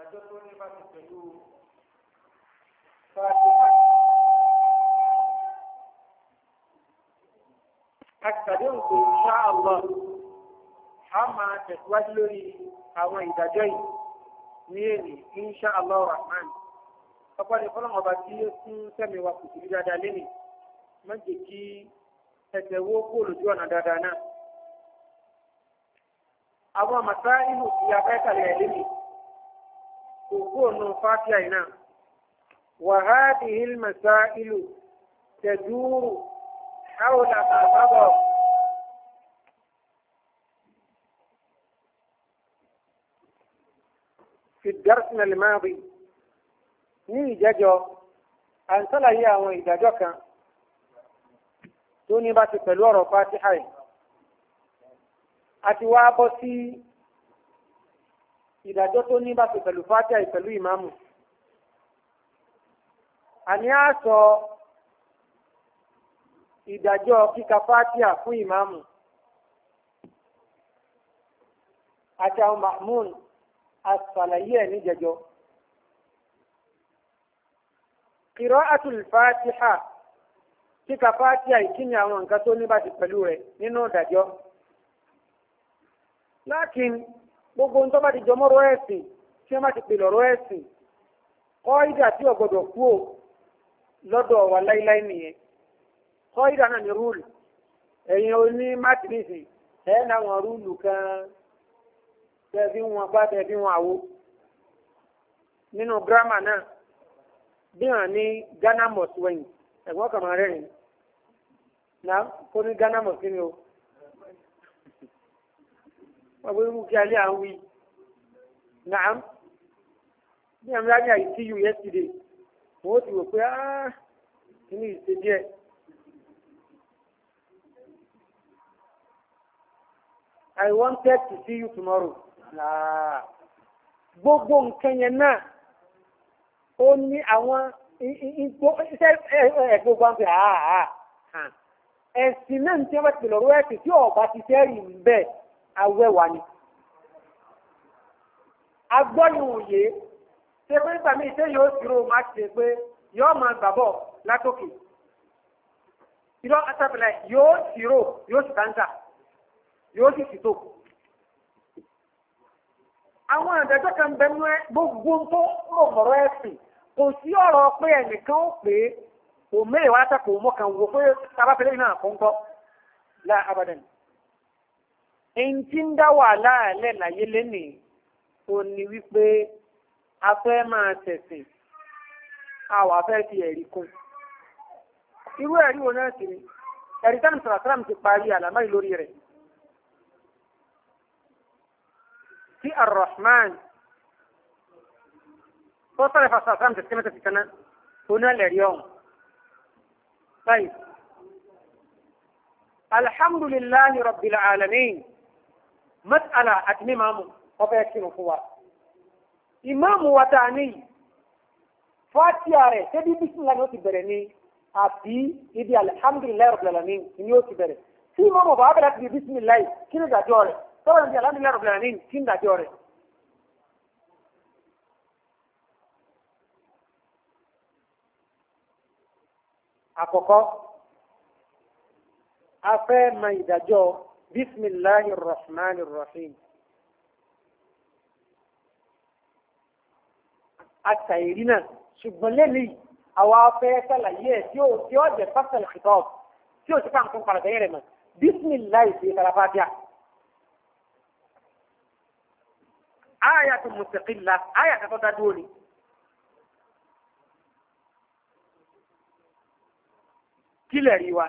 ìdájọ́ tó ní bá ti pẹ̀lú Àkàdé òkú ṣá àlọ́, a máa tẹ̀síwájú lórí àwọn ìdájọ́ yìí ní èrè ní ṣá àlọ́ Rahman. Ọpọ́ ni fọ́lọ́mọ ọba tí ó fún sẹ́mi wa kò sí dáadáa lẹ́nìí. Má jẹ́ kí ẹsẹ̀ wó kó lójú ọ̀nà dáadáa náà. Àwọn kò kúrònú fátíà iná wàhádì ilmẹ̀sá ìlú tẹ̀dúrù حول ما مضى في درسنا الماضي ní ìjẹ́jọ́ à ń sálàyé kan tó ní bá ti pẹ̀lú ọ̀rọ̀ fatiha yìí àti wá bọ́ sí ìdájọ́ tó ní bá ṣe pẹ̀lú fátíà ìpẹ̀lú ìmáàmù àní á sọ ìdájọ́ kíka fátíà fún ìmáàmù àti àwọn mahmoud asàlàyé ẹ̀ níjẹjọ́ kìrọ́ àtúlùfátíà kíka fátíà ìkíni àwọn nǹkan tó ní bá ṣe pẹ̀lú rẹ̀ nínú ìdájọ́ lákin gbogbo nítorí bá ti jọmọ́ rọ ẹ̀sìn tí wọ́n bá ti pè lọ́rọ́ ẹ̀sìn kọ́ ìdá tí ò gbọ́dọ̀ kú ò lọ́dọ̀ wà láíláí nìyẹn kọ́ ìdá náà ní rúùlù ẹ̀yin oní mátìrìsì ẹ̀ náwọn rúùlù kan tẹ́ fi wọn bá tẹ́ fi wọn àwo nínú gírámà náà bí wọn ní Ghana must wẹ̀yìn ẹ̀gbọ́n kàmá rẹ̀ rìn náà kó ní Ghana must kí ni o ọgbọ́n irú kí alẹ́ àwọn wí nàám ní àmì láti àyè tí yù yesterday wọ́n ti wò pé áá inú ìṣe díẹ̀. I wanted to see you tomorrow. Gbogbo nǹkan yẹn náà, ó ní àwọn gbogbo àwọn ẹ̀sìn náà ń tẹ́wọ́ pẹ̀lú ọ̀rọ̀ ẹ̀sìn tí ọ̀bá ti fẹ́ rí bẹ́ẹ̀ awẹ́wà ni. agbọ́yìn òye ṣe pé nígbà míì ṣé yóò ṣòro máa ṣe pé yóò máa gbàbọ̀ látòkè irọ́ asábìlẹ̀ yóò ṣòro yóò sì káńtà yóò sì ṣìtò. àwọn àdájọ́ kan bẹ mú ẹ gbogbo tó rò mọ̀rọ̀ ẹ̀sìn kò sí ọ̀rọ̀ pé ẹnìkan ó pè é kò mẹ́rin wá sákòó mọ́ kan wò pé tábàfẹ́lẹ́ náà kọ́ńkọ́ lá abadan èyí tí ń dá wàhálà àlẹ́ láyé lénìí ó ní wípé a fẹ́ máa tẹ̀sìn àwa fẹ́ fi ẹ̀rí kún irú ẹ̀rí wo náà sì ni ẹ̀rí tánù sàràtàràm ti parí àlámọ́ lórí rẹ̀ tí arrahman tó sọ̀rọ̀ sàràtàràm ti kẹ́mẹ́tẹ̀ sí kaná tó náà lẹ̀rí ọ̀hún báyìí alhamdulillahi rabbil alamin mẹ́tàlá àti mímàmù ọbẹ̀ kírun fún wa ìmáàmù wa tá a níyì fátíà rẹ̀ ṣébí bísílá ni ó ti bẹ̀rẹ̀ ni àbí ibi alihamudulilayi rabbil alamin ni ó ti bẹ̀rẹ̀ tí ìmáàmù bá bẹ̀rẹ̀ ti di bísílá yìí kí ni ìdájọ́ rẹ̀ tọ́wọ́n ti alihamudulilayi rabbil alamin kí ni ìdájọ́ rẹ̀. àkọ́kọ́ a fẹ́ ìdájọ́ بسم الله الرحمن الرحيم àtàìrí náà ṣùgbọ́n lẹ́lẹ́ àwọn afẹ́ sàlàyé ẹ̀ tí ó jẹ́ pásítọ̀lù kìtọ́ọ̀ tí ó ti ká nǹkan padà bẹ́yẹ̀rẹ̀ mọ̀ bísímìláì ṣe ìfarapa bíà. àyà tó mùsẹ̀kìlá àyà tó tọ́ta dúró ni. kílẹ̀ rí wa.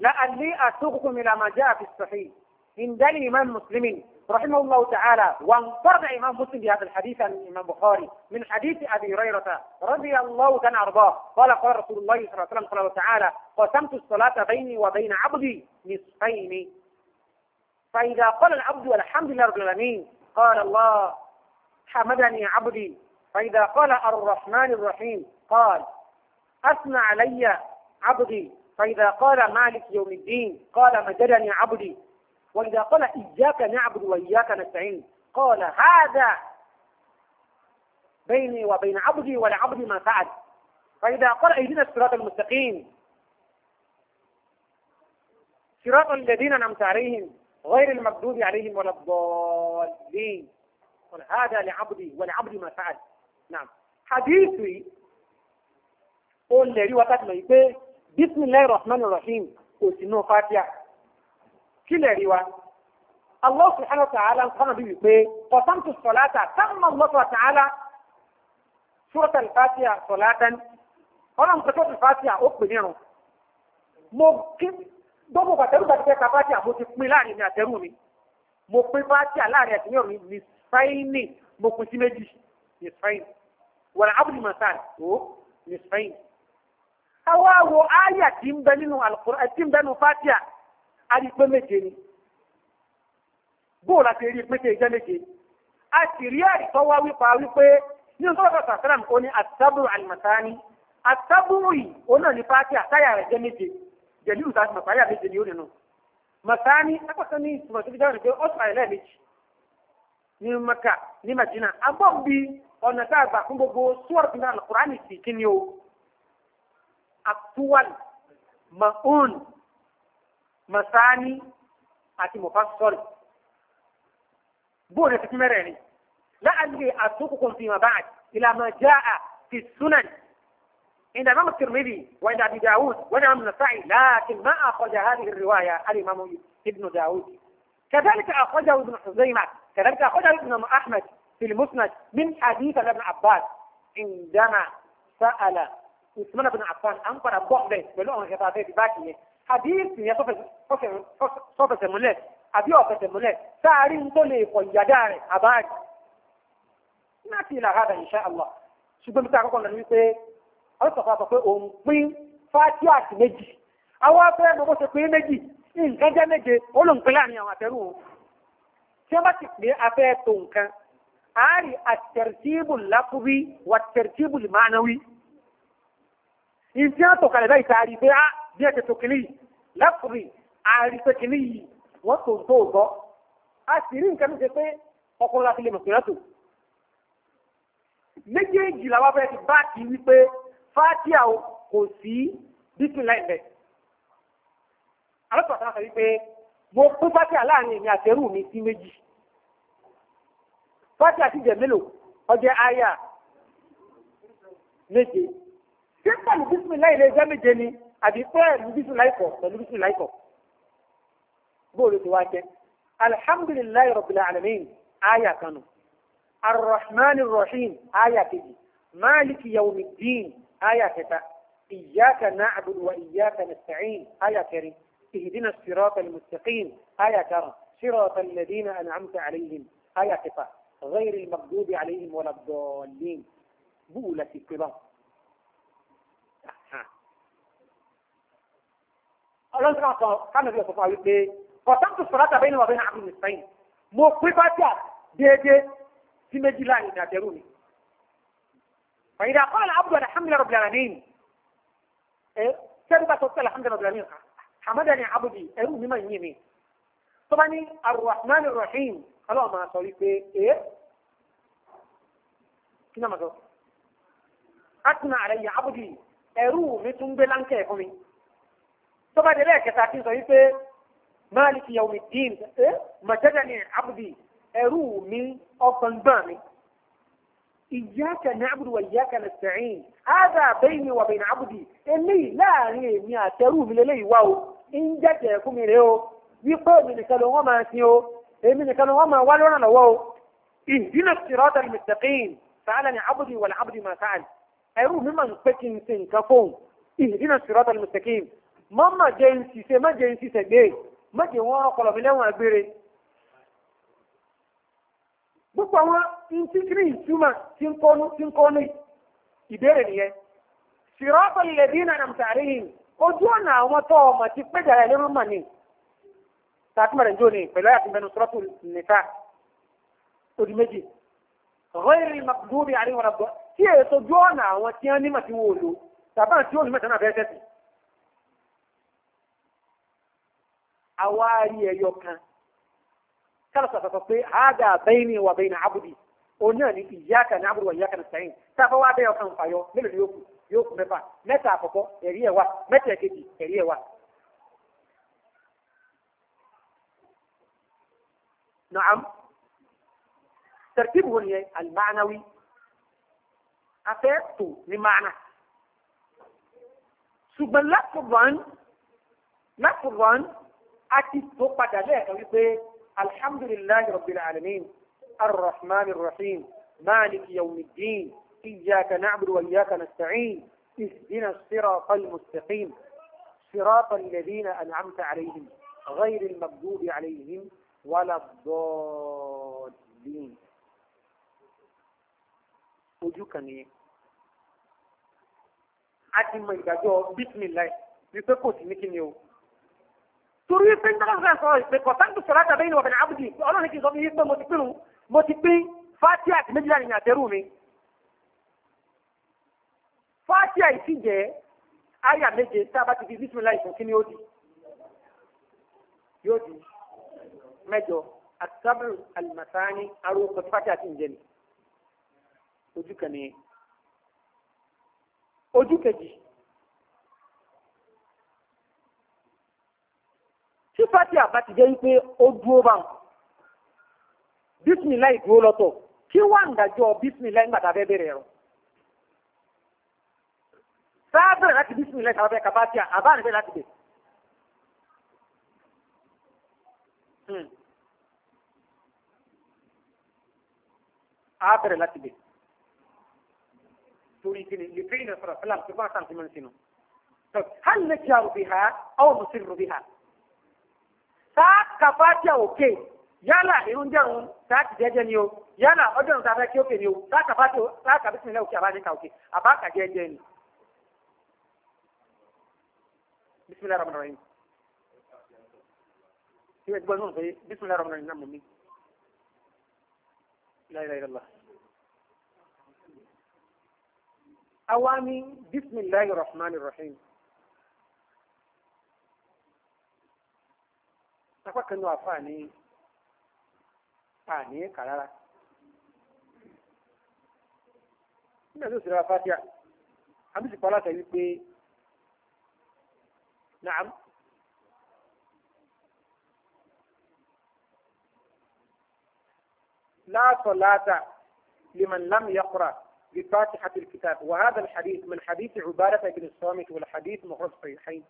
لعلي أتوقكم إلى ما جاء في الصحيح من دليل إمام مسلم رحمه الله تعالى وانفرد إمام مسلم بهذا الحديث عن الإمام بخاري من حديث أبي هريرة رضي الله تعالى أرضاه قال قال رسول الله صلى الله عليه وسلم قال تعالى قسمت الصلاة بيني وبين عبدي نصفين فإذا قال العبد والحمد لله رب العالمين قال الله حمدني عبدي فإذا قال الرحمن الرحيم قال أثنى علي عبدي فإذا قال مالك يوم الدين قال مددني عبدي وإذا قال إياك نعبد وإياك نستعين قال هذا بيني وبين عبدي ولعبدي ما فعل فإذا قال أيدينا الصراط المستقيم صراط الذين أنعمت عليهم غير المكذوب عليهم ولا الضالين قال هذا لعبدي ولعبدي ما فعل نعم حديثي قول لي وقت ما يبيه bisimilayi rahman rahim kò sí inú fatia kí lè rí wa allah subhanahu wa ta'ala kọ́nà bí wípé ọ̀sán tó sọ̀láta táwọn allah subhanahu wa ta'ala sọ́ọ̀tà ìfàtíà sọ̀láta ni ọ̀nà nǹkan sọ́ọ̀tà ìfàtíà ó pè nírun mo kí gbogbo pàtẹ́rù bá ti fẹ́ ka fatia mo ti pín láàrin mi àtẹ́rù mi mo pín fatia láàrin àtẹ́rù mi ní sáínì mo pín sí méjì ní sáínì wàlá abdul masal ó ní sáínì àwa wo àyà tí ń bẹ nínú Al-Qur'an tí ń bẹ nínú Fatiha a rí pé ni bóò la ti rí pété ìjẹ́ méje a sì rí àìsọ́ wá wípa wípé ní ọjọ́ ọ̀sán sàkárà ó ní àtàbùrù àlùmọ̀tání àtàbùrù yìí ó náà ní Fatiha táyà rẹ̀ jẹ́ méje jẹ̀lú ìta sùn àtàyà méje ni ó nínú mọ̀tání akọ́sọ́ ní ìtumọ̀ tó fi dáhùn pé ó sàrẹ̀ lẹ́ẹ̀mejì ní Mẹ́kà ní Madina agbọ́n bíi ọ̀nà tá a gbà fún gbogbo sùwọ̀rọ̀ actual مؤون masani أتي مفصل bóòlù ti لا أدري أسوقكم فيما بعد إلى ما جاء في السنن sunan عند الإمام الترمذي وعند أبي داوود وعند الإمام النسائي لكن ما أخرج هذه الرواية الإمام ابن داوود كذلك أخرجه ابن حزيمة كذلك أخرجه ابن أحمد في المسند من حديث ابن عباس عندما سأل usman bin affan an padà bọ̀ bẹ́ẹ̀ pẹ̀lú àwọn ìṣẹ̀fà bẹ́ẹ̀ bíbá kìí yẹn àdíyèsí yẹn sọ́fẹsẹ̀ múlẹ̀ àbí ọ̀fẹsẹ̀ múlẹ̀ sáàrí ń tó lè fọ̀ ìyàdá rẹ̀ àbáàrí láti ìlà àádà insha Allah ṣùgbọ́n bí káàkọ́ lọ wípé ọlọ́sọ̀fà sọ pé òun pín fájú àti méjì àwọn afẹ́ mọ́ bó ṣe pín méjì nǹkan jẹ́ méje ó lòun pín láàrin àwọn àtẹrù òun tí wọ́n bá ti pè afẹ́ tó nǹkan àárí àtẹ̀rẹ̀tíbù lákúrí wà tẹ̀rẹ̀tíbù lìmánáwí ìfẹ́ àtọ̀kalẹ̀ láì ta àrí pé á ah, bí ẹ̀kẹ́ tó kìlì lẹ́kùnrì àrí pé kìlì yìí wọ́n tó tó gbọ́ a sì rí nǹkan ṣe pé ọkùnrin láti lè mọ̀ pẹ̀lú tó méjèèjì làwọn fẹ́ ti bá ti wípé fátíà kò sí bísílẹ̀ ẹ̀fẹ̀ alọ́pàá sáà sọ wípé mo pín fátíà láàrin èmi àtẹrù mi sí méjì fátíà sì jẹ mélòó ọjẹ àyà méje. ṣé pẹ̀lú bísímìlá ilé ẹgbẹ́ méje ni àbí pẹ̀lú bísímìlá ikọ̀ pẹ̀lú bísímìlá ikọ̀ bóòlù ti wá jẹ́ alhamdulilayi rabbil alamin aya kanu arrahman arrahim aya kejì maliki yawmiddin aya kẹta iyaka na'budu wa iyaka nasta'in aya kẹrin ihdina sirata almustaqim aya karùn sirata alladhina an'amta alayhim aya kẹfà غير المغضوب عليهم ولا الضالين بولة في القبر ọlọ́sìn àtọ̀ kánàbí ọ̀sọ̀ fún wípé kọ̀tàkù sọ̀rọ̀ tàbí ní wàbẹ́ àbúrò nìsẹ́yìn mo pé bá jà déédéé sí méjìlá ní ìdàdẹ́rù mi. fàyídà kọ́lá abúlé alhamdulilayi rabbil alamin ẹ sẹ́ni bá tó tẹ̀lé alhamdulilayi rabbil alamin hamadani rahim ọlọ́run máa sọ wípé ẹ kí náà máa sọ. atuna àlẹ́ yẹn abudi ẹrú mi tún gbé láńkẹ́ fún mi. tó bá délé ẹ̀kẹta مالك يوم الدين ما máàlìkì عبدي أرومي ẹ إياك نعبد وإياك نستعين هذا بيني وبين عبدي إني لا يعني أتروه تروم للي واو إن جاك يكومي ليو يقول من كانوا وما سيو من كانوا وما ولونا لواو اهدنا الصراط المستقيم فعلني عبدي والعبد ما فعل أيروه ممن فكن كفون اهدنا الصراط المستقيم mọ́mọ́ jẹ́ ń ṣiṣẹ́ má jẹ́ ń ṣiṣẹ́ gbé má jẹ́ wọ́n ọkọ̀ lọ́mí lẹ́wọ̀n agbére gbogbo àwọn ntíkiri ìtumọ̀ tí ń kọ́nu tí ń kọ́nu ìbéèrè nìyẹn sirọ́pọ̀ ilẹ̀ bí nàá nàmtà àríyìn ojú ọ̀nà àwọn tó ọmọ ti pẹ́ jàrá ẹlẹ́rú mà ní tààtúmọ̀ ń jó ni pẹ̀lú àyàtí mẹnu sọ́tù nìta odi méjì rẹ́rìn magdubi àríwọ̀n àgbọ̀ tí èso ojú ọ̀nà àwọn tí wọ́n ní mà ti wò lò tàbá tí ó ní mẹ́ta náà àwárí ẹyọ kan kálọ̀sọ̀tọ̀ pé àádà bẹ́ẹ̀ni wà bẹ́ẹ̀ni àbùdí òun náà ní ìyáàkà ní àbùdí wà ìyáàkà ní sẹ́yìn táfà wá bẹ́ẹ̀ ọkàn fàyọ mélòó ni yóò kù yóò kù mẹ́fà mẹ́ta àkọ́kọ́ ẹ̀rí ẹ̀ wà mẹ́ta ẹ̀kejì ẹ̀rí ẹ̀ wà. نعم ترتيبه المعنوي أفعت لمعنى ثم لفظا لفظا àti tó padà lẹ́ẹ̀kan wípé alhamdulilayi rabbil alamin arrahman arrahim maliki yawmiddin iyyaka na'budu wa iyyaka nasta'in ihdina siratal mustaqim صراط الذين أنعمت عليهم غير المغضوب عليهم wala الضالين ojú àti nìyẹn a ti mọ ìdájọ́ bísímìláì wípé kò sí ní kíni o torí pé ń dáná sọ ìpè kọ̀tàǹtù sọ̀rọ̀ àtàbẹ́ ìlú ọ̀bẹ̀rẹ̀ àbùdí ọlọ́run kì í sọ fún yín pé mo ti pín mo ti pín fátíà àti méjìlá nìyàn àtẹrù mi fátíà àìsí jẹ́ àyà méje tá a bá ti fi bísímìlá ìfún kí ni ó di yóò di mẹ́jọ àtàbí àlùmọ̀sáání arókò fátíà àti ìjẹ́ ni ojú kan nìyẹn ojú kejì. tí fati àbáti jẹ́ wípé ó dúró bá wọn bísímìlá ìdúró lọ́tọ̀ kí wà ń dájọ́ bísímìlá ìgbàdá fẹ́ bẹ̀rẹ̀ ẹ̀rọ. sáábẹ̀rẹ̀ láti bísímìlá ìgbàdá fẹ́ kaba tí a àbá rẹ̀ fẹ́ láti bẹ̀. a bẹ̀rẹ̀ láti bẹ̀. torí kini lè fi ìrìn sọ̀rọ̀ fẹ́lá tó bá sàǹtí mọ́ sínú. hali ne kí a rò ha aw mo sì ha tá kàfáàtì òkè yálà irun jẹun tá ti jẹjẹ ni o yálà ọjọ́ ìrun tá fẹ́ kí òkè ni o tá kàfáàtì tá kàfáàtì nílẹ̀ òkè àbáníkà òkè àbáka jẹjẹ ni. bisimilayi rahman rahim iwe gbọ́n náà pé bisimilayi rahman láyé lọ́la. awa ni bisimilayi rahman apá kan náà àfáà ní àní kà rárá nígbà tó sèrè afáàtíà àbí sì pàlátà wípé naam لا صلاة لمن لم يقرأ بفاتحة الكتاب وهذا الحديث من حديث عبارة بن الصامت والحديث مخرج صحيحين.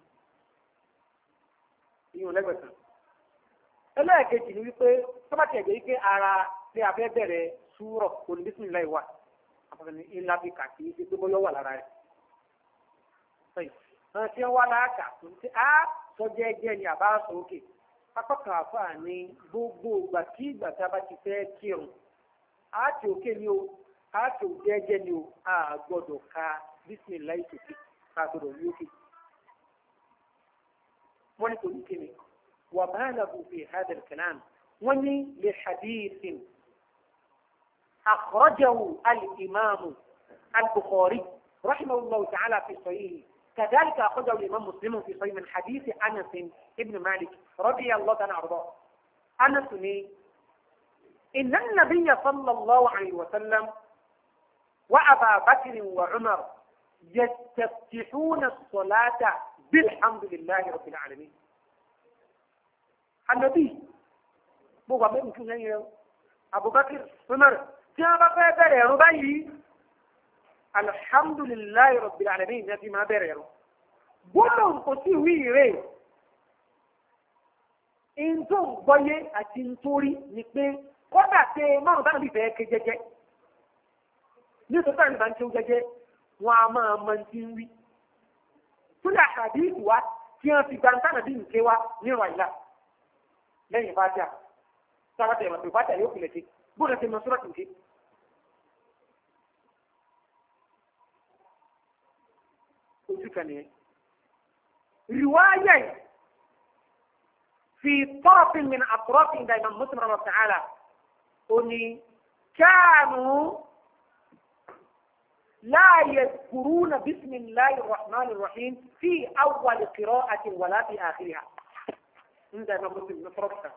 إيوه لقبتنا. ẹlẹ́ẹ̀kejì ni wípé sábàtì ẹ̀jẹ̀ wípé ara tí a bẹ̀rẹ̀ súrọ̀ kò ní bísímìláì wà àfọ̀sẹ̀ ní ilá fi kà sí pé bóyá wà lára rẹ̀. Àwọn tí wọ́n wá láàkà kò ní á sọ́jẹ́ ẹgbẹ́ ni àbá sókè. Apákan àfáà ní gbogbo ìgbà a bá ti fẹ́ kírun. Á ti òkè ni o, á ti òkè ni o, a gbọ́dọ̀ ka ká gbọ́dọ̀ ní òkè. وبالغوا في هذا الكلام ومن لحديث أخرجه الإمام البخاري رحمه الله تعالى في صحيحه كذلك أخرجه الإمام مسلم في صحيح من حديث أنس بن مالك رضي الله تعالى عنه أنس إن النبي صلى الله عليه وسلم وأبا بكر وعمر يستفتحون الصلاة بالحمد لله رب العالمين ànábì mo wà mẹ́rin fún lẹ́yìn rẹ̀ Abubakar Umar tí wọ́n bá fẹ́ bẹ̀rẹ̀ ẹ̀rọ báyìí alhamdulilayi rabbil alamin ní ẹbí máa bẹ̀rẹ̀ ẹ̀rọ gbọ́dọ̀ kò sí ìwé ìrè ìntò gbọ́yé àti ntórí ni pé kọ́dà tẹ márùn báyìí bẹ̀ẹ́ ké jẹ́jẹ́ nítorí táwọn ìbá ń tẹ́ jẹ́jẹ́ wọn a máa mọ ti ń wí. Túlẹ̀ àkàdé ìwà tí wọ́n fi gbantánà bí nké wa nírọ̀ àyílá. لين فاتيا سبتي ما تفاتيا يوكلتي بولا في مصر كنتي وجكني رواية في طرف من أطراف دائما مسلم الله تعالى أني كانوا لا يذكرون بسم الله الرحمن الرحيم في أول قراءة ولا في آخرها ńdẹ náà mo sì ní fọ́ọ̀tà.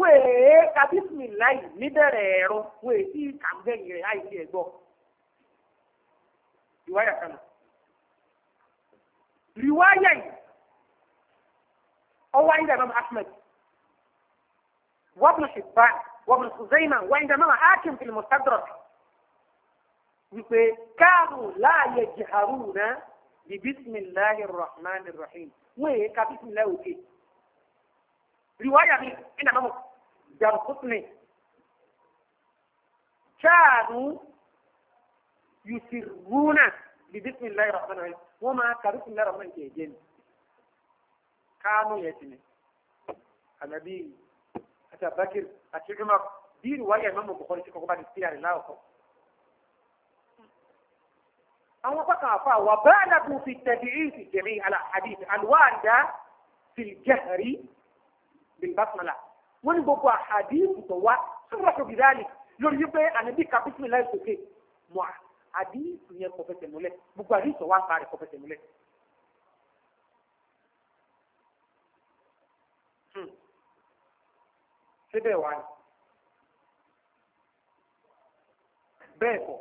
wèé kábísìmì láì níbẹ̀rẹ̀ ẹ̀rọ wèé sí kàmbẹ́yìn rẹ̀ láì sí ẹ̀gbọ́. ìwáyà kan nù. riwáyà yìí ọwọ́ ayé dàgbà ahmed wọ́pùn ṣùgbọ́n wọ́pùn ṣùgbọ́n wọ́n ń dàgbà hakim fil mustadrak wípé káàrù láàyè jìhàrù náà bíbísìmì láàyè rahman rahim. wọ́n èyí ka bísí nílẹ̀ òkè. Rìwáyà mi iná mọ́mọ́ jàǹkútùnì. Ṣáàrù yusirruna bí bísí nílẹ̀ ìrọ̀mọ́nà rẹ̀ wọ́n máa ka bísí nílẹ̀ ìrọ̀mọ́nà jẹ́ ìjẹ́ mi. Káánú yẹn ti ni. Ànàbí àti Abakir àti Umar bí rìwáyà mọ́mọ́ Bukhari ti kọ́kọ́ bá di síyàrì láwùkọ́ àwọn kọ́kàn àfa wà bẹ́ẹ̀ nàbù fi tẹ̀bìrì fi jẹ̀rì alhadith alwanda fi jẹ̀rì bilbasmala wọ́n ní gbogbo ahadith tó wá sọ́dọ̀ tó bìdáàlì lórí wípé ànábì ka bismillah sókè mọ́ hadith yẹn kò fẹsẹ̀ múlẹ̀ gbogbo hadith tó wá parí kò múlẹ̀. síbẹ̀ wá ní bẹ́ẹ̀ kọ́.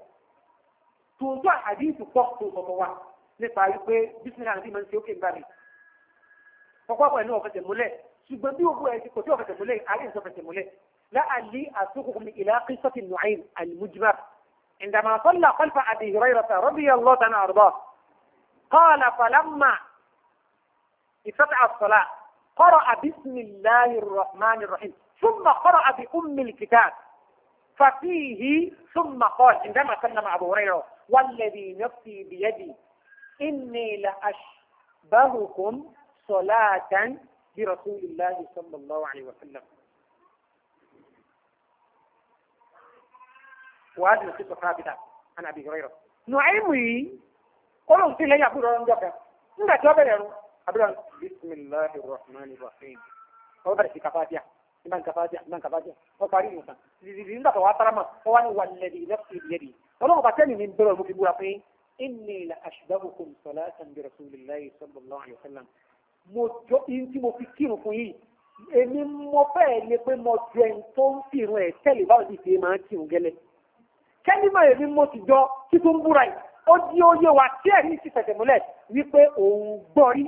tòótọ́ àdínkù pọ̀ tó kọ̀kọ̀ wa nípa wípé bísíńgà àti máa ń ṣe ókè ń bá mi. ọkọ̀ pẹ̀lú ọ̀fẹsẹ̀ múlẹ̀ ṣùgbọ́n bí ogun ẹ̀sìn kò tí ọ̀fẹsẹ̀ múlẹ̀ àárín ìsọfẹsẹ̀ múlẹ̀ láàlí àtúkùkù ní ìlà kíṣọ́tì nùáìm àlùmújúmá. عندما صلى خلف أبي هريرة رضي الله عنه أرضاه قال فلما استطاع الصلاة قرأ بسم الله الرحمن الرحيم ثم قرأ بأم الكتاب ففيه ثم قال عندما سلم أبو هريرة والذي نفسي بيدي إني لأشبهكم صلاة برسول الله صلى الله عليه وسلم وهذه القصة ثابتة عن أبي هريرة نعيمي قلوا في لي أبو رمضان جاكا نبا جوكا يا بسم الله الرحمن الرحيم هو برس في من إمام من إمام هو قريب مثلا لذلك هو والذي نفسي بيدي ọlọ́run bá tẹ́lẹ̀ mi bẹ̀rẹ̀ mo fi búra pé inni la ashbahukum salatan bi rasulillahi sallallahu alayhi wa sallam mo jọ in tí mo fi kírun fún yìí èmi mo fẹ́ lè pé mo jọ ẹni tó ń fìrun ẹ̀ tẹ́lẹ̀ báwo ni ìfẹ́ máa ń kírun gẹ́lẹ́ kẹ́límà èmi mo ti jọ kí tó ń búra yìí ó di oyé wa tí ẹ̀rí sì fẹsẹ̀ múlẹ̀ wípé òun gbọ́ rí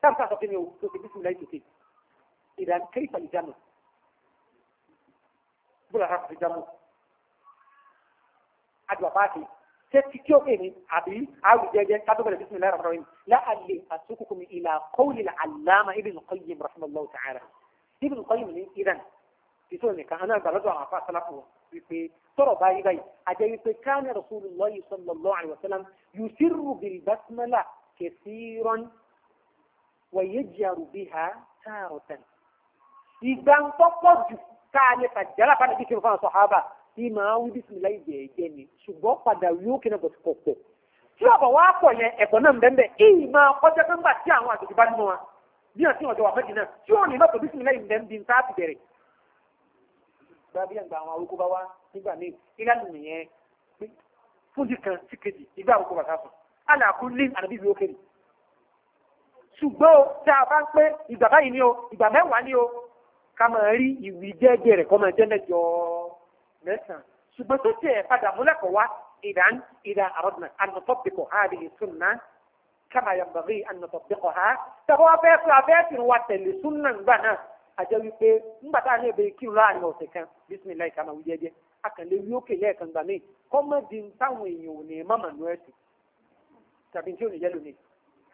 sáàmùsà sọ kíni o tó ti bísí láì tètè ìdánkẹ́ ìfàlìjánu búra rà fìjánu عبد وفاتي ستكيو إني عبي عبد جاجا تابو بلا بسم الله الرحمن الرحيم لألي أسوككم إلى قول العلامة ابن القيم رحمه الله تعالى ابن القيم إذن في سورة نكا أنا بلدو عفا سلافه في ترى باي باي أجاي كان رسول الله صلى الله عليه وسلم يسر بالبسملة كثيرا ويجر بها تارة إذا انتقض كان يتجلى فأنا بيكي صحابة tí màá wí bísímìlá ìjẹ̀ẹ̀jẹ̀ ni ṣùgbọ́n padà wí ó kìnnà bọ̀tí pọ̀ pọ̀ tí ọ̀bọ̀ wá pọ̀ yẹn ẹ̀kọ́ náà bẹ́ẹ̀ èyí máa kọjá pé ńgbà tí àwọn àjòjì bá nínú wa bí àti ọ̀dọ̀ wà mẹ́jì náà tí ó ní lọ́tọ̀ bísímìlá ìjẹ̀ẹ̀jẹ̀ bí n sáà ti bẹ̀rẹ̀. gbàbí àgbà àwọn arúgbó bá wá nígbà míì ìlànà nìyẹn fúnjì kan sí kejì ìgbà àrùkọ bàtà sùn alàkú ní àdàbí ìlú òkèlè ṣùgbọ́n tá a bá ń pé ìgbà báyìí ni o ìgbà mẹ́wàá ni o ká máa rí ìwì jẹ́jẹ́ rẹ̀ kọ́ máa jẹ́ mẹ́sàn-án ṣùgbọ́n tó tiẹ̀ padà múlẹ̀kọ̀ wá ìdán ìdá àrọ́dùnà ànàtọ́bìkọ̀ ha lè kama yambagi ànàtọ́bìkọ̀ ha tẹ̀wọ́ abẹ́ fún abẹ́ tí wa tẹ̀lé a ní ebe kírun láàrin ọ̀sẹ̀ kan bisimilayi kama wí jẹ́jẹ́ akànlé wí ókè lẹ́ẹ̀kan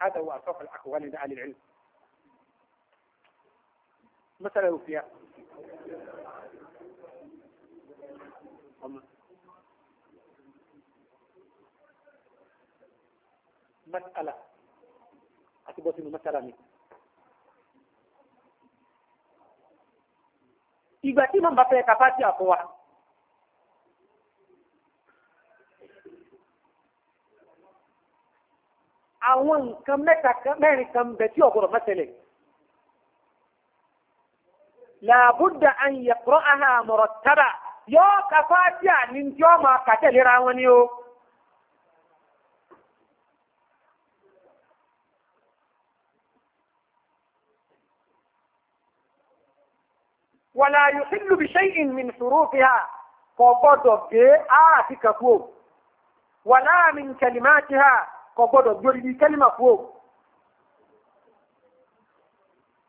هذا هو العلم ọmọ masala àti bọ́ sínú masala mi. ìgbà tí màmá fẹ́ ka fásitì àfọwà. àwọn nǹkan mẹ́ta mẹ́rin kan bẹ tí ọ̀gbọ̀rọ̀ mẹ́sẹ̀lẹ̀. làbúdà an yaqra'aha murattaba. yóò ka a ní tí ọ ma kàtẹ̀lera wọn ní tí ó máa kàtẹ̀lera wọn ni o wàlá yùsílù bí ṣẹ́yìn min ṣùrúfíà kò gbọ́dọ̀ gbé ara kà kàkó wàlá min kalimátíhà kò gbọ́dọ̀ gbórí bí kalima kó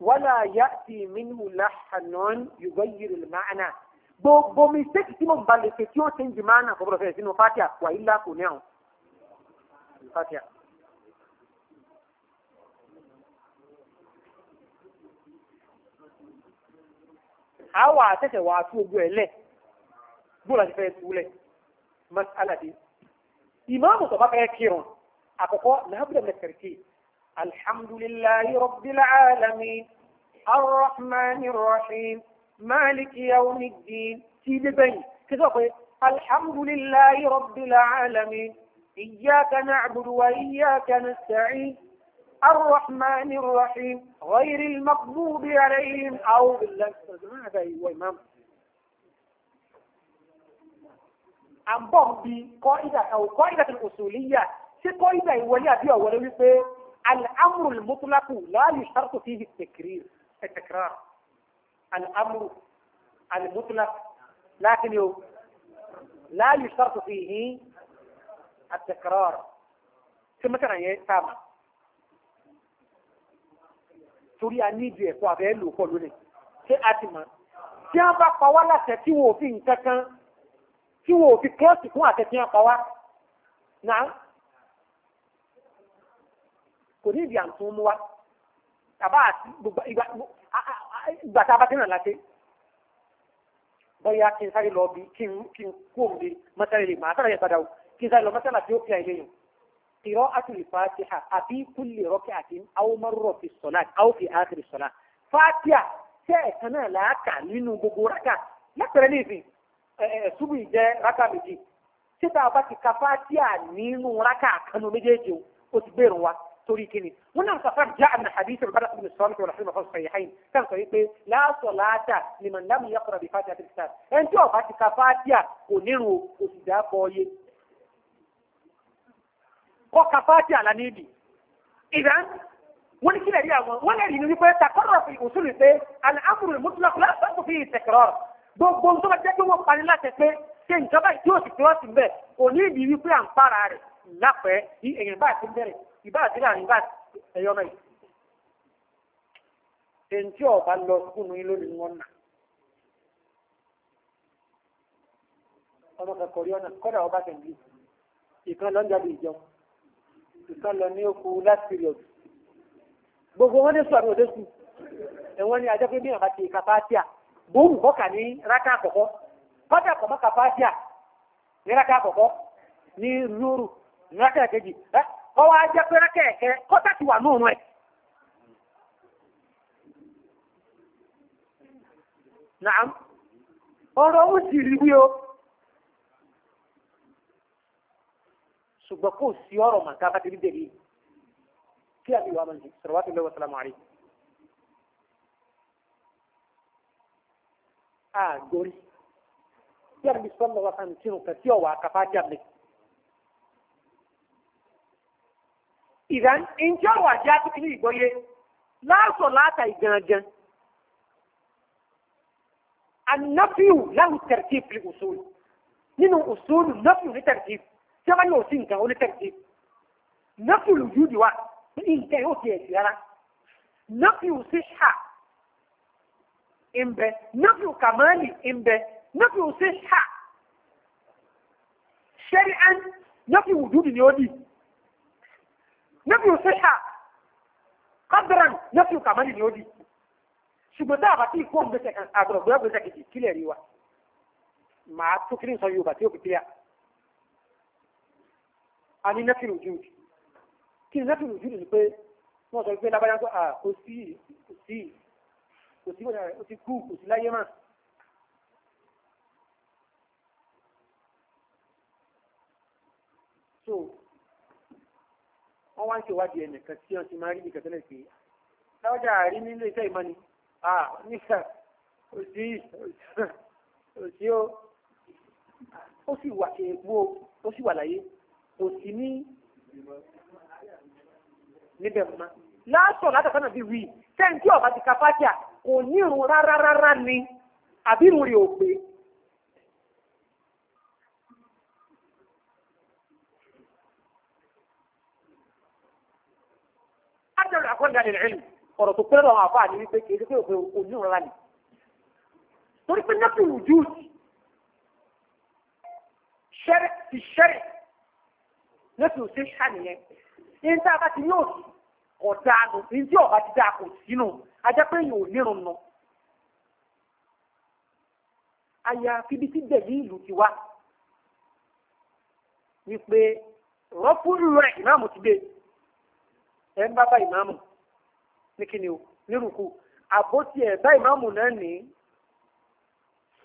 wàlá yàtì min láhànán yùgbọ́yìrì máa náà gbogbo mistake tí mo bá lè ṣe tí ó ṣe ń jì máa nà kọ́kọ́rọ́ fẹ́ sínú fatia wà ilá kò ní àwọn fatia. a wà tẹ̀sẹ̀ wà tú ogun ẹ̀ lẹ̀ gbọ́dọ̀ ti fẹ́ túlẹ̀ masalade ìmáàmù tó bá fẹ́ kírun àkọ́kọ́ làbúdà mẹ́tẹ̀rẹ̀kì alhamdulilayi rabbil alamin arrahmanir مالك يوم الدين في ببي الحمد لله رب العالمين إياك نعبد وإياك نستعين الرحمن الرحيم غير المغضوب عليهم أو بالله هذا هو إمام عن بعض قائدة أو قائدة الأصولية في قائدة ولا فيها ولا الأمر المطلق لا يشترط فيه التكرير التكرار الأمر المطلق لكن لا يشترط فيه التكرار ثم كان يتامى torí a níbi ẹ̀kọ́ àbẹ́ lò pọ̀ lónìí ṣé a ti mọ̀ tí wọ́n bá pa wá láṣẹ tí wọ́n fi nǹkan kan tí wọ́n fi kílọ̀sì fún àṣẹ tí wọ́n pa wá náà kò ní ìdí à ń tún mú wá àbá àti gbogbo ìgbà gbàtà bá tẹ̀nà láti bọ́yá kí n sáré lọ bí kí n kí n kú òmìnirí mọ́sálẹ̀ lè máa sáré padà o kí n sáré lọ mọ́sálà tí ó fi àìlẹ́yìn ìrọ́ àtìlì fàtíhà àbí kúlè rọ́kẹ́ àti àwòmọ́rọ̀ fi sọ̀lá àwò fi àtìlì sọ̀lá fàtíhà tẹ́ ẹ̀kan náà làákà nínú gbogbo rákà lẹ́pẹ̀rẹ́ ní ìsìn ẹ̀ẹ́dùbù ìjẹ́ rákà méjì títà bá ti ka fàtíhà nínú rákà kanu méjèèjì o ti gbèrò wa torí kíni wọn náà sọ fún jáà ní hadith al-Bara' ibn Samit wọn àfihàn fún sahihayn kan sọ wípé la salata liman lam yaqra bi fatiha al-kitab ẹn tí ọba ti ka fatiha kò nírun kò sì dá kọ yé kọ ka fatiha la níbi ìdán wọn ní kílẹ̀ rí àwọn wọn lè rí ni wípé takọ́rọ̀ fi usul pé al-amru al-mutlaq la yasluhu fihi at gbogbo nǹkan bá jẹ́ wọ́n parí láti pé ṣe nǹkan báyìí tí ó sì tí wọ́n sì bẹ̀ kò ní ìdí wípé à ń para rẹ̀ lápẹ́ èèyàn báyìí tó bẹ̀rẹ̀ ìbá àti láàrin bá ẹyọ náà èyí tí ọba lọ sùkúlù yín lónìí wọn nà ọmọ kẹkọọ rí ọ̀nà kọ́dà ọba tẹ̀lé ìkan lọ ń jáde ìjọun ìkan lọ ní oku last period gbogbo wọn dé sùn àbí òde sùn ẹ̀wọ̀n ni ajá pé bí ìrànlá ìka fáátíà bóun bọ́kà ní rákà àkọ́kọ́ kọ́dà kọ̀mọ́kà fáátíà ní rákà àkọ́kọ́ ní lóru ní rákà kejì ọwọ́ ajẹ́ pé rákẹ̀ẹ̀kẹ́ kọ́tà ti wà lóòrùn ẹ̀ náà ọ̀rọ̀ ó sì rí wí o ṣùgbọ́n kò sí ọ̀rọ̀ màtá bá ti rí dèrè kí àbí wàá mọ̀lẹ́ sọ̀rọ̀wátì lọ́wọ́ sàlámù àrí àgbórí bí àbí sọ́lọ́wọ́ sàmì tí ó kà sí ọ̀wà àkàfà jáde. ìdán ìjọ wà jẹ́ àtìkìlì ìgbọ́yé láàṣọ láta ìgangan annafiu láhùn tẹ̀rẹ̀tìf lè òṣòlù nínú òṣòlù nafiu ní tẹ̀rẹ̀tìf tí wọ́n yóò sí nǹkan ó ní tẹ̀rẹ̀tìf nafiu lójú di wa ní nǹkan yóò ti ẹ̀sìn rárá nafiu sí ṣà ìmbẹ nafiu kàmáàlì ìmbẹ nafiu sí ṣà ṣẹ́rí án nafiu wùdúdì ni ó dì nafi siha kádàrán nafi kàmánì ni ó di ṣùgbọ́n tá a bá tí kó ń gbèsè kan àgbọ̀rọ̀ bóyá gbèsè kejì kílẹ̀ rí wa màá tó kiri sọ yorùbá tí ó fi tẹ́yà a ní nafi rujud kí ni nafi rujud ni pé wọ́n sọ pé lábáyá kò sí kò sí kò sí kò sí kú kò sí láyé máa. so wọ́n wá ń ṣèwádìí ẹnìkan tí wọ́n ti máa rí nìkan tẹ́lẹ̀ pé láwọ́jà àrí nílé iṣẹ́ ìmọ̀ ni nígbà òsì òsì ó ó sì wà èèpo ó sì wà láyé kò sí ní níbẹ̀ mọ́ láàṣọ látàkọ́ náà bí wí tẹ́ǹtì ọ̀bá ti ka fájà kò ní irun rárá rárá ni àbí irun rẹ̀ ò pé mọ́tò àkọ́ńdà ní ìlú ọ̀rọ̀ tó pẹ́rọ àwọn àfáà ní wípé kì í pé òfin onírànlá ni torí pé nọ́ọ̀tì rùjú ṣẹ́rẹ̀ ti ṣẹ́rẹ̀ nọ́ọ̀tì òṣè ṣàníyẹn ní tá a bá ti ní òsì ọ̀dà nù ní tí ọ̀bá ti dáa kò sínú ajá pé yóò nírun nù. aya fíbi tí dẹ̀lí ìlú ti wá wípé rọ́pù rẹ̀ ìmáàmù ti dé ẹ̀ ń bá bá ìmáàmù ní kíni o nírùkú àbótí ẹ̀ bá ìmáàmù náà ní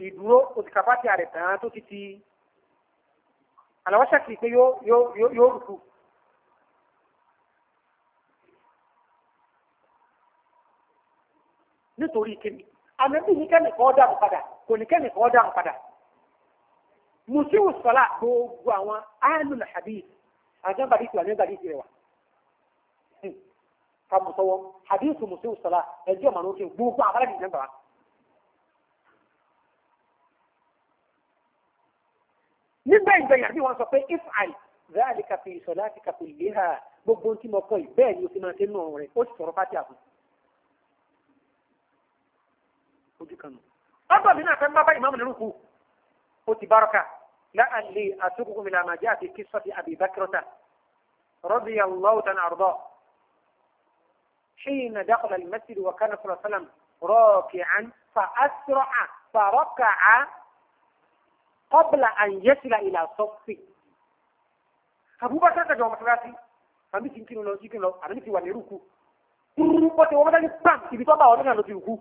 ìdúró òtìkàpátì àrẹ̀ tó ti ti àlàwọ́ ṣàkìlì pé yóò rùkú. nítorí kíni àmẹ́bí ní kẹ́nìkan dàrú padà kò ní kẹ́nìkan dàrú padà musiwu sọlá gbogbo àwọn áàlù làhàbí àjọ bàdí tiwa ní bàdí tiwa ka musowo hadithu musiu sala ẹjẹ ma n'oke gbogbo abala di nẹgbàá. nígbà ìgbẹ̀yìn àbí wọn sọ pé if i zaali kapi ìsọlá ti kapi ìléha gbogbo tí mo kọ yìí bẹ́ẹ̀ ni o ti máa ṣe nù ọ̀rọ̀ rẹ̀ ó sì sọ̀rọ̀ fati àbò. ojú kan nù. ọgbà mi náà fẹ́ bá bá ìmáàmù nínú kù ó ti bárọ̀kà láàlè àtúkùkù mi làmàjẹ́ àti kí sọ́ọ̀tì àbí bákírọ́tà rọ́bì yàrá lọ́wọ́ tán àrùbọ̀. حين دخل المسجد وكان صلى الله عليه وسلم راكعا فأسرع فركع قبل أن يصل إلى صفه أبو بكر كجوا مسلاتي àmì tí ń kí ni lọ kíkí lọ àmì tí wà ní rúkú rúrú bọ́ tí wọ́n bá dájú pàm ibi tó bá wọn náà lọ sí rúkú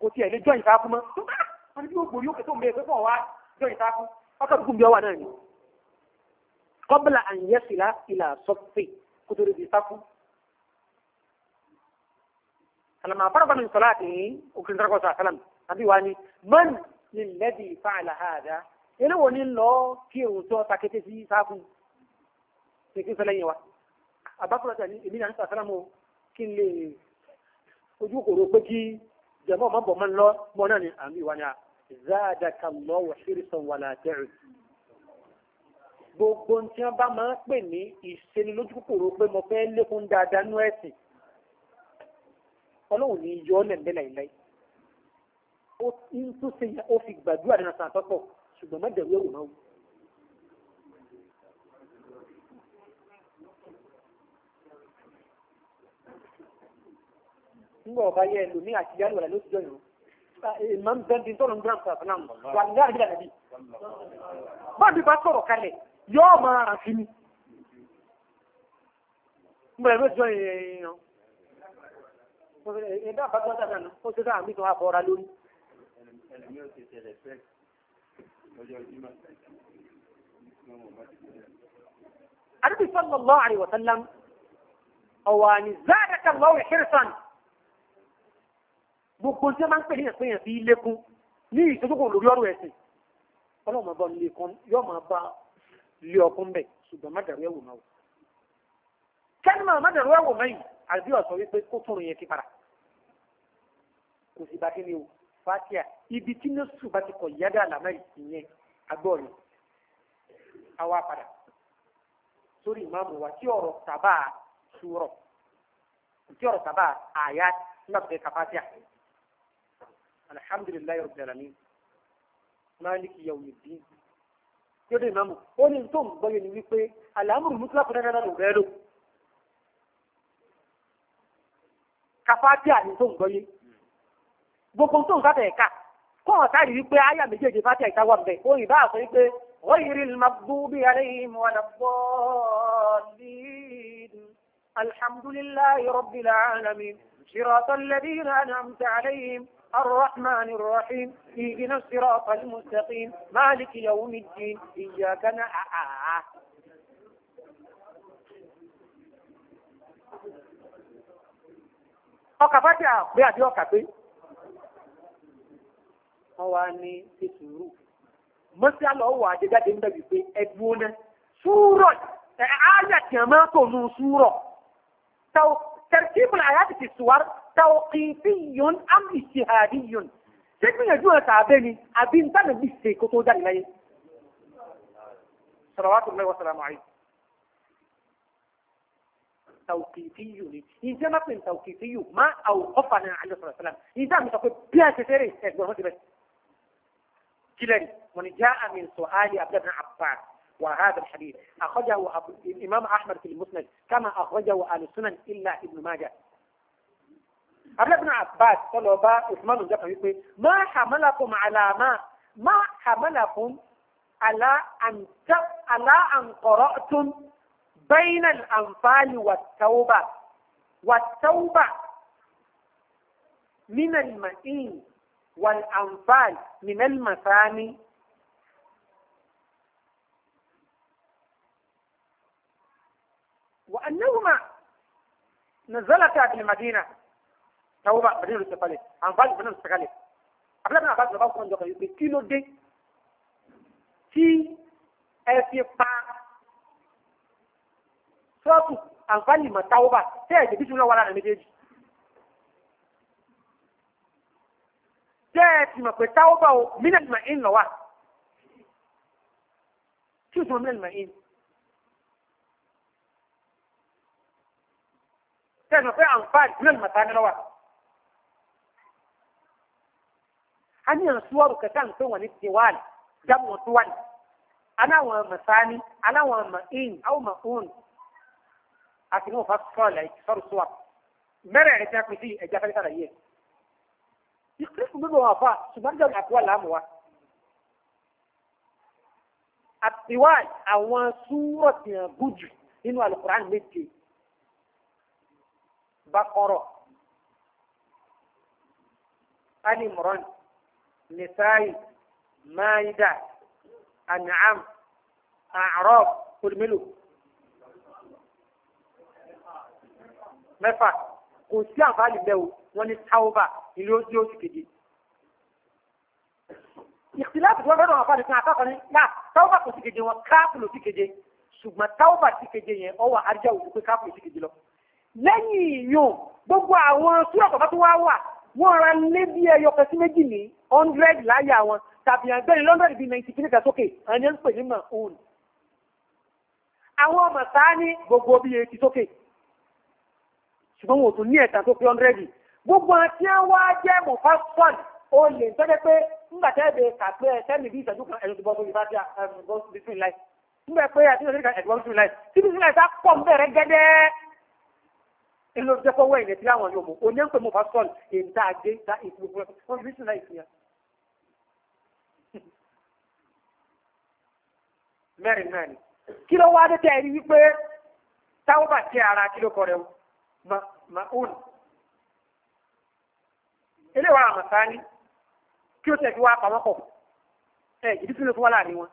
kò tiẹ̀ lé jọ́yìn sáfún mọ́ tó bá wọn bí ó gbòòrí òkè tó ń bẹ ẹgbẹ́ fún ọ̀wá jọ́yìn sáfún ọkọ̀ dúkú ń bí ọwà náà ni. kọ́bìlà àyẹ̀sìlá ìlà sọ́fẹ̀ kó tó lè fi sáfún فلما فرغ من صلاته وكنت ركوع صلى الله عليه وسلم أبي واني من للذي فعل هذا إلى وني الله كي وتو ساكتي في ساكو سكين سلين يوا أبكر تاني إبن أنس أسلم كن لي ojú kòrò pé kí jẹmọ́ ọmọ bọ̀mọ́ lọ mọ́ náà ni àmì ìwà ni a záàdàkà lọ wà ṣírísàn wà látẹ̀rù gbogbo tí wọ́n bá máa ń pè ní ìṣenilójú kòrò pé mo fẹ́ lékún dáadáa nú ẹ̀sìn ọlọ́run ní yọ ọ́ lẹ́ǹdẹ́ láìláì ó ń tún ṣe yẹn ó fi gbàdúrà nínú sàn àtọ́pọ̀ ṣùgbọ́n má dẹ̀rú ẹ̀wò náà wù. nígbà ọba yẹ ẹ lò ní àtijọ́ àlùwàlà ló ti jọ ìrún ìmọ̀ ń bẹ́ẹ̀ bí tọ́lọ̀ ń gbọ́n sọ̀rọ̀ fún àwọn wà ní àdìgbà nàbí. bá a bí bá sọ̀rọ̀ kalẹ̀ yóò máa rà sí mi. nígbà yẹn ló ti jọ ìrún ẹ̀dá àbájọ́ dáadáa nù ó ti dá àmì kan àbọ̀ra lórí. ẹlẹ́mi ò ti tẹ̀lẹ̀ fẹ́ lọ́jọ́ ìjímọ̀ àdúgbò sọ́lọ̀ lọ́wọ́ àríwọ̀ sálám ọ̀wà ní záàdàkà lọ́wọ́ ìṣẹ́rìsàn gbogbo tí a máa ń pè ní ẹ̀pẹ́yàn lékún ní ìṣẹ́jú kan lórí ẹ̀sìn ọlọ́mọ lè kan yóò máa bá lé ọkùn bẹ̀ ṣùgbọ́n má kò sì bá kíni o fatia ibi tí nọ́ọ̀sù bá ti kọ̀ yádà àlámà ìyẹn agbọ́ọ̀rẹ́ àwa padà sórí ìmáàmù wa tí ọ̀rọ̀ tàbá sùúrọ̀ tí ọ̀rọ̀ tàbá àyà nàbẹ̀ ka fatia alhamdulilayi rabbil alamin maliki yawmiddin yóò dé ìmáàmù ó ní tó ń gbọ́yọ̀ ni wípé àlámùrù mú kíláàpù dáadáa lò rẹ́ lò ka ní tó ń gbọ́yọ̀ gbogbo tó ń sábẹ̀ ẹ̀ka kọ́ ọ̀ sáré wípé àyà méjèèjì bá tẹ̀ ìtawọ́ mbẹ́ ó yìí bá àfọ wípé غير المغضوب عليهم ولا الضالين الحمد لله رب العالمين صراط الذين أنعمت عليهم الرحمن الرحيم اهدنا الصراط المستقيم مالك يوم الدين إياك نعبد ọkà fàtíà pé àti ọkà pé wọ́n wá ní ètùrú mọ́sí àlọ́ wà àjẹjáde ń bẹ̀rù pé ẹgbẹ́ ọ̀nà súrọ̀ ẹ̀ áyà kì máa tó nu súrọ̀ tẹ̀síbùn àyà ti ti sùwár tàwọ̀kìtì yòn àmì ìṣèhàdí yòn ṣé gbìyànjú ẹ̀ tàbẹ́ ni àbí ń tàbí bí ṣe kó tó jáde láyé. sọ̀rọ̀wátò mẹ́wàá sọ̀rọ̀ àmọ́ àyè. tàwọ̀kìtì yòn ni ìjẹ́ máa pè ní tàwọ̀kìtì yòn má àwòkọ́fà náà sọ̀rọ̀ sọ̀rọ̀ ìjẹ́ àmì sọ pé bí a ṣe fẹ́rẹ̀ ẹ̀gbọ́n كلا من جاء من سؤال عبد بن عباس وهذا الحديث أخرجه الإمام أحمد في المسند كما أخرجه أهل السنن إلا ابن ماجه عبد بن عباس طلب عثمان جاء يقول ما حملكم على ما ما حملكم على أن على أن قرأتم بين الأنفال والتوبة والتوبة من المئين والأنفال من المثاني وأنهما نزلتا في المدينة توبة مدينة السفالي أنفال مدينة السفالي abúlé náà bá ti lọ́kọ́ ọ̀dọ́ kan yìí pé kí ló dé tí ẹ fi pa sọ́ọ̀tù àǹfààní mọ̀táwọ́bà tẹ́ ẹ̀jẹ̀ bí tí wọ́n wà lára méjèèjì. jẹ́ ẹ ti mọ̀ pé táwọ́ bá o mílíọ̀nù mà in. lọ wà kí o ti mọ̀ mílíọ̀nù mà ń. tẹ́ ẹ mọ̀ pé àǹfààní mílíọ̀nù mà tání lọ wà. a ní àwọn suwaru kẹta ń pè wọ́n ní tiwali jábọ̀ wọn tuwali aláwọn masani aláwọn ma'in àwọn ma'un àti wọn fa sọ́ọ̀lá ìfọ̀rọ̀ suwaru mẹ́rẹ̀ẹ̀rin tí a pè sí ẹ̀já fẹ́lẹ́ ìkírísì gbogbo wọn fa ṣùgbọ́n jẹ́ àkúwà láàmú wa. àtiwá àwọn súwọ́ ti hàn bújù nínú alukuran méje bakọrọ alimron nisaayi maida anam arọb olùmélòó mẹ́fà kò sí àǹfààní bẹ́ẹ̀ wọ́n ní táwọ́bà ilé ojú oṣù kejì. ìtìláàbù tí wọ́n fẹ́ràn àfáàdé fún akákọ̀ọ́ ní yá táwọ́bà kò sí keje wọn káàpù ló sí keje ṣùgbọ́n táwọ́bà sí keje yẹn ọwọ́ àríjà òkú pé káàpù ló sí keje lọ. lẹ́yìn ìyún gbogbo àwọn súrà kọ̀ọ̀kan tó wá wà wọ́n ra lé bí ẹyọ kan sí méjì ní hundred láyà wọn tàbí àgbẹ̀rin lọ́ndọ̀dì bíi ninety kìlítà sókè àwọn ẹni ń pè ní mahun àwọn ọmọ sáà ní gbogbo bíi eighty sókè ṣùgbọ́n wọn ò tún ní ẹ̀ka tó pé hundred gbogbo àti àwọn ajẹ́ mọ̀fá sọ́ọ̀lì ó lè tọ́jẹ́ pé nígbà tẹ́ bẹ kàpẹ́ ẹ̀sẹ́mi bí ìṣẹ́jú kan ẹ̀dùn bọ́ọ̀lù ìfà bíi ẹ̀dùn bísún láì nígbà pé àti ìṣẹ́jú kan ẹ̀dùn bísún láì tí bísún láì sá pọ̀ ń bẹ̀rẹ̀ gẹ́gẹ́ èlò jẹ́ kọ́wọ́ ìyẹn tí àwọn yóò mọ̀ ó ní ń pè mọ̀fá sọ́ọ̀lì èyí tá a gbé tá ìfúnfún bísún láì fi hàn. mẹ́rin náà kí ló wá dé tẹ́ ẹ̀rí wípé táwọn bàtí ara kí ló kọ ma ma òun ilé wa àmàta ní kí ó tẹ̀sí wá pamọ́ pọ̀ ẹ ìdí tí ó fún wa láàrin wọn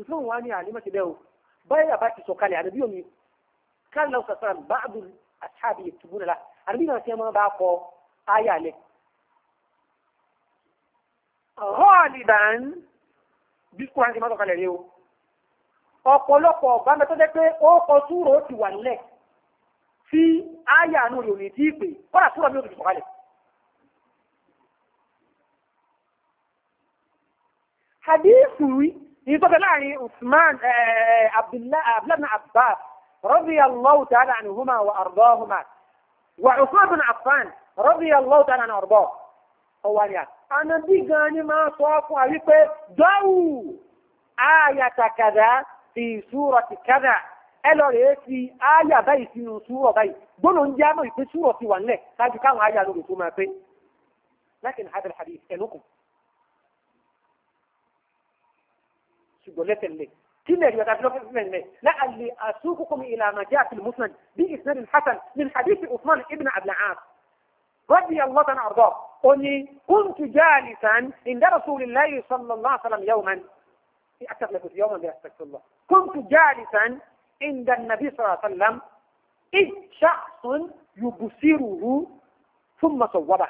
ìfún wa ní àlímọ̀ ti bẹ́ o báyìí àbá ti sọ̀kalẹ̀ àdàbí omi kan lọ sọ̀sọ̀rọ̀ bá àbúr àṣàbí ìtùbúrẹ̀ la àdàbí náà ti máa bá kọ ayé alẹ́. họ́ọ̀lì dàn bí kúrán ti máa sọ̀kalẹ̀ rí o ọ̀pọ̀lọpọ̀ ọ̀gbá mẹ́tọ́ jẹ́ pé ó kọ súrò ó ti wà nílẹ̀ tí ayé àánú rẹ̀ ní tí ì pè hadith wí yìí tó bẹ láàrin usman abdullahi abbas radiyallahu ta'ala anhuma wa ardahuma wa usman bin affan radiyallahu ta'ala anhu arda ọwọ́ ni a anabi gan ni máa sọ fún wa wípé dọ́wù ayata kada fi surati kada ẹ lọ rèé fi aya báyìí sínú súrọ̀ báyìí gbọ́dọ̀ ń jẹ́ àmọ́ ìpín súrọ̀ ti wà nílẹ̀ ṣáájú káwọn aya lórí tó máa pé lákìn hadal hadith ẹnukùn تقولت لي كلها هي قد نفذت من لي لا اللي أسوقكم إلى ما جاء في المسند بإسناد الحسن من حديث عثمان ابن عبد العاص رضي الله عنه أرضاه أني كنت جالسا عند رسول الله صلى الله عليه وسلم يوما أكثر لك يوما بأستغفر الله كنت جالسا عند النبي صلى الله عليه وسلم شخص يبصره ثم صوبه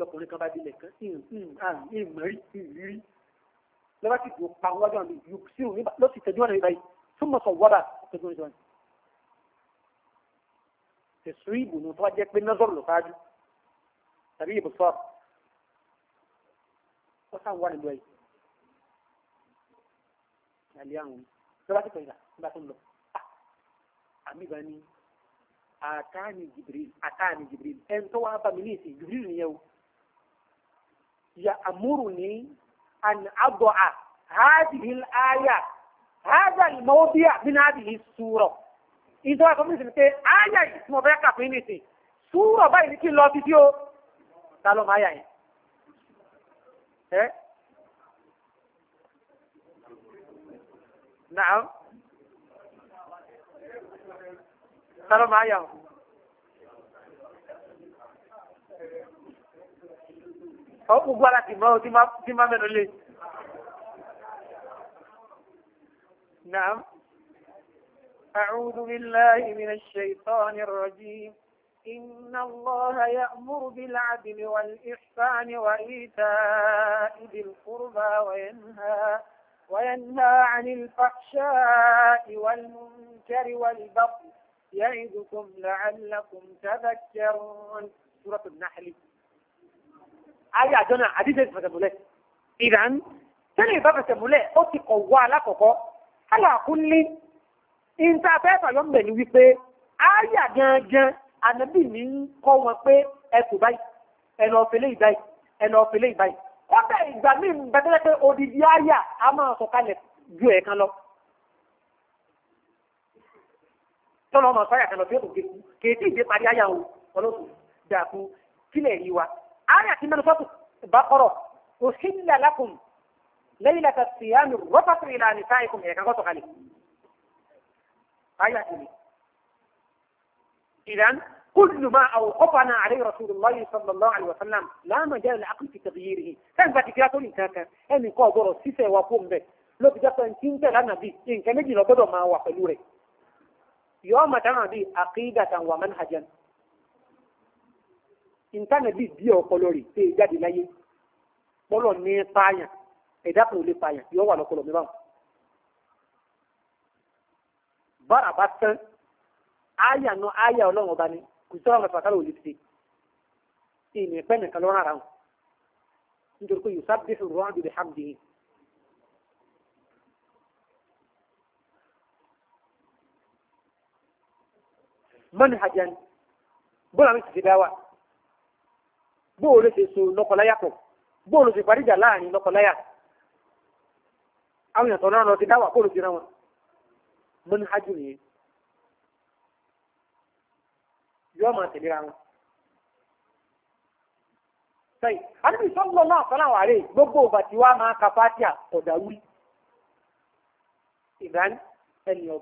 lọkùnrin kan bá dilẹ̀ kan ìmọ̀rí hmm, hmm, ah, ìrírí lọ́wọ́ sì dùn pa wájú àwọn ìlú sí òun ló ti tẹ̀jú ọ̀nà ìbáyìí tó mọ̀ sọ wọ́dà tẹ̀jú ọ̀nà ìbáyìí. tẹ̀sùn ìbùnú tó wá jẹ́ pé nọ́sọ̀rọ̀ ló fáájú tàbí ìbò sọ́ọ̀rọ̀ ó sàn wà nílùú ẹ̀yìn. àlẹ́ àwọn lọ́wọ́ sì tẹ̀yìn nígbà tó ń lọ. Ah! àmì ni àtàní يأمرني أن أضع هذه الآية هذا الموضع من هذه السورة إذا كنت مثل آية اسمه بيكا فينيتي سورة باي لكي لو فيديو تعالوا معايا إيه نعم تعالوا معايا ọ gbogbo ara ti mọ́ tí máa mẹ́nu lé نعم أعوذ بالله من الشيطان الرجيم إن الله يأمر بالعدل والإحسان وإيتاء ذي القربى وينهى وينهى عن الفحشاء والمنكر والبغي يعظكم لعلكم تذكرون سورة النحل ayé àjọ náà àdídé ti fẹsẹ̀ múlẹ̀ ìdán tẹ́lẹ̀ ìbá fẹsẹ̀ múlẹ̀ ó ti kọ̀ wá alákọ̀ọ́kọ́ aláàkú ní ìta fẹ́ fàyọ́ mbẹ̀ ni wípé ayé àgangan ànábì mi ń kọ́ wọn pé ẹ kò báyìí ẹ lọ fẹlẹ́ ìbáyìí ẹ lọ fẹlẹ́ ìbáyìí kọ́tà ìgbà míì bẹ́tẹ́lẹ́ pé odidi ayé a máa sọ kalẹ̀ ju ẹ̀ẹ̀kan lọ. tọ́lọ́ ọmọ sọ́yà kan lọ sí òkè kéèké ìdí parí ayé àwọn ọlọ́sùn dàkú kílẹ̀ yìí wa آية من فضل بقرة أحل لكم ليلة الصيام الرفث إلى نسائكم هيك غطوا عليه آية إذا كل ما أوقفنا عليه رسول الله صلى الله عليه وسلم لا مجال لعقل في تغييره كان ذاتي كلا تولي إن كان أن يقوى سيسة وقوم به لو تجد أن تنتهي لنا بي إن كان يجي لبدو ما وقلوره يوم تنا بي عقيدة ومنهجا ìntánẹ̀bí bí ọpọlọ rẹ̀ tẹ́ jáde láyé pọ́lọ̀ ní pààyàn ẹ̀dá kan ò lè pààyàn yọ wà lọ́pọlọ mi báwọn. bára bá tán áyà náà áyà ọlọ́run ọba ni kò sí ọ̀rọ̀ pàtàkì ò lè ṣe ìní ẹ̀pẹ́ nìkan lọ́rùn ara wọn nítorí pé yòósá bí fún rọ́ọ̀dù rẹ̀ hàmdì yìí. manhajan bọ́lá mi ti ti dá wa. bóòlù ṣe so lọ́kọláyà pọ̀ bóòlù ṣe parí ìjà láàrin lọ́kọláyà àwọn èèyàn náà lọ ti dáwà bóòlù ti rán wọn mọ́nú hájú nìyẹn yóò máa tẹ̀lé ra wọn. sẹ́yìn àdúgbò náà gbogbo tí wàá máa ka dàrú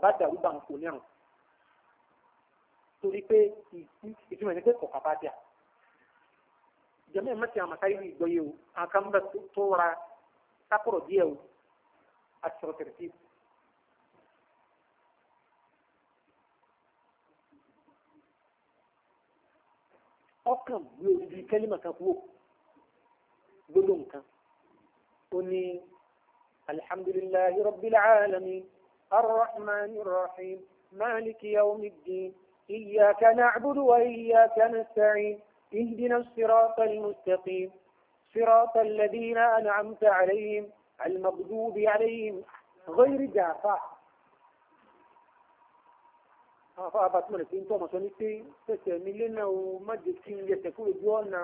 bá kò ní àwọn torí pé jamii mẹ́tì àmàtà yìí gbọ́ yẹ o àkà mbẹ tó wara sákòrò díẹ̀ o di kẹ́lí màkà kú o gbọ́dọ̀ nǹkan ó ní alhamdulilayi rabbil alamin arrahman rahim maliki yawmi ddin iyaka na'budu wa iyaka اهدنا الصراط المستقيم صراط الذين أنعمت عليهم المغضوب عليهم غير جافا àwọn abatúmọ̀ rẹ̀ fi ń tọ́ ọmọ sọ ní pé pẹ̀sẹ̀ mi lẹ́nà o má jẹ́ kí n yẹsẹ̀ kúrò ojú ọ̀nà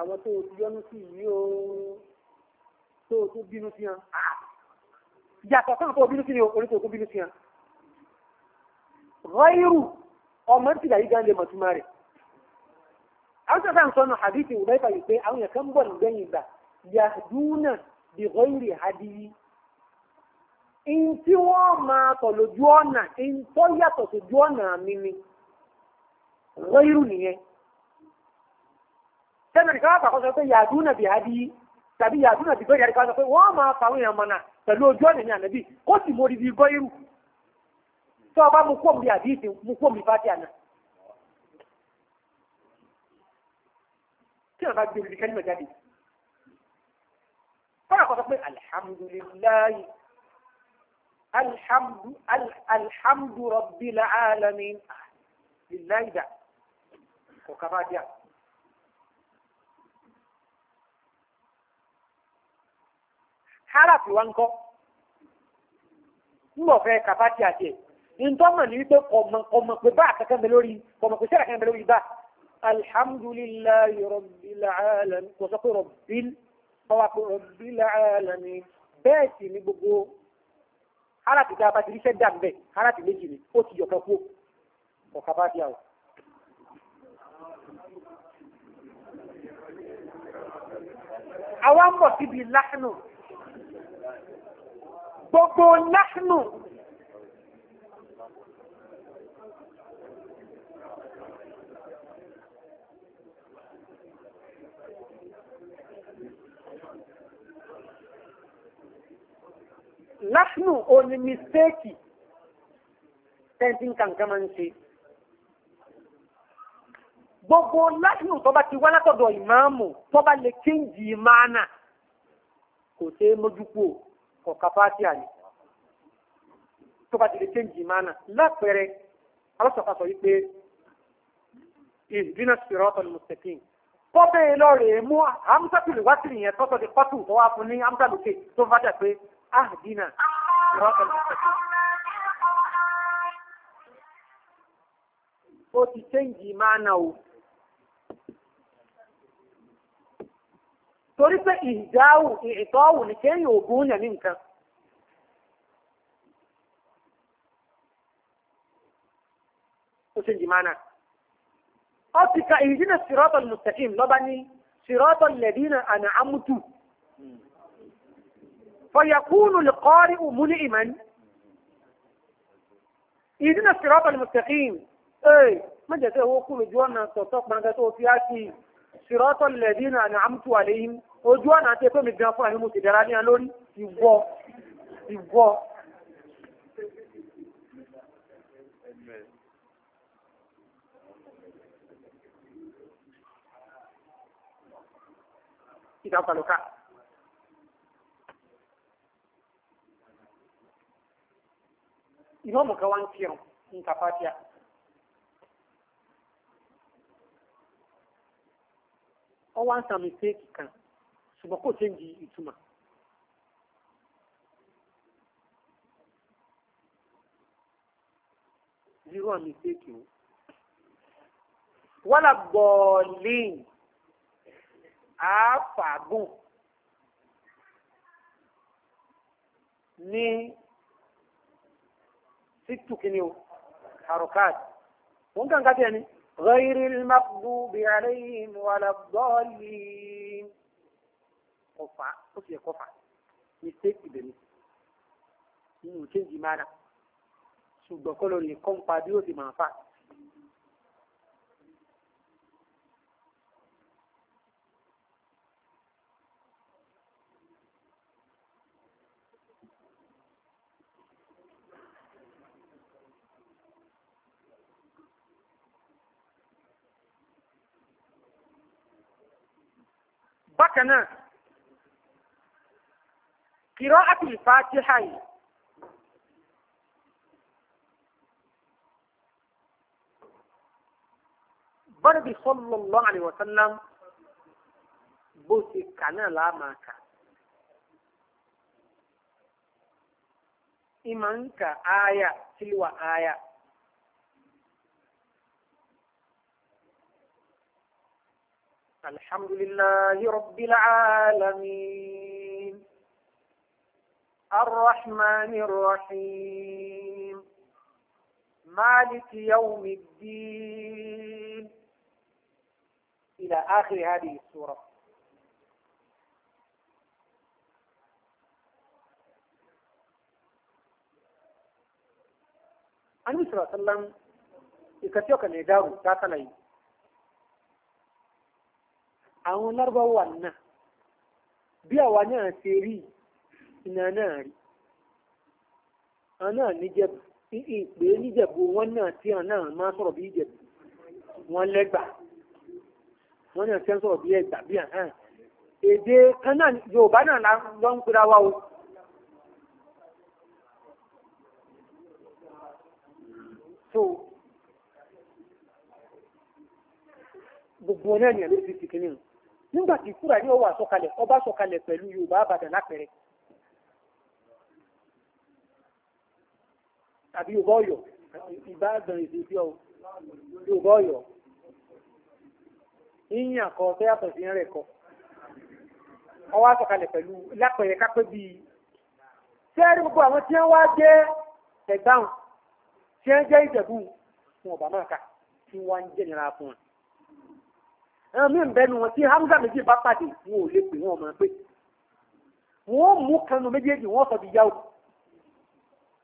àwọn tó o ti yọnu sí yìí o tó o tó bínú sí hàn ah! yàtọ̀ sáà tó o bínú sí ni orí tó o tó bínú sí hàn. rọ́ìrù ọmọ tí ìdàrí gan lè mọ̀túmọ̀ rẹ̀ àwọn sọ̀rọ̀ àwọn sọ̀rọ̀ hadithi wùdá ìfà yìí pé àwọn yẹn kan bọ̀ lẹ́yìn ìgbà yahduna bi ghairi hadiyi in tí wọ́n máa tọ̀ lójú ọ̀nà in tó yàtọ̀ sójú ọ̀nà mi ni ghairu nìyẹn tẹ́lẹ̀ ká pàkọ́ sọ pé yahduna bi hadiyi tàbí yahduna bi ghairi hadiyi ká sọ pé wọ́n máa fàwọn èèyàn mọ̀nà pẹ̀lú ojú ọ̀nà ní ànábì kó sì mórí bí ghairu tó o bá mú kó mi àdìsí mú kó mi fàtí àná tí wọn bá gbé ibi kẹ́lí mẹ́jáde kọ́nà kọ́ sọ pé alihamudulilayi alihamdu alihamdu rabbil alamin ah, lilayi da kò kaba díà. harafi wa ń kọ́ ń bọ̀ fẹ́ kaba díà díẹ̀ ntọ́mọ̀ ní wípé kọ̀mọ̀ kọ̀mọ̀ pé bá àkẹ́kẹ́ mi lórí kọ̀mọ̀ pé sẹ́rẹ̀ kẹ́kẹ́ mi lórí bá. الحمد لله رب العالمين وتقول رب وقل رب العالمين باتي نبقو حالات إذا باتي ليس الدم بي حالات ليجي أوتي يكفو وكفات ياو àwọn bọ̀ síbi gbogbo láhánù láfínù ó ní mistéèkì tẹ́ntì kankan máa ń ṣe gbogbo láfínù tó bá ti wá látọ̀dọ̀ ìmáàmù tó bá lè kéńjì ìmáàna kò ṣe é mójúkú ọ̀ka fásíà ni tó bá ti lè kéńjì ìmáàna lápẹẹrẹ alọ́sọ̀fà sọ wípé ìdínà sírọ́tọ̀ ni mustaqim tọ́bẹ̀ lọ rèé mú amúsàtìlì wá sí ìyẹn tọ́tọ̀ di pọ́tù tó wá fún ní amúsàlùkè tó fàjà pé أهدنا صراط المستقيم وتتنجي معنا طرف إهداء إعطاء لكي يوجون منك وتنجي معنا أتك إهدنا الصراط المستقيم لبني صراط الذين أنعمت فيكون القارئ ملئما إذن الصراط المستقيم أي ما جاءت هو كل جوانا تصدق ما جاءت هو سياسي صراط الذين أنعمت عليهم وجوانا تكون من جافة هم تدراني ألون يبوا يبوا إذا قالوا كعب ìmọ̀mù kan wá ń kírun ní kàfátíà ọ wá ń sa mistake kan ṣùgbọ́n kò tẹ́ǹdì ìtumọ̀ zero and mistake o wọ́n la bọ̀ọ̀lìn àáfàgùn ní sítù kìíní o harukat wọn kàn ká tiẹ̀ ni ghairi al-maghdubi alayhim wala ad-dallin kọfà ó sì yẹ kọfà mistake ibẹ̀ ni nínú change mana ṣùgbọ́n kọ́ lórí kọ́ńpa bí ó ti máa fà á. bákan náà kìrọ́ àti ìfàtíhà yìí bọ́dẹ̀bí sallallahu alaihi wa sallam bó ti kà náà láàmàkà ìmọ̀ ń ka sílùwà ááyà. الحمد لله رب العالمين الرحمن الرحيم مالك يوم الدين إلى آخر هذه السورة النبي صلى الله عليه وسلم يكتيوك الإدارة تاتلين àwọn lárúbáwá náà bí àwa náà ṣe rí iná náà rí àwọn náà ìpè níjẹ̀bù wọn náà tí àwọn náà máa sọ̀rọ̀ bí ìjẹ̀bù wọn lẹ́gbà wọn náà tẹ́ sọ̀rọ̀ bí ẹgbà bí àhán èdè kan náà Yorùbá náà lọ ń o. so gbogbo náà ni àlejò ti kìíní o. nígbà tí kúrà ní ọwọ́ àsọkalẹ̀ ọba sọkalẹ̀ pẹ̀lú Yorùbá Àbàdàn lápẹẹrẹ tàbí Yorùbá Ọ̀yọ́ Ìbàdàn èdè bí ọ Yorùbá Ọ̀yọ́ yíyìn àkọ tó yàtọ̀ sí rẹ̀ kọ ọwọ́ àsọkalẹ̀ pẹ̀lú lápẹẹrẹ kápẹ́ bíi sẹ́ẹ̀rí gbogbo àwọn tí wọ́n wá jẹ́ ẹ̀gbáhùn tí wọ́n jẹ́ ìjẹ̀bú fún ọ̀bà tí wọ́n ń jẹ́ nira fún wọn. na mi ń wọn tí hamza méjì bá pàdé wọn ò lè pè wọn ọmọ pé wọn mú kanu méjèèjì wọn sọ di yahoo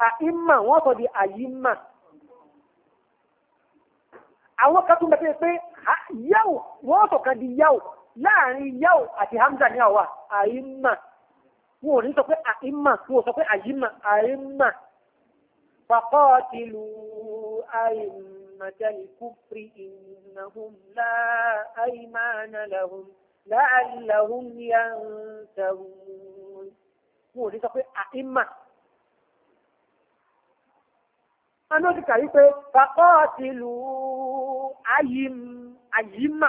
àìmà wọn sọ di àyímà àwọn kan tún bẹ pé yahoo wọn sọ kan di yahoo láàrin yahoo àti hamza ní àwa àìmà wọn ò ní sọ pé wọn ò sọ pé àyímà أمة الكفر إنهم لا أيمان لهم لعلهم ينتهون wọ́n ní sọ pé àìmà ọ̀nà ti kà wípé fàkọ́ọ̀tìlù àyímà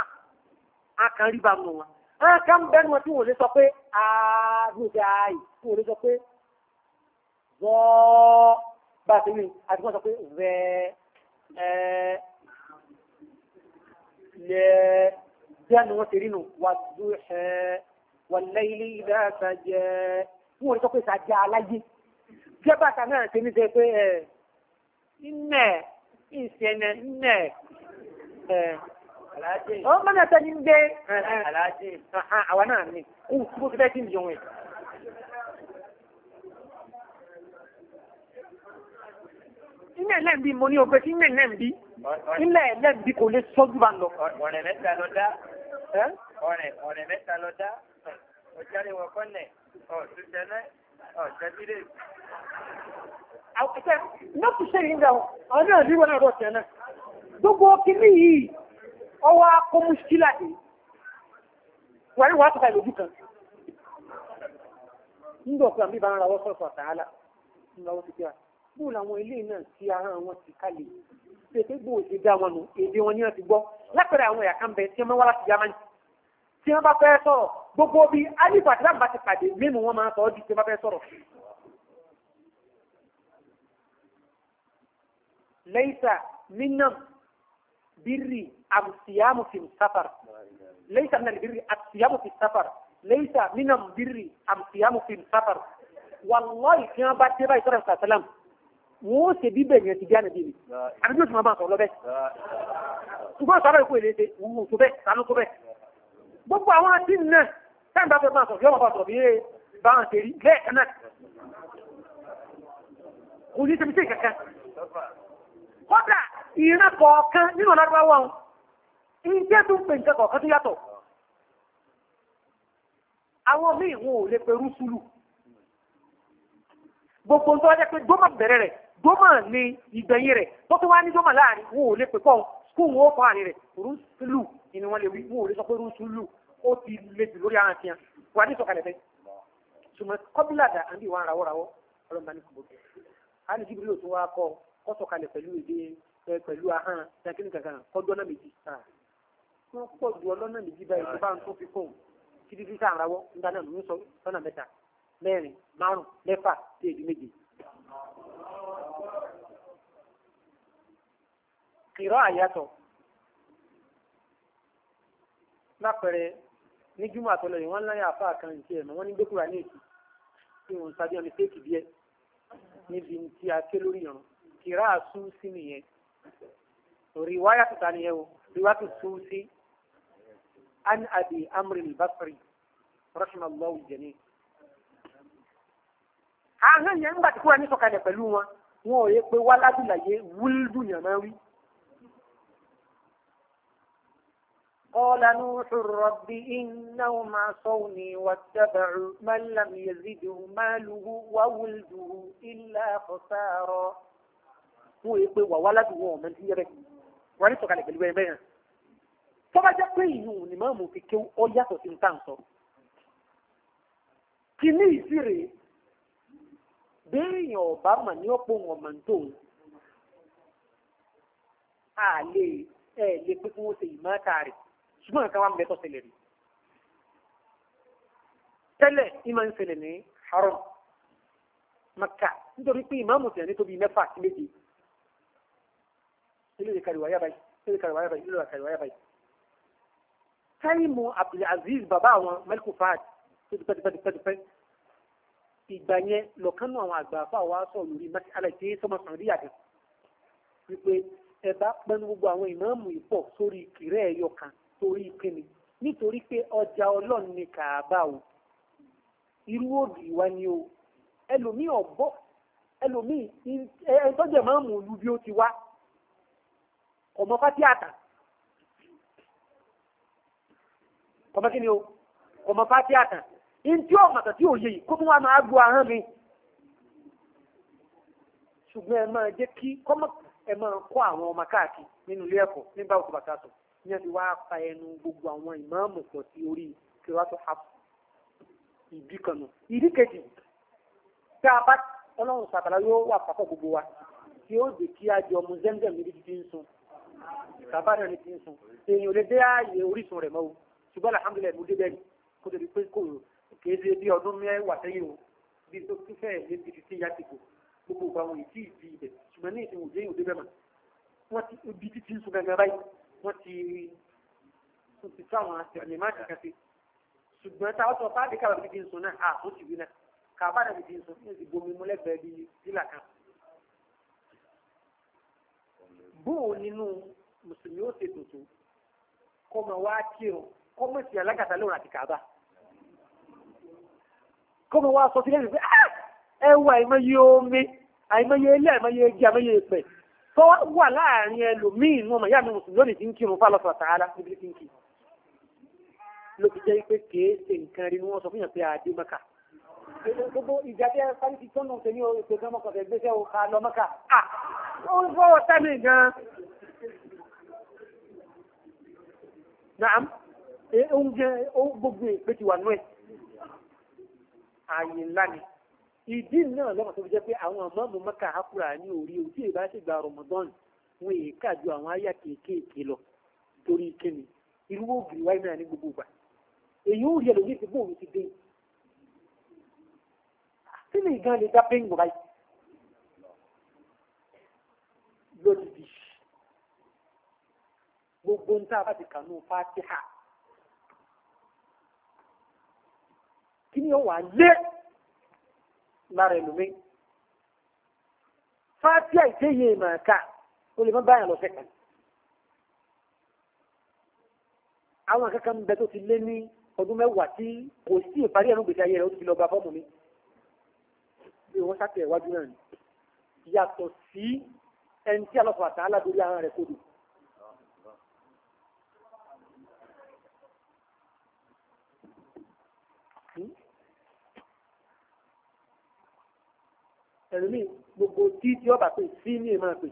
akànríbà mọ̀ wọn ọ̀nà kan bẹ́nu wọn tí wọ́n lè sọ pé ààrùn ààyè tí wọ́n lè sọ pé zọ́ọ́ bá a ti ní àti wọ́n sọ pé rẹ́ẹ́ lẹ́ẹ̀dẹ́nu wọ́n ti rínú wàdúhẹ́ wọ̀lẹ́ ilé ìdáta jẹ́ fún orí tọ́pẹ́ ìsàjẹ́ aláyé jẹ́ bàtà náà ti ní sẹ pé ẹ̀ ìnẹ̀ ìṣẹ̀nẹ̀ ìnẹ̀ ẹ̀ ọmọ náà tẹ́ ní ń gbé àwọn náà ní òun tí mo ti bẹ́ẹ̀ tí ń yọ̀ wẹ̀ ilẹ̀ ẹ̀lẹ́ bí mo ní ọgbẹ́ sí ilẹ̀ ẹ̀lẹ́ bí ilẹ̀ ẹ̀lẹ́ bí kò lè sọ́jú bá lọ. ọ̀rẹ́ mẹ́ta lọ dá ọ̀rẹ́ ọ̀rẹ́ mẹ́ta lọ dá ọ̀jáde wọ kọ́nẹ̀ ọ̀túnṣẹ́lẹ̀ ọ̀tẹ́bílẹ̀. àwọ̀tẹ́ náà kù sẹ́yìn nígbà wọn náà ní wọn náà rọ̀ tẹ́lẹ̀ gbogbo kìíní yìí ọwọ́ akọ́mùsíkílà yìí wàrí wàá tọ́ka ìlú kan nígbà ọ̀pẹ̀ àmì ìbára wọ́n sọ̀rọ̀ sọ̀tà bó làwọn ilé náà ti ara wọn ti kalẹ̀ pépé bó ṣe dá wọn nù èdè wọn ni wọn ti gbọ́ lápẹ̀rẹ̀ àwọn ẹ̀yà kan bẹ tí wọ́n wá láti Jámánì tí wọ́n bá fẹ́ sọ̀rọ̀ gbogbo bí alifu àti láǹbà ti pàdé mímu wọn máa sọ ọ́ di tí wọ́n bá fẹ́ sọ̀rọ̀. lẹ́yìnsà mínà bírì àmùsíyàmù fi sáfàr lẹ́yìnsà mínà bírì àmùsíyàmù fi sáfàr lẹ́yìnsà mínà bírì àmùsíyàmù fi sáfàr wàlláhi tí wọ́n bá dé báyìí sọ̀rọ̀ sàtàlámù wọ́n ó ṣe bíbẹ̀ yẹn ti gánà bíbí àbí yóò tún máa bá sọ̀rọ̀ bẹ́ẹ̀ ṣùgbọ́n sọ̀rọ̀ ikú èlé ṣe wù tó bẹ́ẹ̀ sánú tó bẹ́ẹ̀ gbogbo àwọn àti nà táyì bá fẹ́ máa sọ̀rọ̀ yọ́mọ̀ bá sọ̀rọ̀ bí bá ń ṣe rí lẹ́ẹ̀kan náà kò ní ṣe bí ṣe kankan kódà ìran kọ̀ọ̀kan nínú ọ̀lọ́dúnwá wọn tó ń pè nǹkan kọ̀ọ̀kan tó yàtọ̀ àwọn míì wọn ò lè pe rúṣùlù gbogbo nǹkan wájá pé gbọ́mọ̀ bẹ̀rẹ̀ rẹ̀ goma ni ìgbẹ̀yìn rẹ̀ tó tó wá ní jọmọ láàrin wọn ò lè pè pọ̀ wọn ó kọ́ àárín rẹ̀ rúṣùlù ni wọ́n lè wí wọn ò lè sọ pé rúṣùlù ó ti le jù lórí àwọn tiẹ̀ wà ní bẹ́ẹ̀ ṣùgbọ́n wa rawọ́rawọ́ ọlọ́mọba ní kòkòrò àni jíbìrì ló tún wá kọ́ kọ́ sọ̀kalẹ̀ pẹ̀lú èdè pẹ̀lú ahọ́n kìrọ àyàtọ̀ lápẹẹrẹ ní júmọ̀ àtọ́lẹ̀ yìí wọ́n láyé àfáà kan ìtì ẹ̀mọ́ wọ́n ní gbẹ́kùrà ní èkì tí wọ́n sábẹ́ ọmọ ìfẹ́kì díẹ̀ níbi tí a ké lórí ọ̀run kìrá àsú sí nìyẹn orí wáyà tuta nìyẹn o orí wáyà tó sú sí an abi amri basri rahimallahu jẹni. àhán yẹn ń gbà kúrò ní sọ̀kalẹ̀ pẹ̀lú wọn wọn ò yẹ pé wáládùn làyé wúlùdùn yàn máa wí. قال نوح رب إنهم عصوني واتبعوا من لم يزده ماله وولده إلا خسارا هو يقول وولده ومن هي بك wọ́n sọ̀kalẹ̀ pẹ̀lú ẹ̀rẹ́ bẹ́ẹ̀ tó bá jẹ́ pé ìyún ni máa mú kékeré ó yàtọ̀ sí nǹkan sọ. kìíní ìsírè béèyàn ọ̀bá mà ní ọ̀pọ̀ wọn mà ń tó ń àlè ẹ̀ lè pé kí wọ́n ṣe ìmọ̀ọ́ta rẹ̀ ṣùgbọ́n nǹkan wá ń bẹ tó ṣẹlẹ̀ rí tẹ́lẹ̀ ìmọ̀ ń ṣẹlẹ̀ ní haram maka nítorí pé ìmáàmù tẹ̀lé tó bí mẹ́fà sí méje ilé ìkàrí wáyà báyìí ilé ìkàrí wáyà báyìí ilé ìkàrí wáyà báyìí táìmù Abdulaziz bàbá àwọn mẹ́lìkù fáàd tó ti pẹ́tipẹ́tipẹ́ ìgbà yẹn lọ́kàn náà àwọn àgbà fáwọn wá sọ̀rọ̀ nítorí kíni nítorí pé ọjà ọlọ́run ni kàábà o irú òdì wa ni o ẹlòmíì ọ̀bọ ẹlòmíì ẹ̀ẹ́dọ́jẹ̀ máa ń mú olú bí ó ti wá ọmọ fátí àtà ọmọ kí ni o ọmọ fátí àtà ntí ọmọ àtàtí òye yìí kó mú wa máa gbọ́ ahọ́n mi ṣùgbọ́n ẹ máa jẹ́ kí kọ́mọ ẹ máa kọ́ àwọn ọmọ káàkiri nínú ilé ẹ̀kọ́ nígbà òkú bàtà sọ̀rọ̀ yẹn ti wá pa ẹnu gbogbo àwọn ìmáàmù pọ̀ sí orí kíláàtò hafu ìdí kan nù. ìdí kejì tá a bá ọlọ́run sàkàlà yóò wà papọ̀ gbogbo wa tí ó jẹ́ kí a jọ ọmọ zẹ́ńgẹ̀ mi ti ń sun bàbá náà ni ti ń sun èèyàn lè dé ààyè orísun rẹ̀ mọ́ o ṣùgbọ́n alhamdulilayi mo dé bẹ́ẹ̀ ni kó tó di pé kò kéé bí ọdún mẹ́wàá sẹ́yìn o bí tó tún fẹ́ẹ̀ lé bí fífi yá ti kù gbogbo àwọn ìtì ìdí ibẹ̀ ṣùgbọ́n ní ìsìn òjò yìí ò dé bẹ́ẹ̀ wọ́n ti tún ti tó àwọn àtẹ̀lẹ̀ máa kàkà sí ṣùgbọ́n táwọn tó fáàdì kàbà bíi dín sùn náà à ó ti wí náà kàbà náà bíi dín sùn fún ìdìbò mímú lẹ́gbẹ̀ẹ́ bíi dílà kan. bóò nínú mùsùlùmí ó ṣe tòótọ́ kọ́ máa wá kírun kọ́ mọ̀ sí alágàtà lóun àti kàbà kọ́ máa wá sọ sílẹ̀ nígbà ah! ẹ wọ àìmọye omi àìmọye ilé àìmọye igi àìmọye ìpẹ́ tó wà láàrin ẹlòmíì inú ọmọ ìyá mi mùsùlùmí lónìí tí ń kírun fálọ́ sọ̀rọ̀ tààlà níbi tí ń kí ló fi jẹ́ pé kìí ṣe nǹkan rí ni wọ́n sọ fún yàn àdé mẹ́ka gbogbo ìjà tí a sáré ti tọ́nà tẹ̀lé o ètò ìgbà mọ́kànlá ìgbésẹ̀ o ká lọ mẹ́ka à ó ń fọwọ́ sẹ́mi gan-an. Naam, oúnjẹ gbogbo ìpè ti wà nú ẹ̀. Ààyè ńlá ìdí náà lọ́wọ́ tó jẹ́ pé àwọn àmọ́mù mẹ́ka hakura ní orí ojú ìbá sì wọn èyí kájú àwọn àyà kéékèèké lọ torí kíni irú ògiri wáyé náà ní gbogbo ìgbà èyí ó rí ti ti dé kí ni ìgbà lè dá báyìí gbogbo ń tá a bá ti kànú kí ni ó wà lé. lára ẹlòmíì fátíà ìtẹ́yẹ ìmọ̀ọ́ká o lè má báyà lọ sẹ́kàn àwọn akẹ́kọ̀ọ́ ń bẹ tó ti lé ní ọdún mẹ́wàá tí kò sí ìparí ẹ̀rù gbèsè ayé rẹ̀ ó ti lọ gba fọ́ọ̀mù mi bí wọ́n sá tẹ̀ wájú náà ni yàtọ̀ sí ẹni tí alọ́fọ̀ àtàlà lórí ara rẹ̀ kodò ẹlòmíì gbogbo tí tí ọba pè sí ní ìmọ̀ pè.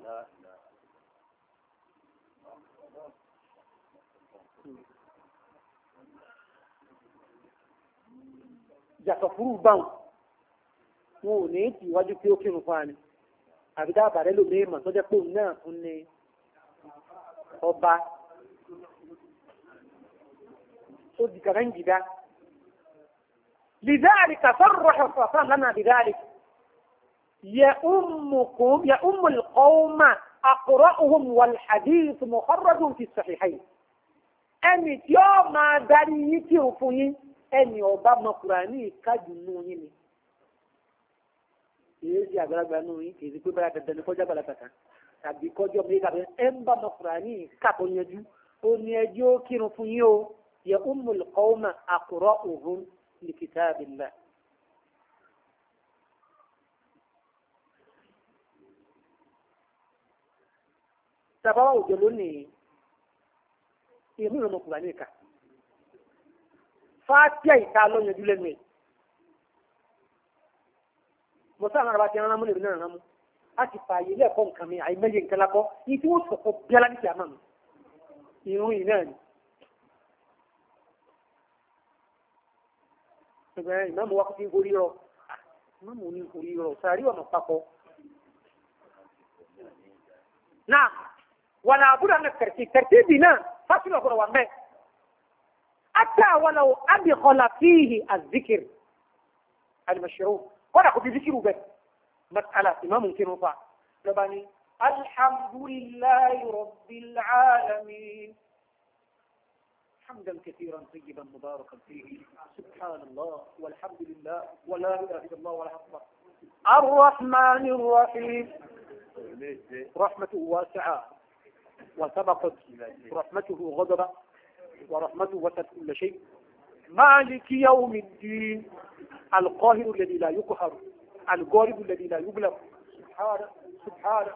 yàtọ̀ fúrú báwọn wọn ò ní tì wájú pé ó kírun fún ani àbí dábàá ló ní ìmọ̀ tó jẹ́ pé òun náà fún ni ọba ó di kàrẹ́ǹgìdá. لذلك صرح الرسول لنا بذلك يأمكم يأم القوم أقرأهم والحديث مخرج في الصحيحين ẹni tí ó máa darí yín tí ò fún yín ẹni ọba mọkùnrin kájú nù yín ni. èyí ti àgbàlagbà nù yín kì í pé báyà dandan ní kọjá balàgbà kan tàbí kọjá ọmọ yín kàbí ẹ ń bá mọkùnrin kàtó yanjú ó ní ẹjọ́ kírun fún yín o yẹ ummul qawma aqra'uhum li kitabillah. tàbáwá òjò lónìí ìmú ìrọmọ kùrà ní ìka fátíà ìta lọ́yọ̀dú lẹ́nu ẹ̀ mọ̀tá àwọn ará ti rán mú lèmi náà rán mú a ti fààyè ilé ẹ̀kọ́ nǹkan mi àìmọye nǹkan lakọ́ ní tí wọ́n sọ̀kọ́ bí aládìsí àmà mi ìrún yìí náà ni. ṣùgbọ́n ìmáàmù wa kò fi ń gorí rọ ah, ìmáàmù ní gorí rọ sàárì wà mọ̀ papọ̀. náà ولا بد من الترتيب ترتيب بنا فصل أخرى ما حتى ولو أدخل فيه الذكر المشروع ولا خذ ذكره بس مسألة ما ممكن وفاء لبني الحمد لله رب العالمين حمدا كثيرا طيبا مباركا فيه سبحان الله والحمد لله ولا اله الا الله ولا اكبر الرحمن الرحيم رحمة واسعة وسبقت رحمته غضبه ورحمته وسط كل شيء مالك يوم الدين القاهر الذي لا يقهر القارب الذي لا يبلغ سبحانه سبحانه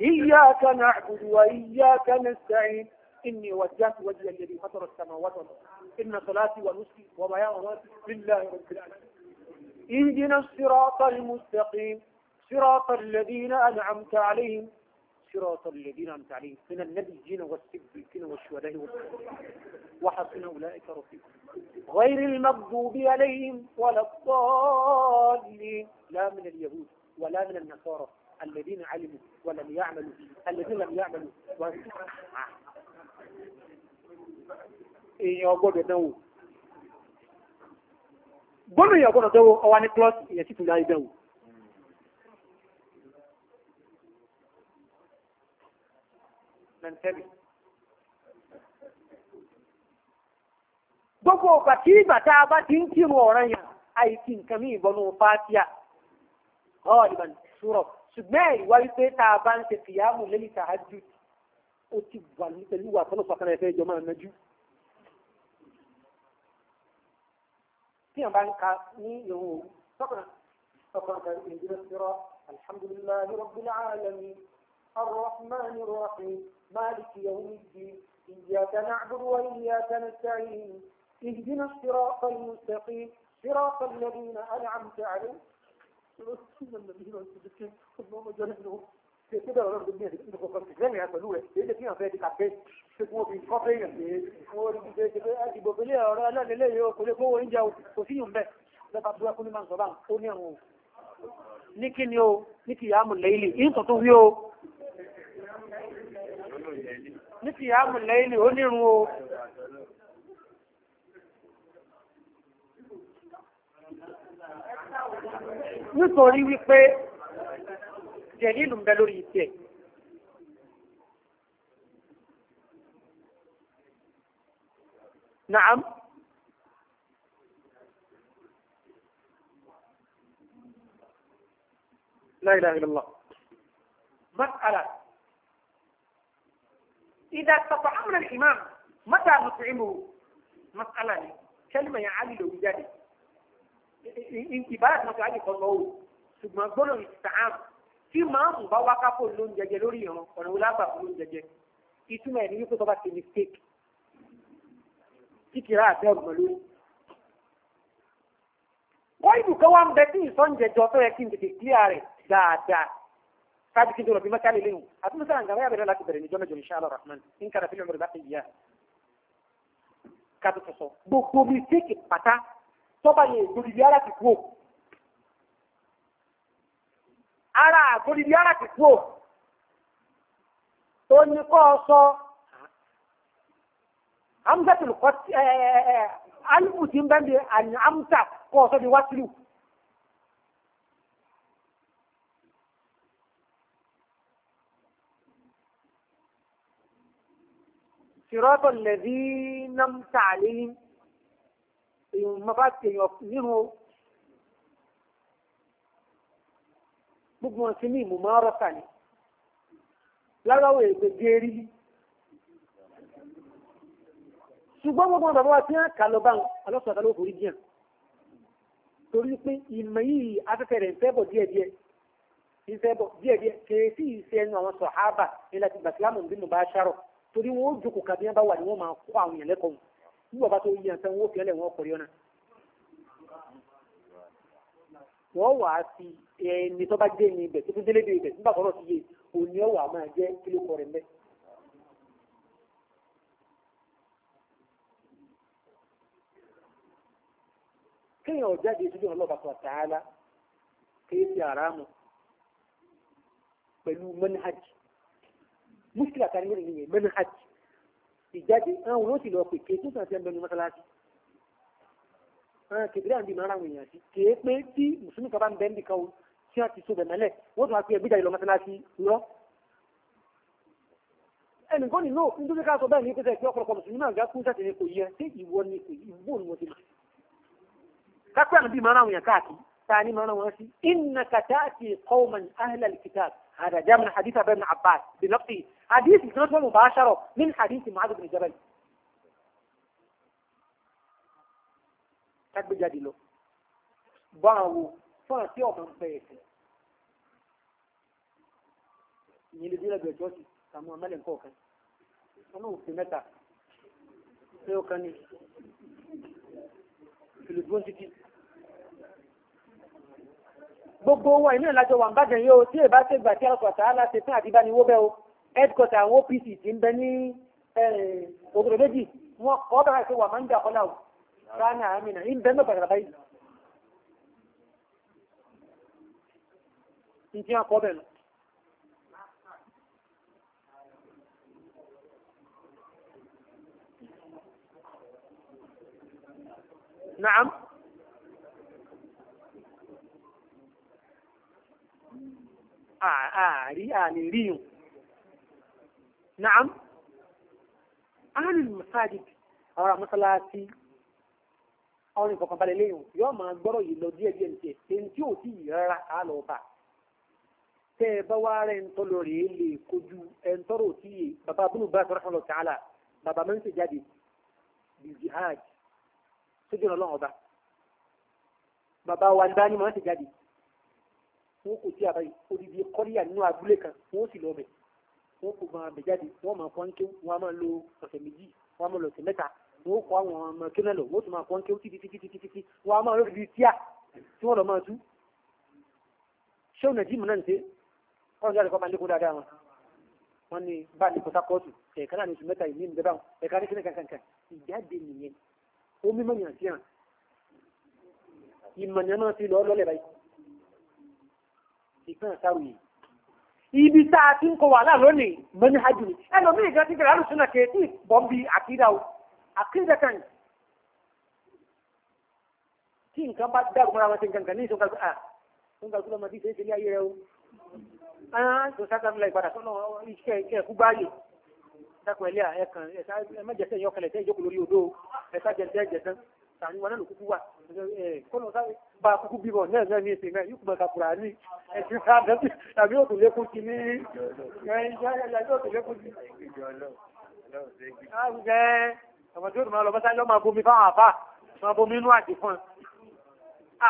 إياك نعبد وإياك نستعين إني وجهت وجهي الذي فطر السماوات والأرض إن صلاتي ونسكي وبياناتي لله رب العالمين اهدنا الصراط المستقيم صراط الذين أنعمت عليهم صراط الذين أنعمت عليهم من النبيين والصديقين والشهداء وحسن أولئك رفيقا غير المغضوب عليهم ولا الضالين لا من اليهود ولا من النصارى الذين علموا ولم يعملوا الذين لم يعملوا èèyàn ọgbọ́dọ̀ dánwò gbọ́nà èèyàn ọgbọ́dọ̀ dánwò ọwá ní لا èèyàn sì tún láyé nantẹ́bì gbogbo ọ̀pá tí bàtà bá ti ń kírun ọ̀ràn yà àìsí nǹkan mí ìbọnú fátíà ọ̀ ìbàn sùrọ̀ ṣùgbọ́n ẹ̀rí wá wípé tá a bá ń ṣe fìyàmù lẹ́yìn tàájú ó ti wà ní pẹ̀lú wà tọ́lọ̀ pàtàkì ẹ̀fẹ́ ìjọ máa nájú. tí wọn bá ń ka ní ìhòòhò tọkàn tọkàn kan ìdúró sírọ alhamdulilayi rabbil alamin. الرحمن الرحيم مالك يوم الدين إياك نعبد وإياك نستعين اهدنا الصراط المستقيم صراط الذين أنعمت عليهم كده ولا الدنيا دي انتوا فكرتوا ازاي يا فلوه يا لكن يا ní kìyàmù lẹ́yìn onírun o nítorí wípé jẹ̀lílù ń bẹ lórí ìtẹ̀ Naam. La ilaha illallah. إذا تطعمنا الإمام متى نطعمه مسألة كلمة يعني لوجاده انتباه متعدي قلوه ثم قلوا الاستعام tí máàmù bá wá kápò lóun jẹjẹ lórí ìran ọ̀nà wo lábàá fún lóun jẹjẹ ìtumọ̀ ẹ̀ ní wípé tó bá ti mistake kíkìrá àti ọ̀gbọ̀n lórí. wọ́n ibùkọ́ wa ń bẹ tí ìsọ́njẹjọ tó yẹ قاعد كده في مكان لهم أتمنى أن جماعة بلا لك بريني جمع إن شاء الله الرحمن إن كان في العمر باقي إياه كاتو تصو بكو ميسيك باتا طبعا يدوليارا تكو أرى دوليارا تكو توني كوصو همزة القط ألف تنبان بأن أمسك كوصو دي وصلوا sirọ́tọ̀ الذين námta àléyìn èèyàn máa bá tèèyàn nínú gbogbo ọ̀sìn ní ìmùmọ́ ọ̀rọ̀ kàní lárọ́wọ́ èdè géèrí ṣùgbọ́n gbogbo bàbá wa tí wọ́n kà lọ bá wọn ọlọ́sọ̀tà ló forí díẹ̀ torí pé ìmọ̀ yìí afẹ́fẹ́ rẹ̀ ń fẹ́ bọ̀ díẹ̀díẹ̀ kèé sí ìṣe ẹnu àwọn sọ̀hábà ní láti gbàsílámù bínú bá ṣàrọ̀ torí wọn ó jókòó kàbí ẹ bá wà ní wọn máa kó àwọn èèyàn lẹ́kọ̀ọ́ nígbà bá tó yí ẹ̀sán wọn ó fi ẹlẹ̀ wọn ọkọ̀ yọ̀nà. wọ́n wà á fi ẹni tó bá dé ní ibẹ̀ tó tún délé dé ibẹ̀ nígbà tọ́rọ̀ ti yé òní ọ̀wà máa jẹ́ kéèyàn jáde ọlọ́ba tó pẹ̀lú muskila kan lórí mi yẹn mẹ́nu hajj ìjáde àwọn olóò ti lọ pé kéé tó sàn sí ẹgbẹ́ ní mọ́sálásí kèdèrè àǹdí màá ràn wọ̀nyàn sí kéé pé tí mùsùlùmí kan bá ń bẹ́ẹ̀ nìkan o tí wọ́n ti so bẹ̀mẹ́lẹ̀ wọ́n tún wá pé ẹgbẹ́ jáde lọ mọ́sálásí lọ ẹnìkan nínú nítorí ká sọ bẹ́ẹ̀ ní pẹ́sẹ̀ pé ọ̀pọ̀lọpọ̀ mùsùlùmí náà gákú jáde ní kò yẹ tí ìwọ ni kò ìwọ ni wọ́n ti máa. kápẹ́ àná bí màá ràn wọ̀nyàn káàkiri ta ni màá ràn wọ́n sí. inna kataati qawman ahlal kitab هذا جاء من حديث أبي بن عباس بلفظه حديث إسناده مباشرة من حديث معاذ بن جبل tagbe jáde lọ bá àwọn fún àti ọmọ ń bẹ̀rẹ̀ sí ìyẹn lè dínlẹ̀ bẹ̀rẹ̀ jọ́sì tàmú ọmọlẹ̀ nǹkan ọ̀kan wọn náà fi mẹ́ta pé ọ̀kan ni fìlìpọ́n títí gbogbo wọn ìmìnà lájọ wà ń bàjẹ́ yóò tí èbá ṣe gbà tí ọkọ̀tà aláṣẹ fún àdìbá ni o headquarter àwọn OPC ti ń bẹ ní òkèrè méjì wọn kọ́ bẹ̀rẹ̀ sí wà máa ń jà ọlá o ránà àmìnà ń bẹ náà bàjẹ́ báyìí. ntí wọn kọ́ bẹ̀ lọ. Naam. àárí àní ríyùn naam ahlul masajid àwọn amọ́sálásí àwọn ìfọ̀kànbalẹ̀ lẹ́yìn yóò máa gbọ́rọ̀ yìí lọ díẹ̀ díẹ̀ nìkẹ́ èyí tí ò tí yìí rárá á lọ bá tẹ́ ẹ bá wá rẹ̀ ń tọ́lọ rèé lè kojú ẹ̀ ń tọ́rọ̀ tí yìí bàbá abúlù ń ṣe ní bá ṣe jáde wọn kò tí a bá yìí odidi kọ́ríyà nínú abúlé kan wọn sì lọ bẹ̀ wọn kò máa bẹ̀ jáde wọn máa kọ́ ńké wọn máa lo ọ̀sẹ̀ méjì wọn máa lo ọ̀sẹ̀ mẹ́ta wọn kọ́ àwọn ọmọ kéwọn lọ wọn sì máa kọ́ ńké títí títí títí títí wọn máa lọ di tíà tí wọn lọ máa tú. ṣéun nàìjíríà náà ń ṣe wọn jáde kọ́ máa lékún dáadáa wọn wọn ni bá a ní kọ́tà kóòtù ẹ̀ka náà ní oṣù mẹ́ta yìí ní ìgbẹ́ báwọn ẹ̀ka ní kíni kankan ìjáde nìyẹn omi mọ̀ yàn ìkan ìsáròyìn ibi tá a ti ń kọ wàhálà lónìí mẹ́ni hajj ni ẹlòmíì gan ti gbẹ̀rẹ̀ alùsùn náà kéèké bọ́m̀bì àkídà o kan tí nǹkan bá dàgbọ́ra wọn ti nǹkan kan ní ìṣòkan à ń gbàgbọ́ lọ́mọdé ṣe é ṣe ní ayé rẹ o ẹ̀hán tó sáta ńlá ìpadà sọ́nà iṣẹ́ iṣẹ́ ẹ̀kú báyìí dákun ẹ̀lẹ́à ẹ̀kan ẹ̀mẹ́jẹsẹ̀ yọkẹlẹ̀ tẹ́ tàbí wọn náà ló kúkú wà kọ́nà sáré bá kúkú bíbọ̀ náà náà ní èsè náà yóò kúmọ̀ kakura ní ẹ̀sì sáàdẹ́sì tàbí òtò lékún ti ní òtò lékún ti. ọmọ tí ó dùn máa lọ mọ́sálẹ́ ọmọ abomi fáwọn àbá máa bomi inú àti fún un.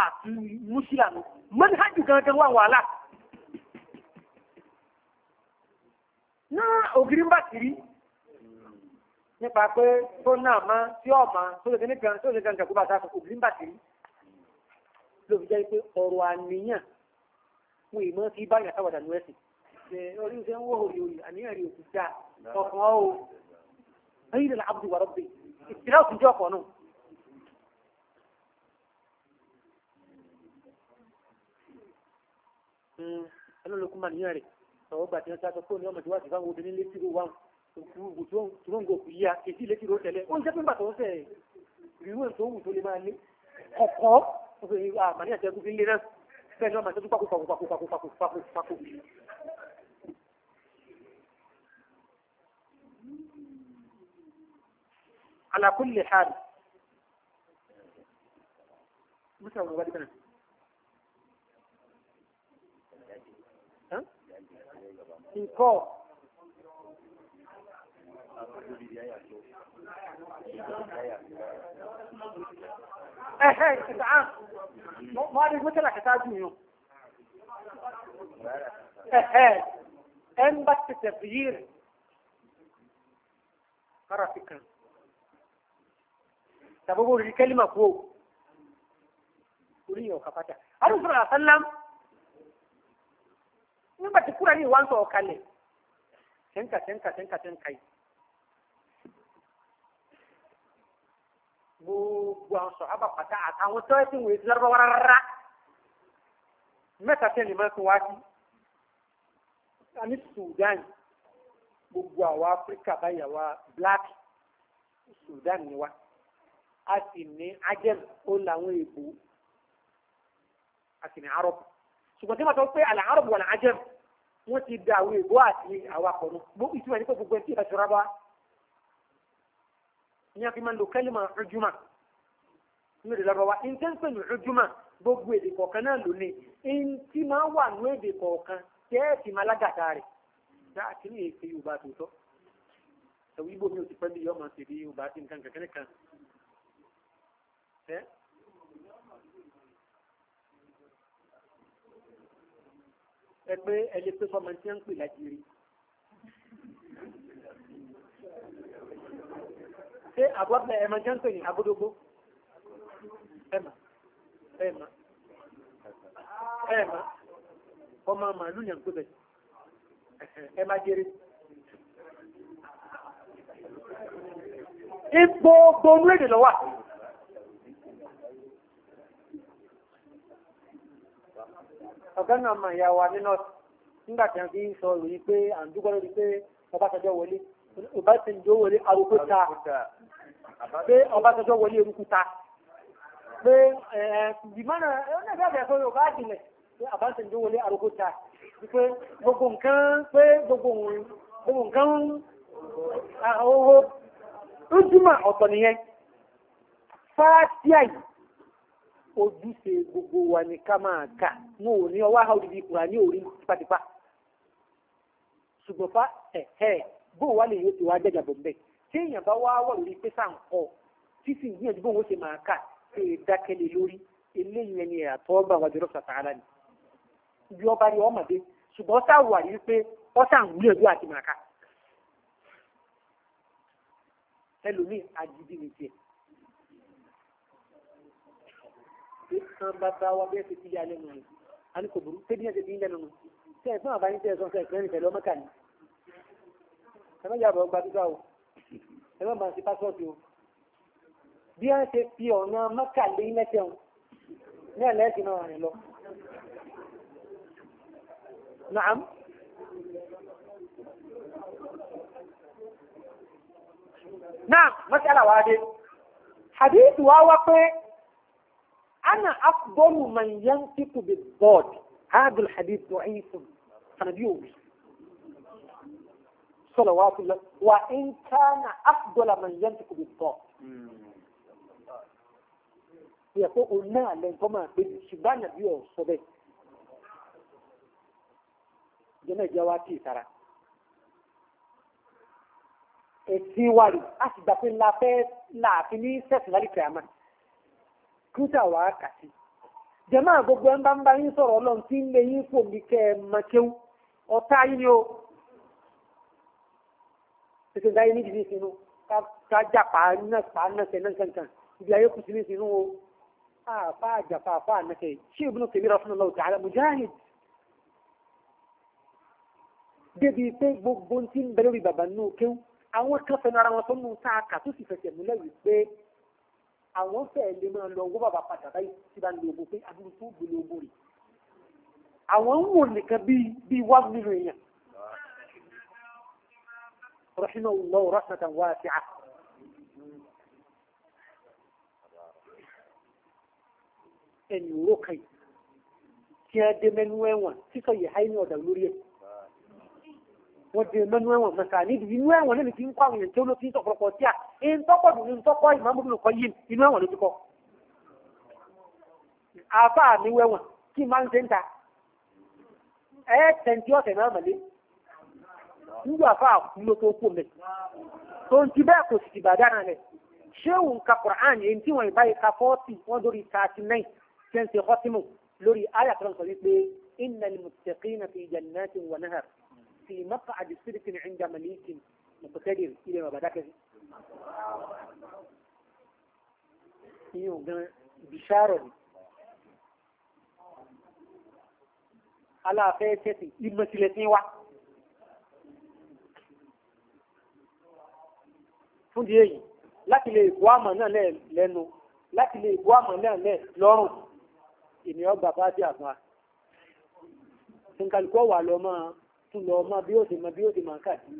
àti mùsùlá mi mọ́ni hajj gangan wà nípa pé tó náà máa tí ọ̀mà tó lè fi nìkan tó lè gangan kó bá sáà kò bímbà sí ló fi jẹ́ pé ọ̀rọ̀ àníyàn fún ìmọ̀ sí báyà sáwàdà ní ẹ̀sìn orí ṣe ń wò òyò àníyàn rí òkú dáa ọkàn ó ẹ̀yìn lọ́la abdu wa rabbi ìtìlá òkú jẹ́ ọkọ̀ náà ẹlọ́lọ́kùnmá hmm, níyàn rẹ̀ ọ̀gbà tí wọ́n sá sọ pé òní ọmọ tí wọ́n fáwọn obìnrin létí òkú òtúrọ̀ǹgò kù yíya èsì ilé tìrò tẹ̀lẹ̀ ó ń jẹ́ pípa tó ń sẹ̀ ìrírú ẹ̀ tó wù tó lè máa ní ọ̀kọ́ àmàlẹ́ àtẹ́gùn fi ń lé náà bẹ́ẹ̀ náà máa tẹ́jú pàkó pàkó pàkó pàkó pàkó pàkó pàkó. ala kulli hal musa wani wadi kana nǹkan ẹ̀hẹ́ ìtàn mọ́ adé mọ́tẹ́lá kẹta jù yàn ẹ̀hẹ́ ẹn bá ti tẹ̀fì yìí rẹ̀ kára fi kàn tàbí orí kẹ́límà kú o orí yàn ọ̀kà pátá arúgbó àfẹ́lám nígbà tí kúrò ní ìwà ń sọ ọ̀kalẹ̀ tẹ́ǹkà tẹ́ǹkà tẹ́ǹkà tẹ́ǹkà yìí. gbogbo àwọn sọ̀hábà pàtà àtàwọn tó ẹ̀sìn wòye ti lárúbáwá rárá mẹ́ta tẹ́lẹ̀ máa ń wá sí a ní Sudan gbogbo àwa Áfíríkà báyà wa black Sudan ni wa a sì ní ajẹ́m ó làwọn èèbò a sì ní arọ́bù ṣùgbọ́n tí wọ́n sọ pé àlà arọ́bù wà ní ajẹ́m wọ́n ti da àwọn èèbò àti àwọn akọ̀nù ìtumọ̀ ní pé gbogbo ẹni tí ìbá ti ní a fi máa ń lo kẹ́lìmọ̀ ọjúmọ̀ ní èdè lọ́rọ̀ wa nǹkan pè ní ọjúmọ̀ gbogbo èdè kọ̀ọ̀kan náà ló ní ẹni tí máa wà ní èdè kọ̀ọ̀kan tẹ́ẹ̀tì máa lágàtà rẹ̀ dáa kí ni èsì Yorùbá tó tọ́ ẹ̀wù ibo mi ò ti pẹ́ bí yọmọ ṣe bí Yorùbá ti nǹkan kankan kan ẹ́ ẹ pé ẹ lè pé fọmọ tí wọ́n ń pè lájiri. ṣé àbọ̀bẹ̀ ẹ̀mọ̀ jẹ́ ń pè ní abódógbó ẹ̀mọ̀ ọmọ màálù yẹn kó bẹ̀ ẹ̀mọ̀ jẹrẹ. Ipò gbogbo èdè lọ́wọ́. Ọ̀gá náà mà yà wà nínú ọ̀sán a fi ń sọ ìròyìn pé à ń dúpọ́ lórí pé pé Ọbásanjọ́ wọlé erukuta pé ìgbìmọ̀nà ẹ̀rọ̀nẹ́gbẹ̀rẹ̀ sọ yóò bá jìnlẹ̀ pé Ọbásanjọ́ wọlé arukuta pé gbogbo nǹkan pé gbogbo nǹkan owó ojúmọ̀ ọ̀tọ̀ nìyẹn fáátíà yìí ojúṣe gbogbo wa ní ká máa kà wọn ò ní ọwọ́ àwọn òdìdí ìkùrà ní orí tipátipá ṣùgbọ́n fa ẹ̀ẹ́ bó wà lè yóò ti wá jẹ́jàbọ̀ bẹ́ẹ̀ tí èèyàn bá wá wà lórí pé sáà ń kọ tí sì ń gbìyànjú bóun ó ṣe máa kà ṣe é dákẹ́lẹ̀ lórí eléyìí ẹni àtọ́ bá wájú lọ́sà tààrà ni bí ọba ni ọmọdé ṣùgbọ́n sáà wà ní pé ọ̀sà ń àti máa kà ẹlòmíì àjìbí ni tiẹ̀. kan bàbá wa bẹ́ẹ̀ fi ti yá lẹ́nu rẹ̀ a kò burú tẹ́bí náà ti fi lẹ́nu rẹ̀ tẹ́ ẹ̀gbọ́n àbáyé tẹ́ ẹ má bàa ṣe pásọ̀tì o bí a ń ṣe fi ọ̀nà mọ́kàlé mẹ́tẹ̀ọ̀n ní ẹ̀lẹ́sìn náà rìn lọ. Nàám. Náà mọ́sálà wá dé. Hadith wá wá pé ana afdalu man yantiqu bi-d-dad. Hadha al-hadith da'if. Sànàbí òbí. صلوات الله وإن كان أفضل من ينطق بالطاعة يقول ala لنكما بالشبان بيو صدق جمع جواتي ترى ìtiwari láti gbà pé ńlá fẹ́ láàfin ní sẹ́sìn kìámà kúta wà á kà sí. gbogbo ẹ̀ ń bá ń bá yín sọ̀rọ̀ ọlọ́run tí ń lé yín tètè dáyé ní ìdílé sínú ká jàpá náà pa náà náà kankan ibi ayé kù sílé sínú o àfa àjàpá àfa ànàkẹ́ ṣé ibùdó kèmí rafun lọ tààrà mujahid débi pé gbogbo ti ń bẹ lórí bàbá nù kéwù àwọn kan fẹnu ara wọn tó mú tá a kà tó sì fẹsẹ̀ múlẹ̀ wípé àwọn fẹ́ẹ̀ lè máa lọ owó bàbá padà báyìí tí bá ń pé abúlé tó gbélé ogun rè àwọn ń wò nìkan bíi bíi wá nínú èèyàn رحمه الله رحمة واسعة ẹnuro kan tí a dé mẹ́nu ẹ̀wọ̀n títọ̀ yìí háì ní ọ̀dà lórí ẹ̀ wọ́n dé mẹ́nu ẹ̀wọ̀n mẹ́ta níbi inú ẹ̀wọ̀n náà ti ń kọ́ àwọn èèyàn tí ó ló fi ń tọ̀pọ̀lọpọ̀ tí a ń tọ́pọ̀ dùn ní tọ́pọ̀ ìmọ̀mọ́dún nìkan yìí inú ti kọ́ àbá mi wẹ̀wọ̀n kí n máa ń ṣe ń ta ẹ̀ẹ́tẹ̀ tí ọ̀tẹ̀ nígbà fáà kú ló tó kú mi tó ń ti bẹ́ẹ̀ kò sì ti bàdánà rẹ̀ ṣéwù ń ka Qur'an èyí tí wọ́n ìbáyìí ka fọ́ọ̀tì wọ́n lórí thirty nine ṣe ń ṣe kọ́tìmù lórí ayé àtúrọ̀ nǹkan wípé inna al-muttaqina fi jannatin wa nahar fi maq'adi sidqin 'inda malikin muqtadir ilé bàbá dákẹ́ sí. ìyẹn gan bisharo ni aláàfẹ́ ṣẹ̀sìn ìmọ̀sílẹ̀ fún di èyí láti lè bọ́ àmọ̀ náà lẹ́nu láti lè bọ́ àmọ̀ náà lẹ́ lọ́rùn ènìyàn gbà fáti àfà nǹkanìkọ́ wà lọ máa tún lọ máa bí ó ti máa bí ó ti máa kàdí.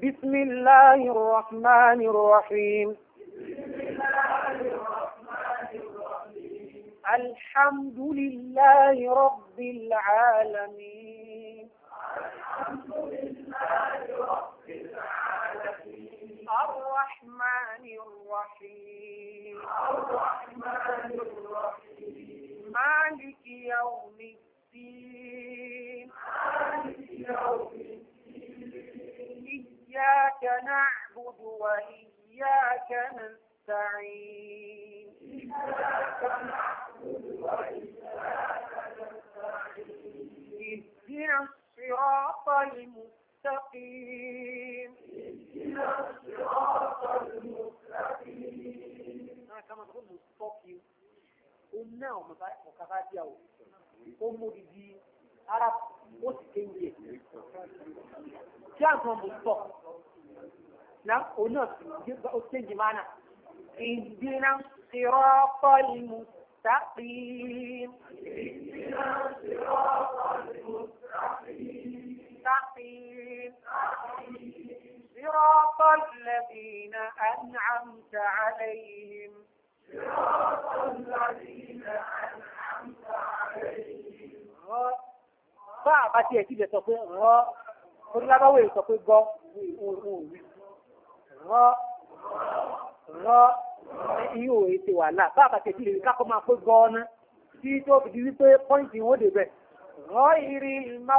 bisimilahi rahman rahim. bisimilahi rahman rahim. alhamdulilahi rabbil alamin. alhamdulilahi rabbil alamin. الرحمن الرحيم الرحمن الرحيم مالك يوم الدين مالك يوم الدين إياك نعبد وإياك نستعين إياك نعبد وإياك نستعين اهدنا الصراط المستقيم المستقيم اهدنا الصراط المستقيم كما تقول مستقيم قلنا وكفاتيا قوموا بدي عرب مستقيم كيف هو مستقيم نعم قلنا مستقيم معنا اهدنا الصراط المستقيم اهدنا الصراط المستقيم مستقيم صراط الذين أنعمت عليهم صراط الذين أنعمت عليهم Báàbá tí ẹ̀ ti lè sọ pé rọ́, onílábáwò èyí sọ pé gọ́, òun òun Rọ́, rọ́, iye òye wà láà. Báàbá tí ẹ̀ ti máa pé gọ́ ọ́ná. Tí tó fi wípé pọ́ìntì wọn ò Rọ́ ìrìn máa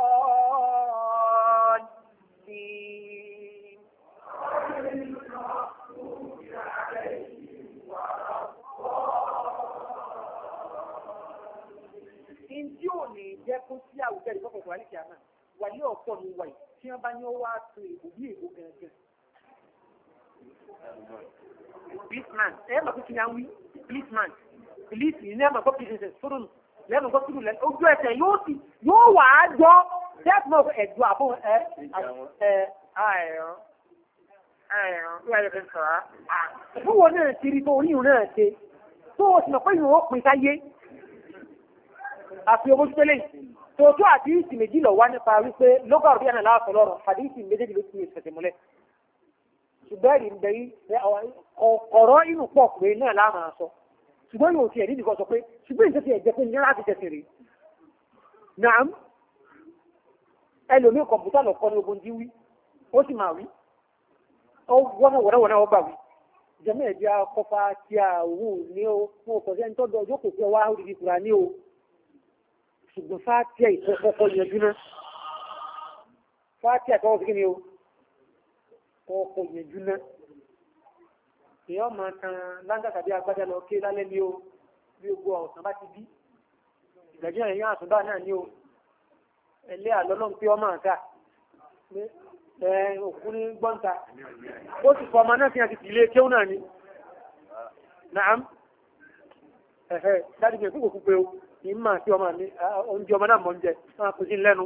kó sí àwùjọ ìfọ̀kọ̀ wà ní kìámà wà ní ọ̀pọ̀ ní wà yìí tí wọ́n bá ní ó wá tu èbò bí èbò gangan. Policeman ẹ máa kó kí ni à ń wí policeman police yìí ní ẹ máa kó police fúrun lẹ́nu kó fúrun lẹ́nu ojú ẹsẹ̀ yóò sì yóò wà á jọ death mark ẹ̀dùn àbò ẹ ẹ àìrán àìrán bí náà ti rí tó oníhùn náà ṣe tó o sì mọ̀ pé ìhùn ó pin sáyé àfi owó sípẹ́lẹ̀ yìí tòótọ́ àdíìsì méjì lọ wá nípa wípé lọ́gàrù bí ẹ̀nà láàfọ̀ lọ́rọ̀ àdíìsì méjèèjì ló ti fẹsẹ̀ múlẹ̀ ṣùgbọ́n ẹ̀rí ń bẹ yí ọ̀rọ̀ inú pọ̀ pé náà láàmà sọ ṣùgbọ́n yóò ti ẹ̀rí nìkan sọ pé ṣùgbọ́n ìṣẹ́ ti ẹ̀jẹ̀ pé ní láti tẹ̀sẹ̀ rè nàám ẹlòmíì kọ̀m̀pútà lọ kọ́ ní ogun dí wí ó sì máa wí wọ́n wọ̀nàwọ̀nà ọgbà wí jẹ́mẹ̀ẹ́dì akọ́fà tí a wù ní o mo kọ̀ ṣùgbọ́n fátíà ìkọ́kọ́kọ́ yanjú náà fátíà kọ́kọ́ sí kí ni o kọ́kọ́ yanjú náà èèyàn máa tan láńgá tàbí agbádá lọ ké lálẹ́ ni o bí gbogbo ọ̀sán bá ti bí ìgbàjọ́ èèyàn àtúndà náà ni o ẹlẹ́ àlọ́lọ́n pé ọmọ àga òkú ní gbọ́ǹta ó sì fọ ọmọ náà fi hàn ti ilé kéwù náà ni naam ẹ̀hẹ́ dájú pé kúkú ìmọ̀ àti ọmọ mi oúnjẹ ọmọ náà mọ̀ ń jẹ máa kú sí lẹ́nu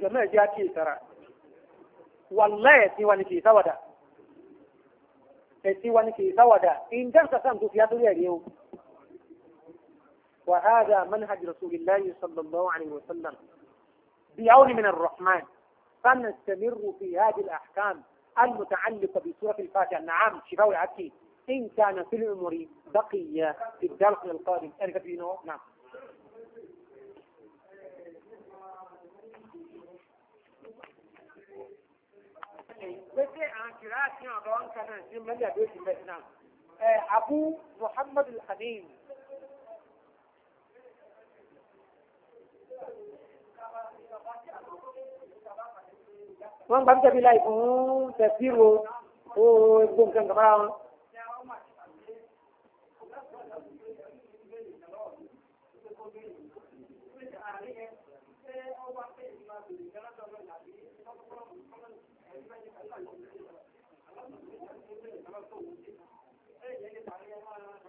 jọmọ́ ẹ̀jẹ̀ àti ìsara wàlẹ́ ẹ̀sìn wa ni kì í sáwàdà ẹ̀sìn wa ni kì í sáwàdà ìjẹ́ ìsàsà tó fi àtúrò ẹ̀rí o وهذا منهج رسول الله صلى الله عليه وسلم بعون من الرحمن فنستمر في هذه الأحكام المتعلقة بسورة الفاتحة نعم شفاء العكي إن كان في العمر بقية في الدرس القادم أرجو نعم أبو محمد الأمين wọ́n gbàgbé bí láì fún tẹ̀síro ó gbóǹkan láàrẹ̀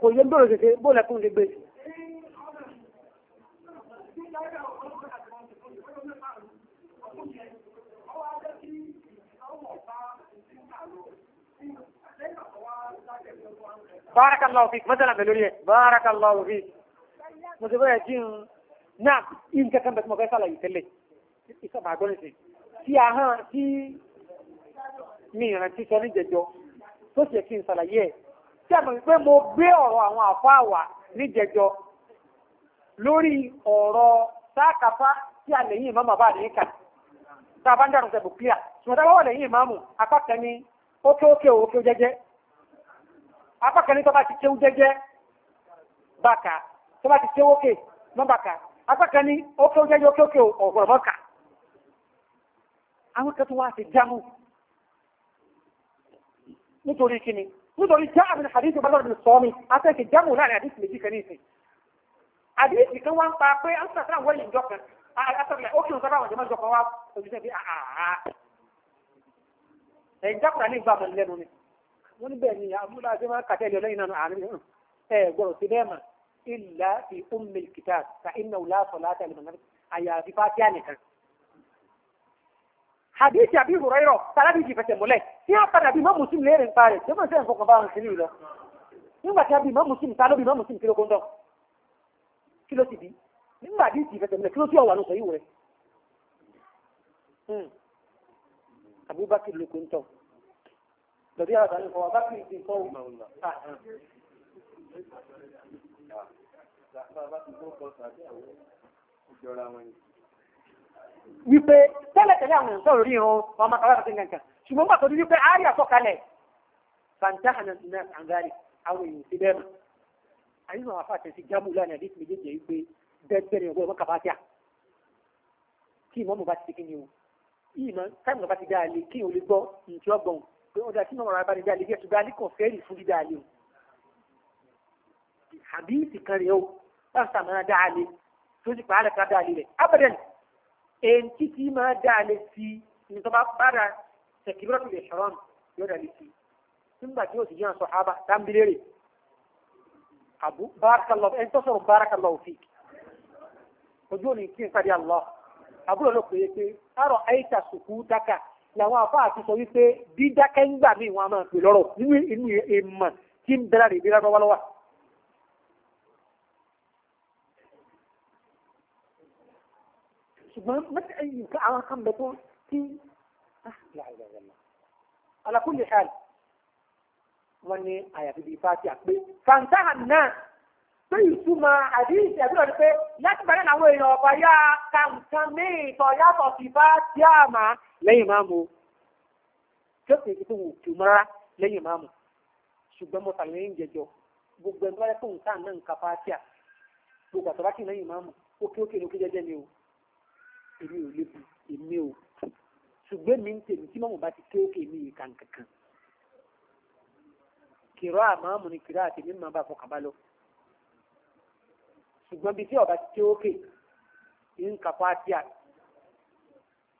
kò yẹ bọ́rọ̀ kèké bó lẹ́kùn lè gbé بارك الله فيك مثلا قالوا بارك الله فيك مزبوط جين نعم إن كان بس مقايسة لا يتلي إذا ما قلنا شيء في أها مين أنا في سنين جدو tó ṣe kí n ṣàlàyé ẹ̀ tí a mọ̀ wípé mo gbé ọ̀rọ̀ àwọn àfáàwà níjẹjọ a apákan ní tó bá ti kéwú jẹ́jẹ́ bàkà tó bá ti kéwú òkè mọ́ bàkà apákan ní ó kéwú jẹ́jẹ́ òkè òkè ọ̀gbọ̀n mọ́kà àwọn kan tó wá ti jámù nítorí kíni nítorí já àmì àdéhùn bá lọ́dún sọ mi afẹ́kì jámù láàrin àdéhùn méjì kan nísìn àdéhùn kan wá ń pa pé àwọn sàtàrà wọ́ọ̀lì ìjọ kan àtàkùnrin ó kí n sábà wọ̀n jẹ́ mọ́jọ kan wá òṣìṣẹ́ bí àhàhà ẹ̀yìn jákùnrin ní ìgbà mọ̀ lẹ́nu ni wọ́n níbẹ̀ ni àmúlá àti máa kàtẹ́ lẹ́yìn náà àárín hàn ẹ gbọ́dọ̀ sí bẹ́ẹ̀ mà ìlà fi umm al-kitab ka inna wula salata liman nabi àyàfi fatiha nìkan. hadith abi hurayra tàbí ti fẹsẹ̀ mọ́lẹ̀ tí a padà bí mọ́ muslim léèrè ń parẹ̀ tó mọ̀ sẹ́yìn fọkàn bá wọn sí lọ. nígbà tí a bí mọ́ muslim tá ló bí mọ́ muslim kí ló kó ń dán kí ló ti bí nígbà tí ti fẹsẹ̀ mọ́lẹ̀ kí ló tí ọ̀wà ló sọ yìí wẹ̀. abubakar ló kó ń tán lọ́dí àgbàlẹ̀ fọwọ́ bá kì í ti Wípé tẹ́lẹ̀ tẹ́lẹ̀ àwọn ìṣọ́ orí wọn ọmọ kàwé àti nǹkan ṣùgbọ́n pàtó ní wípé àárí àtọ́kalẹ̀ fàǹtà ànàtìnà àǹgárí àwọn èèyàn ti bẹ́ẹ̀ mọ̀. Àyìn àwọn afáàtẹ̀ sí jámù lánàá ní ìpínlẹ̀ jẹ́ wípé bẹ́ẹ̀ ọgbọ́n ni o? Ìmọ̀ táìmù pé ó dá kí mọ̀mọ́ ara bá ní jáde bí ẹ̀tùgbá ní kò fẹ́ẹ̀rì fún dídá alẹ́ o àbí ìsìnkan rẹ̀ o láti sàmọ́ra dá alẹ́ tó sì pàálẹ̀ ká dá alẹ́ rẹ̀ abẹ́rẹ́ èyí tí tí máa dá alẹ́ sí ní tó bá bára tẹ̀kíbírọ̀tì lè sọ̀rọ̀ yóò dá alẹ́ sí nígbà tí ó sì yàn sọ̀hábà dáńbílérè àbú bárakàlọ́ ẹni tó sọ̀rọ̀ bárakàlọ́ òfin ojú òní kí n sáré àlọ́ àbúrò ló pè é pé àrò àyíká sùkú dákà làwọn àfáà ti sọ wípé bí dákẹ́ ń gbà mí wọn a máa pè lọ́rọ̀ nínú inú èèmọ̀ tí ń bẹ̀rẹ̀ ìbílẹ̀ lọ́wọ́lọ́wọ́. ṣùgbọ́n mẹ́ta ẹ̀yìn nǹkan àwọn kan bẹ̀ tó tí ah, ala kulli hal wọ́n ní àyàfi bíi fáti àpé fantahan náà pé ìtumọ̀ àdíyìí àbúrò ni pé láti bẹ̀rẹ̀ làwọn èèyàn ọ̀pá yá ka nǹkan míì yàtọ̀ sí fáti àmà lẹ́yìn máàmù kẹ́kọ̀ọ́ ìdí tó wù kí mọ́ rárá lẹ́yìn máàmù ṣùgbọ́n mo sàlẹ̀ ń jẹjọ gbogbo ẹni tó wáyé fóun táà náà ń ka fáátíà gbogbo àtọ́lá kì lẹ́yìn máàmù ókè ókè lókè jẹjẹ ni o èmi ò lébu èmi ò ṣùgbọ́n mi ń tèmi tí mọ́mù bá ti ké ókè mi yìí kankankan kìrọ́ àmàmù ni kìrọ́ àti mímọ́ bá fọkàn bá lọ ṣùgbọ́n bí tí ọba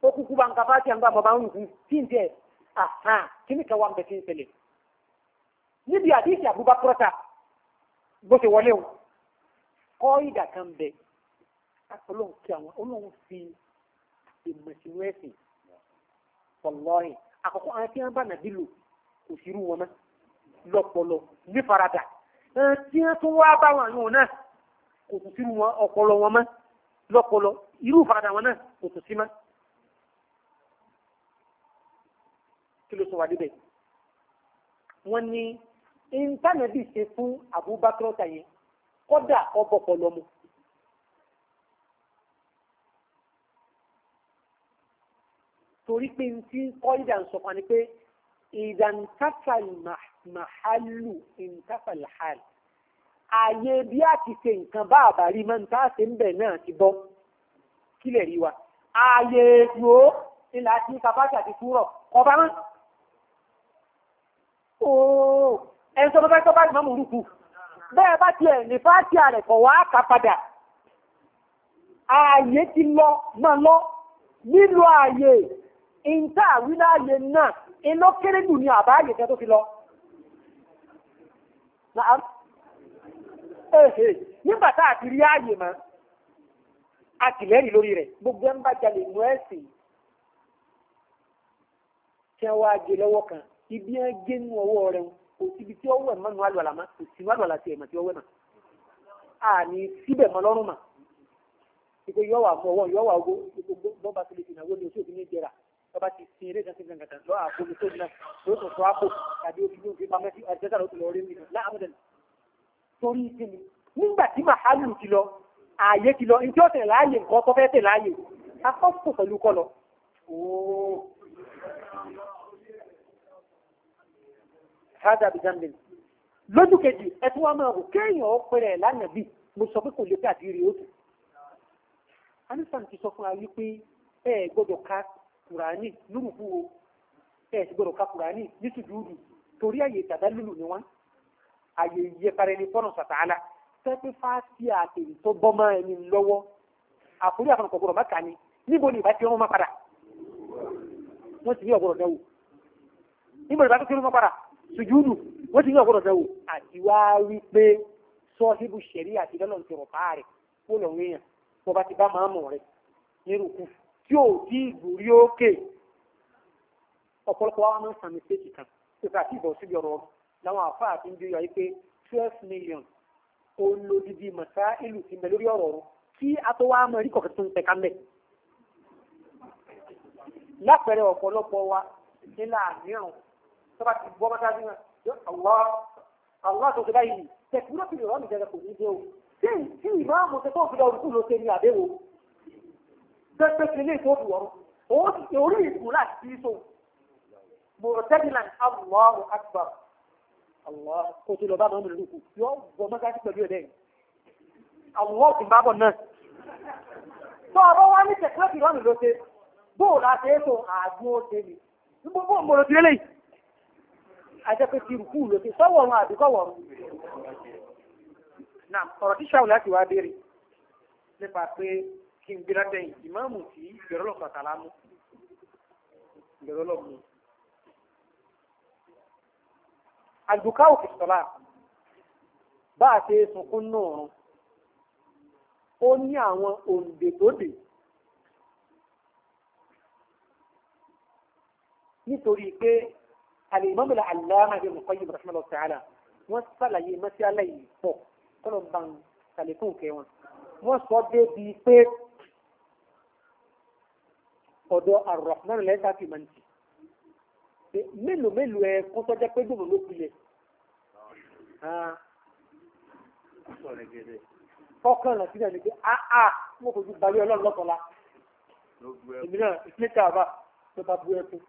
ko kuku ban ka fati anga baba e. aha kini ka wambe tin sele ni bi hadisi abubakar ta bó ṣe wọlé o kọ́ ìdà kan bẹ ọlọ́run kí àwọn ọlọ́run fi ìmọ̀sínú ẹ̀sìn pọ̀lọ́ọ̀hìn àkọ́kọ́ àwọn tí wọ́n bá nàbí lò kò sí irú wọn mọ́ lọ́pọlọ ní farada àwọn tí wọ́n tún wá bá wọn àyàn náà kò sí wọn ọpọlọ wọn mọ́ lọ́pọlọ irú farada wọn náà kò tún sí mọ́. kí ló sọ wá débẹ̀ wọ́n ní intanẹ́tì ṣe fún Abubakar ọ̀tà yẹn kọ́dà ọbọ̀ pọ̀lọ́mù. torí pé n ti kọ́ ìdá ń sọ̀kan ni pé ìdá ń káfà màhálù ń káfà làhálù. ààyè bí a ti ṣe nǹkan bá àbárí máa ń tá ṣe ń bẹ̀ náà ti bọ́ kílẹ̀ rí wa. ààyè ìgbò ńlá ti kàfáṣà ti kúrọ̀ kọ́ bá mọ́ ooo ẹni tó bá tó bá ìmọ̀ múrùkù bẹ́ẹ̀ bá tiẹ̀ ní fáàtì rẹ̀ kọ̀ wá kà padà ààyè ti lọ máa lọ nílò ààyè ìntà àwílá ààyè náà iná kéré jù ní àbáyè tẹ́ tó fi lọ nígbàtá àti rí ààyè mọ́ àtìlẹ́rì lórí rẹ̀ gbogbo ẹ̀ ń bá jalè mú ẹ̀sìn tí wọ́n wá jẹ lọ́wọ́ kan ibi ẹ gé nu ọwọ́ rẹ kò síbi tí ọwọ́ ẹ̀ mọ́ nu àlùwàlà má kò sí nu àlùwàlà tí ẹ̀ mọ̀ tí ọwọ́ ẹ̀ mọ̀ àní síbẹ̀ mọ́ lọ́rùn mà ìpè yọ wà fọwọ́ yọ wà ogó bọ́ba tó lè fi nàwó ni oṣù òfin ní jẹrà bọ́ba ti sin eré kan sí gàngàtà lọ́ àpò ní tóbi náà ló tún sọ àpò tàbí oṣù lóun fi pamẹ́ sí ọ̀dẹ́sà ló ti lọ rí nìkan láàmúdẹ̀lẹ̀ torí kíni nígbà tí màhálù ti lọ ààyè ti lọ ìjọ́sẹ̀ láàyè nǹkan tó fẹ́ tẹ̀ láàyè akọ́pọ̀ pẹ̀lú kọ́ lọ. ooo hádà bìdánlè lójú kejì ẹtún wa máa rò kéèyàn ó pẹrẹ lánàá bí mo sọ pé kò lè káàkiri ó tù anisan ti sọ fún wa wípé ẹ gbọ́dọ̀ ka kùránì lórúkú o ẹ ti gbọ́dọ̀ ka kùránì torí àyè tàdá lùlù ni wọn àyè yẹpẹrẹ ní fọnà sàtàlà tẹ́tí fáàsì àtẹ̀yìn tó ẹni lọ́wọ́ àforí àfọ̀nà kọ̀ọ̀kọ̀rọ̀ má kà níbo ni ìbá ti ọmọ má padà wọ́n ti ní ọ̀gọ̀rọ̀ náà wò níbo ni ìbá ti ọmọ má padà sùjúdù wọ́n ti ní ọ̀gbọ́dọ̀ sẹ́wò àti wá wí pé sọ́ọ́híbù ṣẹ̀rí àti lọ́nà ti rọ̀ bá rẹ̀ kó lọ wí yàn tó bá ti bá máa mọ̀ rẹ̀ nírúkú tí ò tí ìgbòrí òkè ọ̀pọ̀lọpọ̀ wa máa ń sàmì sí èkìkan tó ká sí ìbọ̀ síbi ọ̀rọ̀ làwọn àfáà ti ń gbé yọ pé twelve million olódìdí màsá ìlú ti mẹ lórí ọ̀rọ̀ ọ̀rọ̀ kí a tó wá mọ̀ kọ̀kẹ́ tó ń tẹ̀ka mẹ́. lápẹẹrẹ ọ̀pọ̀lọpọ̀ wa nílà mìíràn tọ́ba ti gbọ́ bọ́tà sí wọn yóò àwọ̀ àwọ̀ tó ti báyìí tẹ̀kúrọ́ ti rọ̀ mí jẹ́ kò ní dé o tí ìmọ̀ àmọ̀ tẹ tó fi lọ rúkú ló ṣe ní àbẹ̀wò tẹ́tẹ́ ti lé ìtọ́jú ọ̀rọ̀ orí ìkùn láti bí so mọ̀tẹ́gìlá Allahu Akbar Allah kò tó lọ bá mọ́mọ́ lórí kù yóò wọ mọ́sáàtì pẹ̀lú ẹ̀dẹ́ yìí àwọn òkùn bá bọ̀ náà tó ọ̀rọ̀ wá ní tẹ̀kúrọ́ ti rọ̀ mí ló ṣe bóòlù àti ètò àgbọn ṣe ni gbogbo òmòrò ti lélẹ́yìí ajẹ́pẹ́ ti rùkú ló ti sọ́wọ́ wọn àbí kọ́wọ́ wọn. Nà ọ̀rọ̀ tí ṣàwùlá ti wá béèrè nípa pé kí n gbéra dẹ́yìn ìmáàmù tí ìgbèrò lọ pàtàlá mú. Ìgbèrò lọ mú. Àlùkà òkè sọ̀lá bá a ṣe sunkún náà ó ní àwọn òǹdè tó dè. Nítorí pé الإمام العلامة ابن القيم رحمه الله تعالى وصل لي مسألة فوق كلهم بان سالكون كيوان وصل دي بي بي ọ̀dọ̀ àrọ̀mọ́rin lẹ́sà fi máa ń tì. mélòó mélòó ẹ kó sọ́jà pé dùnú ló kulẹ̀. fọ́kàn ah. rẹ̀ sílẹ̀ ni pé áá ah, ah, mo kò ju balẹ̀ ọlọ́run lọ́kọ̀ọ́lá. èmi náà ìpínlẹ̀ kàbà ló bu ẹkún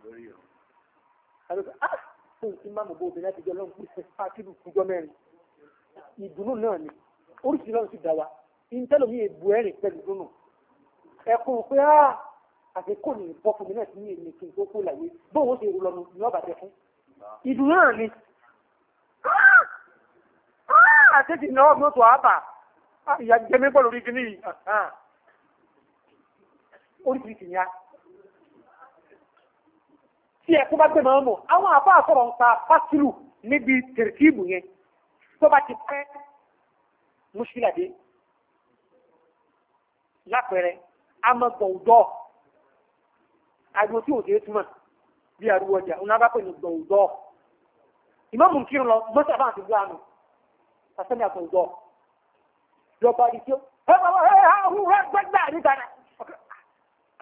àlùkò ah fún ti máa mọ̀ bó obìnrin láti jẹ́ lọ́nà pé fàtìlù kújọ mẹ́rin ìdùnnú náà ni oríṣiríṣi lọ́nà ti dà wá ìtẹ́lómi èbù ẹ̀rìn pẹ̀lú dùnnú ẹkùn pé ah àti kò ní bọ́ fún mi náà sí ní èmi kí n tó kó láyé bóun ó ṣe rú lọ́nu ni wọ́n bá tẹ fún ìdùnnú náà ni ah! ah! àtẹ́jì náà mi ó tó àbà ah! ìyá jẹ́ mi pọ̀ lórí gíní oríṣiríṣi ni a tí ẹ̀kú bá gbé màmú àwọn àbá àsọ̀rọ̀ ń pa fásitìlù níbi tẹ̀rẹ̀tìbù yẹn tó bá ti pẹ́ mùsùlùmí lápẹẹrẹ amagbọ̀ọ̀dọ́ àgbò tí òde túmọ̀ bí àrùwọ̀ ọjà òun abá pè ní gbọ̀ọ̀dọ́ ìmọ̀mù kírun lọ mọ́tò àbá àti gbọ́ànù pàṣẹ ní àgbọ̀ọ̀dọ́ lọ́ba àdìsí ó ẹ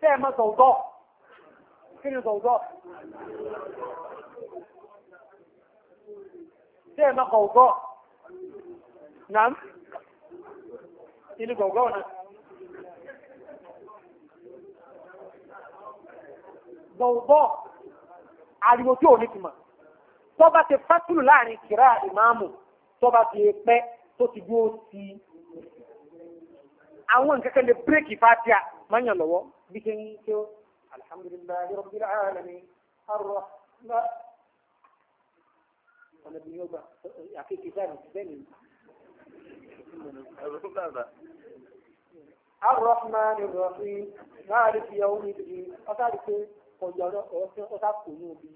tẹ́ ẹ mọ́ sọ̀tọ̀ kí ni sọ̀tọ̀ tẹ́ ẹ mọ́ kọ̀ọ̀tọ̀ nàám inú kọ̀ọ̀tọ̀ náà gbọ̀ọ̀tọ̀ ariwo tí ò ní tìmọ̀ tó bá ti fásitì láàrin kìrá ìmáàmù tó bá ti pẹ́ tó ti dúró sí àwọn nǹkan kan lè bírèkì fásitì máa lọ́wọ́. بكين كيو الحمد لله رب العالمين الرحمن أنا بنيوبة أعطيك كتاب كتاب الرحمن الرحيم مالك يوم الدين أتعرف ọjọ́rọ́ ọ̀sá kò ní ibi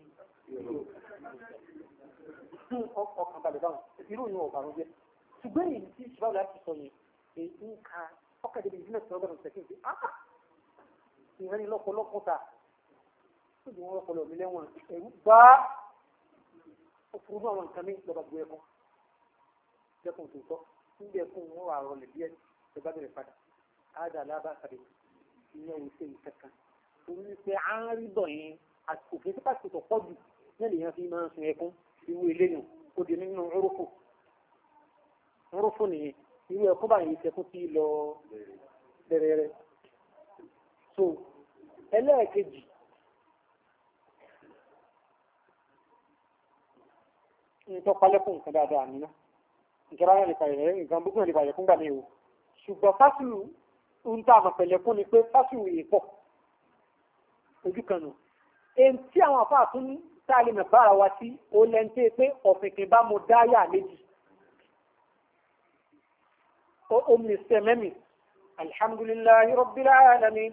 ọkàn balẹ̀ báwọn irú ìyẹn ọ̀bàrún jẹ́ ṣùgbọ́n èyí tí ìṣúra láti sọ yẹn èyí ń ka ọkàn débi ìdílé sọ̀rọ̀ bẹ̀rẹ̀ sẹ́kìn sí áá ìrẹ́ni lọ́pọ̀lọpọ̀ ta ó dùn wọ́n lọ́pọ̀lọpọ̀ mi lẹ́wọ̀n ẹ̀rú bá òfurufú àwọn nǹkan mi lọ́ba gbé ẹ̀kọ́ jẹ́kùn tó tọ́ níbi ẹ̀kún wọn wà rọlẹ̀ díẹ̀ tó bá bẹ̀rẹ̀ padà ádà lábá kàdé ìyẹn ò ṣe ìkẹkàn torí wípé à ń rí bọ̀ yẹn àsìkò kí n tí pàṣẹ tó pọ̀ jù náà lèèyàn fi máa ń sun ẹkún irú eléyàn ó di nínú rúfù rúfù nìyẹn irú ẹkún báyìí ìṣẹkún ti lọ bẹ̀rẹ̀ rẹ̀ so ẹlẹ́ẹ̀kejì nítọ́ palẹ́kùn nǹkan dáadáa nínú ìjọba náà nípa ìrẹ́ nǹkan gbogbo nípa ìrẹ́kùn gbà mí o ṣùgbọ́n fásitì ń tà àmọ̀ pẹ̀lẹ́kùn ni pé fásitì yìí pọ̀ ojú kan nù èyí tí àwọn àfáà tún tá a lè mẹ̀ bára wa sí ó lẹ́ńtẹ́ pé ọ̀fìnkì bá mo dá yà méjì omi sẹ́mẹ́mì alhamdulillahi rabbil alamin.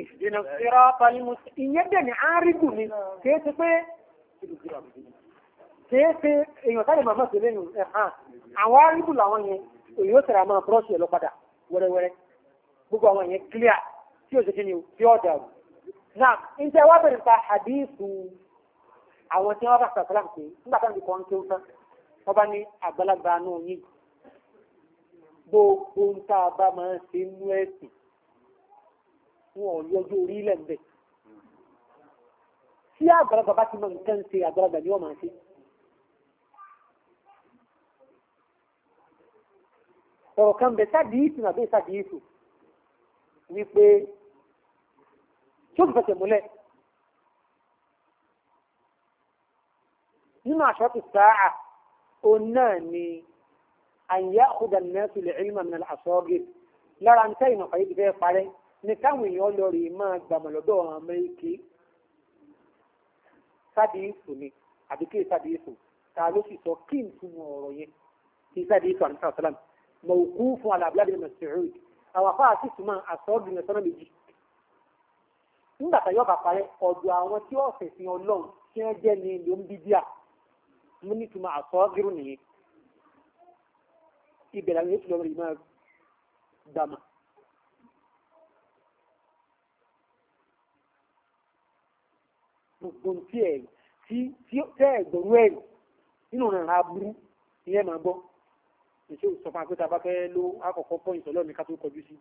ìdènà ìrọ̀ palimus ìyẹn dẹ̀ ní àárígù ni kìí ṣe pé kìí sáré màmá sí lẹ́nu àwọn àárígù làwọn yẹn èyí ó tẹ̀ra máa búrọ́ọ̀ṣì ẹ̀ gbogbo àwọn yẹn clear tí ó ṣe kí ni o tí ó dàrú. náà ń tẹ́ wá bẹ̀rẹ̀ nípa àwọn tí wọ́n bá nígbà ti kọ́ ń tán wọ́n ní àgbàlagbà náà yìí gbogbo ń a bá máa ń wọn ò yọjú orí ilẹ̀ ń bẹ̀. tí àgbàlagbà bá ti mọ nǹkan ṣe àgbàlagbà ni wọ́n máa ṣe. ọ̀rọ̀ kan bẹ̀ sádìísù nàbẹ́ sádìísù wípé tí ó ti fẹsẹ̀ múlẹ̀ nínú àṣọ ti sáà òun náà ni àyà náà ti lè ẹ̀yìn mọ̀mìnà àṣọ ọ̀gẹ̀ lára ń tẹ́yìn ọ̀fà yìí ti fẹ́ parẹ́ ní káwọn èèyàn lọ rè máa gbàmọ̀ lọ́dọ̀ àwọn amẹ́ríkì sádìísù ni àbí kí sádìísù ta ló sì sọ kí n túmọ̀ ọ̀rọ̀ yẹn kí sádìísù àti sàlám mọ̀ọ́kú fún alábíládé mẹsìrì àwọn afáà sì túmọ̀ àsọ́ọ̀dù mẹsàn-án méjì nígbà tá yọba parẹ́ ọ̀dọ̀ àwọn tí ọ̀sẹ̀ sí ọlọ́run tí wọ́n jẹ́ ní ìlú ń bíbíà mú ní túmọ̀ àsọ́ọ̀gìrù nìyẹn ibẹ̀ làwọn yóò gbogbo tí ẹ̀ tí tí tẹ́ ẹ̀ gbọ̀rú ẹ̀ nínú ìrìnà aburú ìyẹn máa gbọ́ ìṣe òsọfún akpẹ́ta bá fẹ́ ló àkọ́kọ́ pọ́ ìṣọ̀lọ́ mi ká tó kọjú sí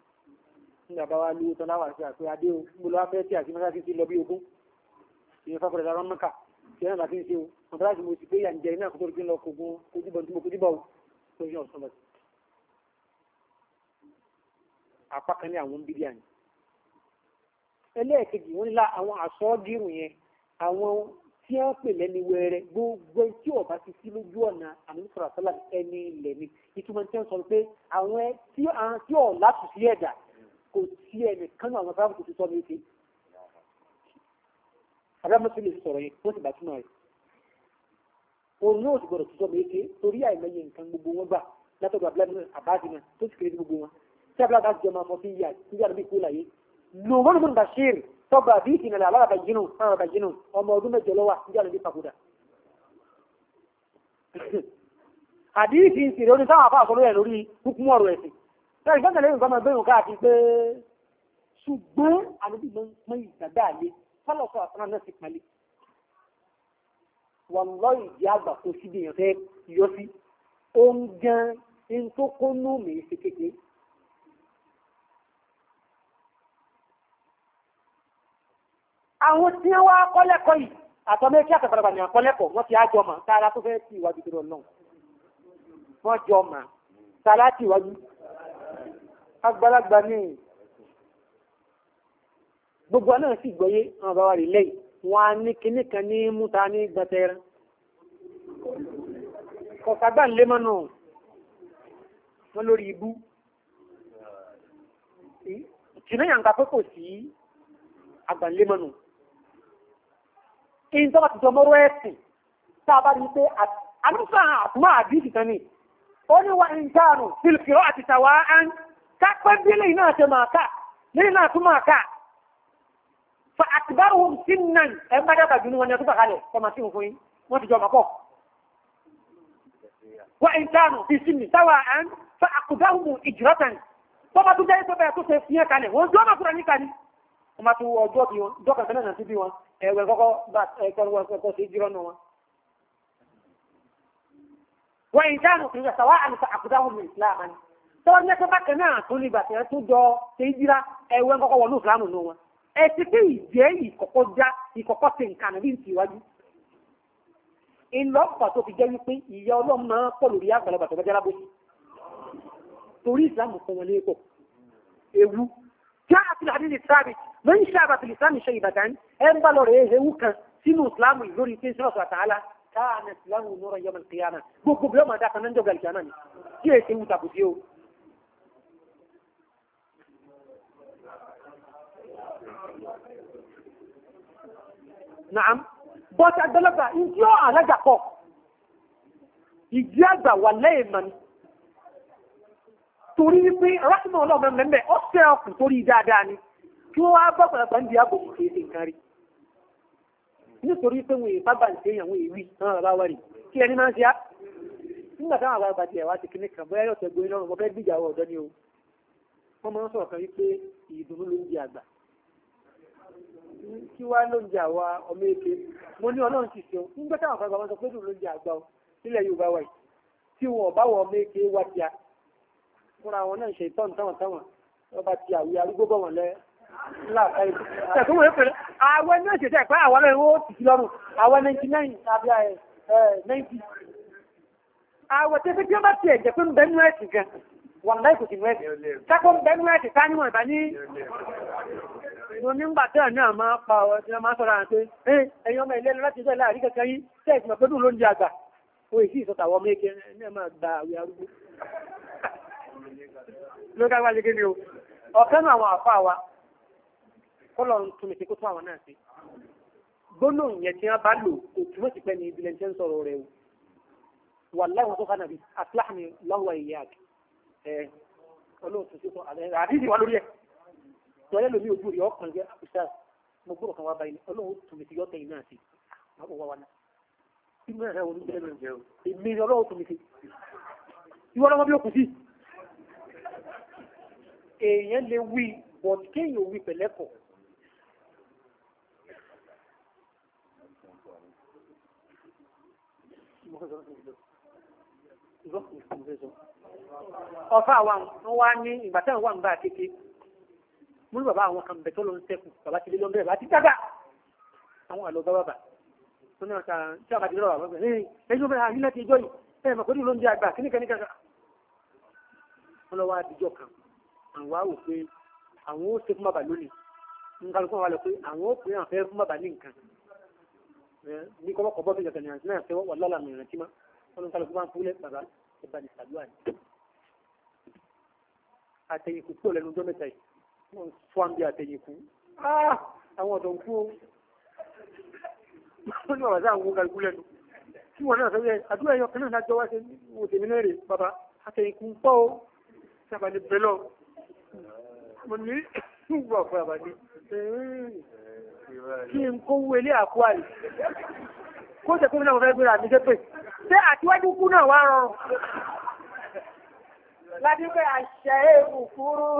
nígbà bá wá lówó tán láwà sí àpé adé o mo lọ wá fẹ́ tí àti mẹ́ta ti lọ bí ogún ìyẹn fáfọ̀rẹ̀ lára mọ́kà tí ẹ̀rọ láti ń o ọ̀dọ́ láti mo ti pé ìyà ń jẹ iná àkókò tó lọ kogun kojúbọ̀ tí mo kojúbọ̀ o tó yàn ọ̀sán lọ sí. apá kan ní àwọn bíbí àná ẹlẹ́ẹ̀kejì wọ́n ní lá àwọn àsọ́ọ́dírù yẹn àwọn tí wọ́n pè lẹ́ni wẹ́rẹ́ gbogbo tí ọba ti sí lójú ọ̀nà àmúṣọ̀rọ̀ àṣálà ẹni ilẹ̀ ni ìtumọ̀ tí wọ́n sọ pé àwọn tí àwọn tí ọ̀ láti sí ẹ̀dà kò sí ẹnì kan àwọn sábà kò ti sọ méjì. adámọ́sí lè sọ̀rọ̀ yẹn wọ́n sì bá túmọ̀ rẹ̀. òun náà ti gbọ́dọ̀ sọ méjì torí àìmọye nǹkan gbogbo wọn gbà látọ̀dọ̀ abúlé àbáàdì náà tó ti kéré gbogbo wọn tí abúlé àbáàdì jọ máa fọ sí ìyá tọ́gbà bí ìsìn náà alára bàjínú àwọn bàjínú ọmọ ọdún mẹ́jọ lọ́wọ́ níjà lóde pàkúdà. àdìsí ń sèrè oníṣàwọn àfa àkọlù rẹ̀ lórí kúkú ọ̀rọ̀ ẹ̀sìn. lẹ́yìn gbọ́dọ̀ lẹ́yìn gbọ́dọ̀ gbẹ̀rún káàkiri pé ṣùgbọ́n àdúgbò mọ ìgbàgbà àlè fọlọ́sọ àtúnà náà ti pàlẹ́. wàlọ́ ìdí àgbà kò síbi èèyàn fẹ́ yọ sí. ó ń gan in tó kó nù mí ṣe kékeré. àwọn tí wọ́n wá kọ́lẹ́kọ́ yìí àtọ́mẹ́ kí àtàbàràbà ní àkọ́lẹ́kọ̀ wọ́n ti ájọ mà tààrà tó fẹ́ sí ìwájú tó lọ́nà wọ́n jọ mà tààrà tí ìwájú agbálagbà ní gbogbo náà sì gbọ́yé àwọn bàbá rẹ̀ lẹ́yìn wọn á ní kinní kan ní múta ní gbẹtẹrẹ kọ̀sàgbà ń lé mọ́nà wọn lórí ibú jìnnà yàn ká pé kò sí àgbà in tó bá ti sọ mọ́rọ́ ẹ̀sìn tá a bá rí pé àmúfà àtúmọ̀ àdìsí kan ni ó ní wa ìntànù fìlìkìrọ́ àti tàwa án kápẹ́ bí lè náà ṣe máa kà lè náà tún máa kà fa àtibáwò sí nan ẹ̀ má dábàá jù ní wọn ni ọdún bàkálẹ̀ ọmọ sí òfin wọn ti jọ màkọ́ wa ìntànù fi sí mi tàwa án fa àkùdáwò ìjìrọ́tàn tó bá tún jẹ́ ìtọ́bẹ̀ẹ́ tó ṣe fi hàn kalẹ̀ wọ́n jọ́ ẹ̀wẹ̀ kọ́kọ́ bá ẹ̀kọ́ sí jírọ́ nù wọn. wọ́n yìí dáhùn kì í yà sàwá àlùfà àkùdáhùn mi ìsìláàmù ni tọ́wọ́n ní ẹgbẹ́ bákan náà tó ní ìgbàtí ẹ̀ tó jọ ṣe é jíra ẹ̀wẹ̀ kọ́kọ́ wọnú ìsìláàmù nù wọn. ẹ ti pé ìjẹ́ ìkọ̀kọ́ já ìkọ̀kọ́ ti nǹkan bí ti iwájú. ìlọ́pàá جاء في الحديث الثابت من شاب في الإسلام شيبة إن بلور إيه وكا سينو إسلام يزوري في سورة تعالى كانت له نور يوم القيامة بوكو بلوما داك ننجو قال كمان جيه سينو تابوتيو نعم بوت أدلبا إنتيو على جاكو إجازة ولا من torí wípé rákìmọ̀ ọlọ́mọ mẹ́mẹ́ ó tẹ́ ọkùn torí dáadáa ni kí wọ́n wá bọ́ pẹ̀lẹ́pẹ̀ ń di àbòkù kí èdè nǹkan rí nítorí pé wọ́n èèyàn bábà ń ṣe èèyàn wọ́n èèwì náà bàbá wà rí kí ẹni máa ń ṣe á nígbà táwọn àwọn àgbàtì ẹ̀wà ti kíní kan bóyá yọ̀tẹ̀ gbóyè lọ́rùn wọ́n fẹ́ gbìjà wọ ọ̀dọ́ ni o wọ́n máa ń sọ̀rọ̀ kan wípé ìdùnnú ló ń di àgbà kí wá ló ń di àwa ọmọ èké mo ní ọlọ́run ti ṣeun nígbà táwọn àgbàgbà wọn sọ pé ìdùnnú ló ń di àgbà o nílẹ̀ Yorùbá wa yìí tí wọn ò bá ọmọ èké wá ti a fúnra wọn náà ṣe ìtọ́n táwọn táwọn wọ́n bá ti àwí arúgbó bọ̀ wọ́n lẹ́ láàkáyé. ṣètò wọ́n pẹ̀lú àwọn náà ṣe tẹ̀ pé àwọn ẹ̀rọ ó ti lọ́rùn àwọn ninety nine tàbí ninety. àwọn tẹ́fẹ́ tí wọ́n bá tiẹ̀ jẹ́ pé ń bẹ nú ẹ̀sìn gan wọ́n láì kò sí nú ẹ̀sìn. sákò ń bẹ nú ẹ̀sìn ká níwọ̀n ìbá ní. onígbà tẹ́ náà máa pa ọ tí wọ́n máa sọ̀rọ̀ àti ẹ̀yin ọmọ ilé láti ṣe láàrin kankan yìí tẹ́ẹ̀sì mọ̀ pé àgbà ló dágbà lé gẹ́gẹ́ o ọ̀kan náà àwọn àfa wa kọ́lọ̀ ń tún mi ṣe kó tó àwọn náà ṣe gbólóhùn yẹn tí wọ́n bá lò kò túmọ̀ sí pé ní ibi lẹ́ńtẹ́ ń sọ̀rọ̀ rẹ o wà láwọn tó kánà bí asláhà ni lọ́wọ́ ìyá àti ẹ ọlọ́run tó ṣe fún àdídì wa lórí ẹ̀ tọ́lẹ́ lómi ojú rẹ̀ ọkàn èèyàn lè wí but kéèyàn wí pẹ̀lẹ́kọ̀ ọ̀fà àwọn wá ní ìgbà tẹ́wọ̀n wà ń bá kéke mú bàbá àwọn kan bẹ̀ tó lọ ń sẹ́kù bàbá ti lé lọ bẹ̀rẹ̀ bá ti dàgbà àwọn àlọ́ bá bàbá tó ní ọ̀tà tí a bá ti lọ́wọ́ àwọn ọ̀gbẹ̀ ní ẹjọ́ bẹ̀rẹ̀ àyílẹ̀ ti jọ́ yìí ẹ̀ mọ̀ pé ní ló ń jẹ àgbà kíníkẹ́ níkẹ́ kan wọ́n lọ wá kan àwọn á wò pé àwọn ó ṣe fún bàbá lónìí nǹkan kan wà lọ pé àwọn ó pè àfẹ́ fún bàbá ní nǹkan ní kọ́mọ́kọ́ bọ́ fìjà tẹ̀lé náà fẹ́ wà lọ́la mìíràn tí máa wọn ń kálukú bá ń fúlẹ̀ bàbá ìbá ní sàdúrà ni. àtẹ̀yìnkù kúrò lẹ́nu ọjọ́ mẹ́ta yìí wọ́n ń fọ́n bí àtẹ̀yìnkù ah! àwọn ọ̀dọ́ ń kú o wọ́n ní bàbá sáà ń wọ́n kálukú lẹ́nu tí wọ́n náà sọ́yẹ́ àdúrà yọ kan náà lájọ́ wá sí wọ́n tèmi náà rè bàbá àtẹ̀yìnkù ń pọ̀ o sábà ní bẹ́lọ̀ mo ní gbọ́ fún àbájé kí n kó wú ilé àkó àyè kó jẹ́ kómìnà mo fẹ́ gbéra mi jẹ́ pé ṣé àtiwájú kú náà wá rọrùn. Láti pé àṣẹ ìbùkúrú,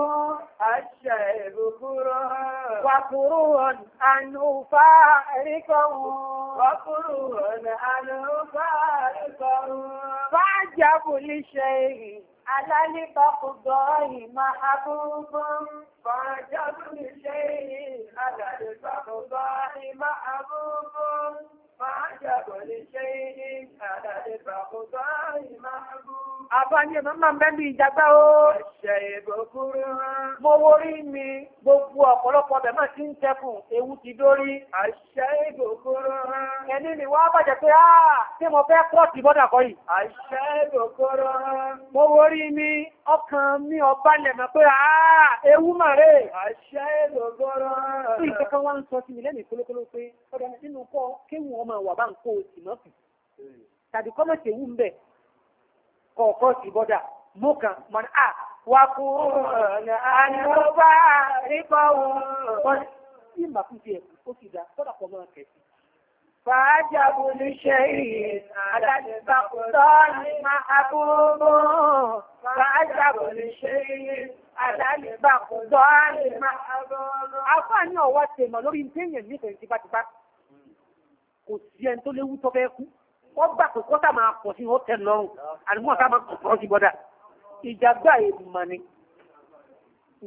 àṣẹ ìbùkúrú. Wàkúrú ọ̀nà ànúfà ríkọ̀hún. Wàkúrú ọ̀nà ànúfà ríkọ̀hún. Bá jẹ́ kò ní ṣe èyí. على الفقداء محبوب فعجب لشيء على الفقداء محبوب فعجب لشيء على الفقداء محبوب Àbáyé mọ́mà mẹ́bí ìjàgbá ó. Ẹ̀ṣẹ̀ ìbòkúrú. Mo worí mi gbogbo ọ̀pọ̀lọpọ̀ bẹ̀ máa ti ń tẹkùn ewu ti dórí. Ẹ̀ṣẹ̀ ìbòkúrú. Ẹni ni wá bàjẹ́ pé á tí mo fẹ́ pọ̀ sí bọ́dà kọ́ yìí. Ẹ̀ṣẹ̀ ìbòkúrú. Mo worí mi ọkàn mi ọba lẹ̀mọ̀ pé á ewu mà rè. Ẹ̀ṣẹ̀ ìbòkúrú. Tí ìkẹ́kọ̀ọ́ wá ń sọ sí mi lẹ́nu ìkólókóló pé ọ̀dọ̀ nínú kọ́ kéwù ọmọ wà bá kọ̀ọ̀kan sí bọ́dà mọ́kàn mọ́n à wà kú ọ̀nà àyọ̀bá nípa òun. Bí màá kú sí ẹ̀kú, ó sì dá sọ́dà pọ̀ mọ́ kẹ̀sì. Fàájàbù ní ṣe ìrìn àdájẹ́ sàkùtọ́ ní máa kúrò. Fàájàbù ní ṣe ìrìn àdájẹ́ sàkùtọ́ ní máa kúrò. Àfáà ní ọ̀wá tèmọ̀ lórí ìpéyàn nífẹ̀ẹ́ tipátipá. Kò sí ẹni tó léwu tó fẹ́ kú wọ́n gbà pé kọ́tà máa pọ̀ sí wọ́n tẹ̀ lọ́rùn àdúgbò ọ̀tá máa pọ̀ sí bọ́dà ìjàgbá ìmọ̀ ni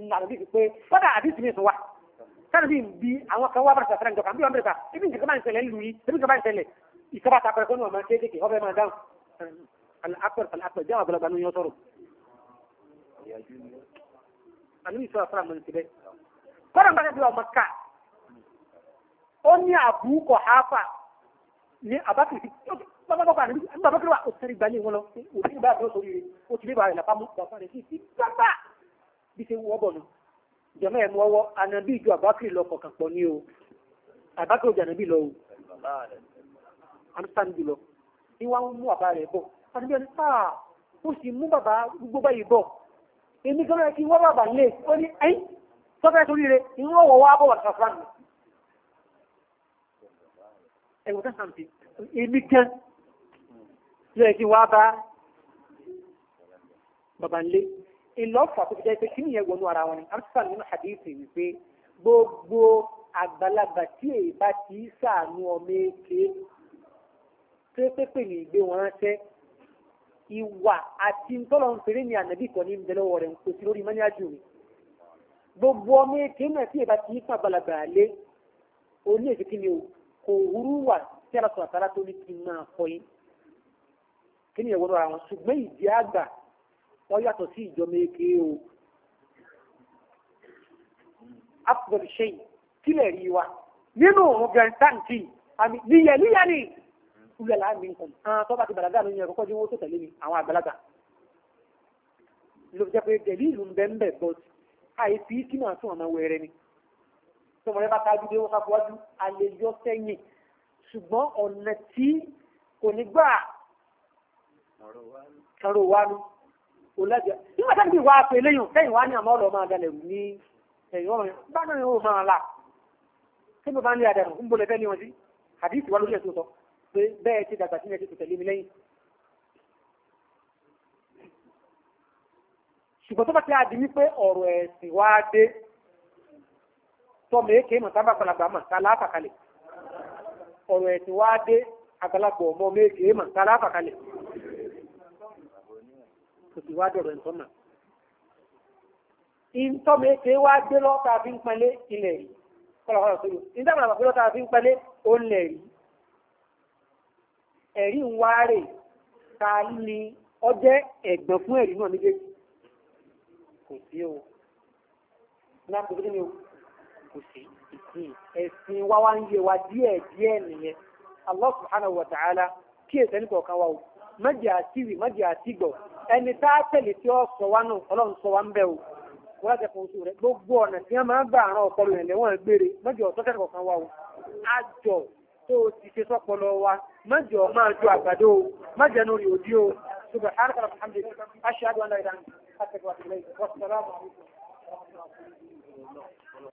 nàbí ti pé bọ́dà àdìsí mi sùn wa sáré bí bí àwọn kan wá bàtà sàfẹ́rẹ́ ìjọba bí wọ́n bẹ̀rẹ̀ sà ibi nǹkan bá ń ṣẹlẹ̀ lù yìí ibi nǹkan bá ń ṣẹlẹ̀ ìjọba ta pẹ̀lú ọmọ ṣe kéèké ọbẹ̀ máa dáhùn alápẹ̀rẹ̀ alápẹ̀rẹ̀ jẹ́ àwọn àgbàlagbà ní yọ ó ní àbúkọ̀ háfà ní àbákìrì bàbá bàbá rẹ̀ bàbá kí ló wà ó sẹ́rí gbalẹ̀ wọn lọ òfin bá yàtọ̀ sórí rẹ̀ ó ti lé bàrẹ̀ làpá mú bàbá rẹ̀ sí ti bàbá bí ṣe wọ́ bọ̀ nù jọmọ ẹ̀ mú ọwọ́ ànàbí ìjọ àbákìrì lọ kọ̀ọ̀kan pọ̀ ní o àbákìrì ojú ànàbí lọ o amsan jùlọ ni wọ́n mú bàbá rẹ̀ bọ̀ ànàbí ọ̀nà sáà ó sì mú bàbá gbogbo báyìí bọ̀ èmi gbọ́dọ̀ kí wọ́n bàbá lé ó ní ẹ̀yìn tọ́fẹ́ sórí rẹ̀ ìwọ́n wọ̀ wá bọ̀ wà ẹ̀wọ̀n tẹ́sán ti èmi gan lóyẹ kí wá bá bàbá ńlé ìlọ́fà tó fi jẹ́ pé kí ni ìyẹn wọnú ara wọn ni amsterdam nínú hadith wípé gbogbo àgbàlagbà tí èyí bá ti sàánú ọmọ èké pépépè ní ìgbé wọn ránṣẹ́ ìwà àti ntọ́lọ̀ ń fèrè ní ànábì kan ní ìbẹ̀lẹ̀ ọ̀rẹ́ ń pèsè lórí mọ́ní mi gbogbo ọmọ èké náà tí èyí bá ti sàn àgbàlagbà lé oní èké kí ni o kò wúrú wà tí a lọ tó ní kí máa fọ kí ni ìwọ́n ara wọn ṣùgbọ́n ìdí àgbà wọ́n yàtọ̀ sí ìjọba eke o afghan sheyi kílẹ̀ rí wa nínú òun gan táǹkì àmì níyẹ níyẹ ni ìlú ẹ̀la mi nǹkan àwọn tó bá ti bàlágà lóyún ẹ̀kọ́ tí wọ́n tó tẹ̀lé mi àwọn àgbàlagbà ló jẹ́ pé tẹ̀lé ìlú ń ń bẹ̀ bọ́t àìsí kí máa tún ọmọ wẹrẹ ni tó mọ̀ nípa kájú dé wọ́n ká fọwájú alẹ́ yọ sẹ́yìn ṣùgbọ́n ọ̀nà tí kò ní gbà ẹ̀rọ wa ni olájà nígbà tábìlì wa pè léyìn kẹ́yìn wa ní àmọ́ ọ̀rọ̀ máa dalẹ̀ ní ẹ̀yìn ọ̀rọ̀ yẹn bá náà yóò máa la kí ló bá ń lé ń ní wọn sí sọ pé bẹ́ẹ̀ ti dàgbà ti tẹ̀lé mi lẹ́yìn. ṣùgbọ́n tó bá ti ọ̀rọ̀ ẹ̀sìn wá dé tọ́mọ èké mọ̀ sábà mọ̀ sálá àfàkalẹ̀ ọ̀rọ̀ ẹ̀sìn wá dé àgbàlagbà ọmọ èké mọ̀ sálá àfàkalẹ̀. kò sì wá dọ̀rọ̀ nǹkan mà. ìtọ́mọ èké wá gbé lọ́ta fi ń pẹlé ilẹ̀ rí kọ́lọ̀kọ́lọ̀ tó lò ìtọ́mọ àgbà lọ́ta fi ń pẹlé ó ń lẹ̀ rí. ẹ̀rí ń wá rè ta ni ọ jẹ́ fún ẹ̀rí náà méjèèjì kò sí o náà kò sí o kò sí ẹ̀sìn wá wá ń yé wa díẹ̀ díẹ̀ nìyẹn Allah subhanahu wa ta'ala kí èsẹ̀ nípa ọ̀kan wa o má jẹ́ àtìrì àtìgbọ̀ ẹni tá a tẹ̀lé tí ó sọ wá náà ọlọ́run o wọ́n gbogbo ọ̀nà tí wọ́n máa ń gbà àrùn ọpọlọ rẹ̀ lẹ́wọ̀n gbére mọ́jọ ọ̀tọ́ kẹ́kọ̀ọ́ kan o àjọ tó o ti ṣe sọ́pọlọ wa mọ́jọ máa ju àgbàdo o mọ́jọ ẹnu rí òdí o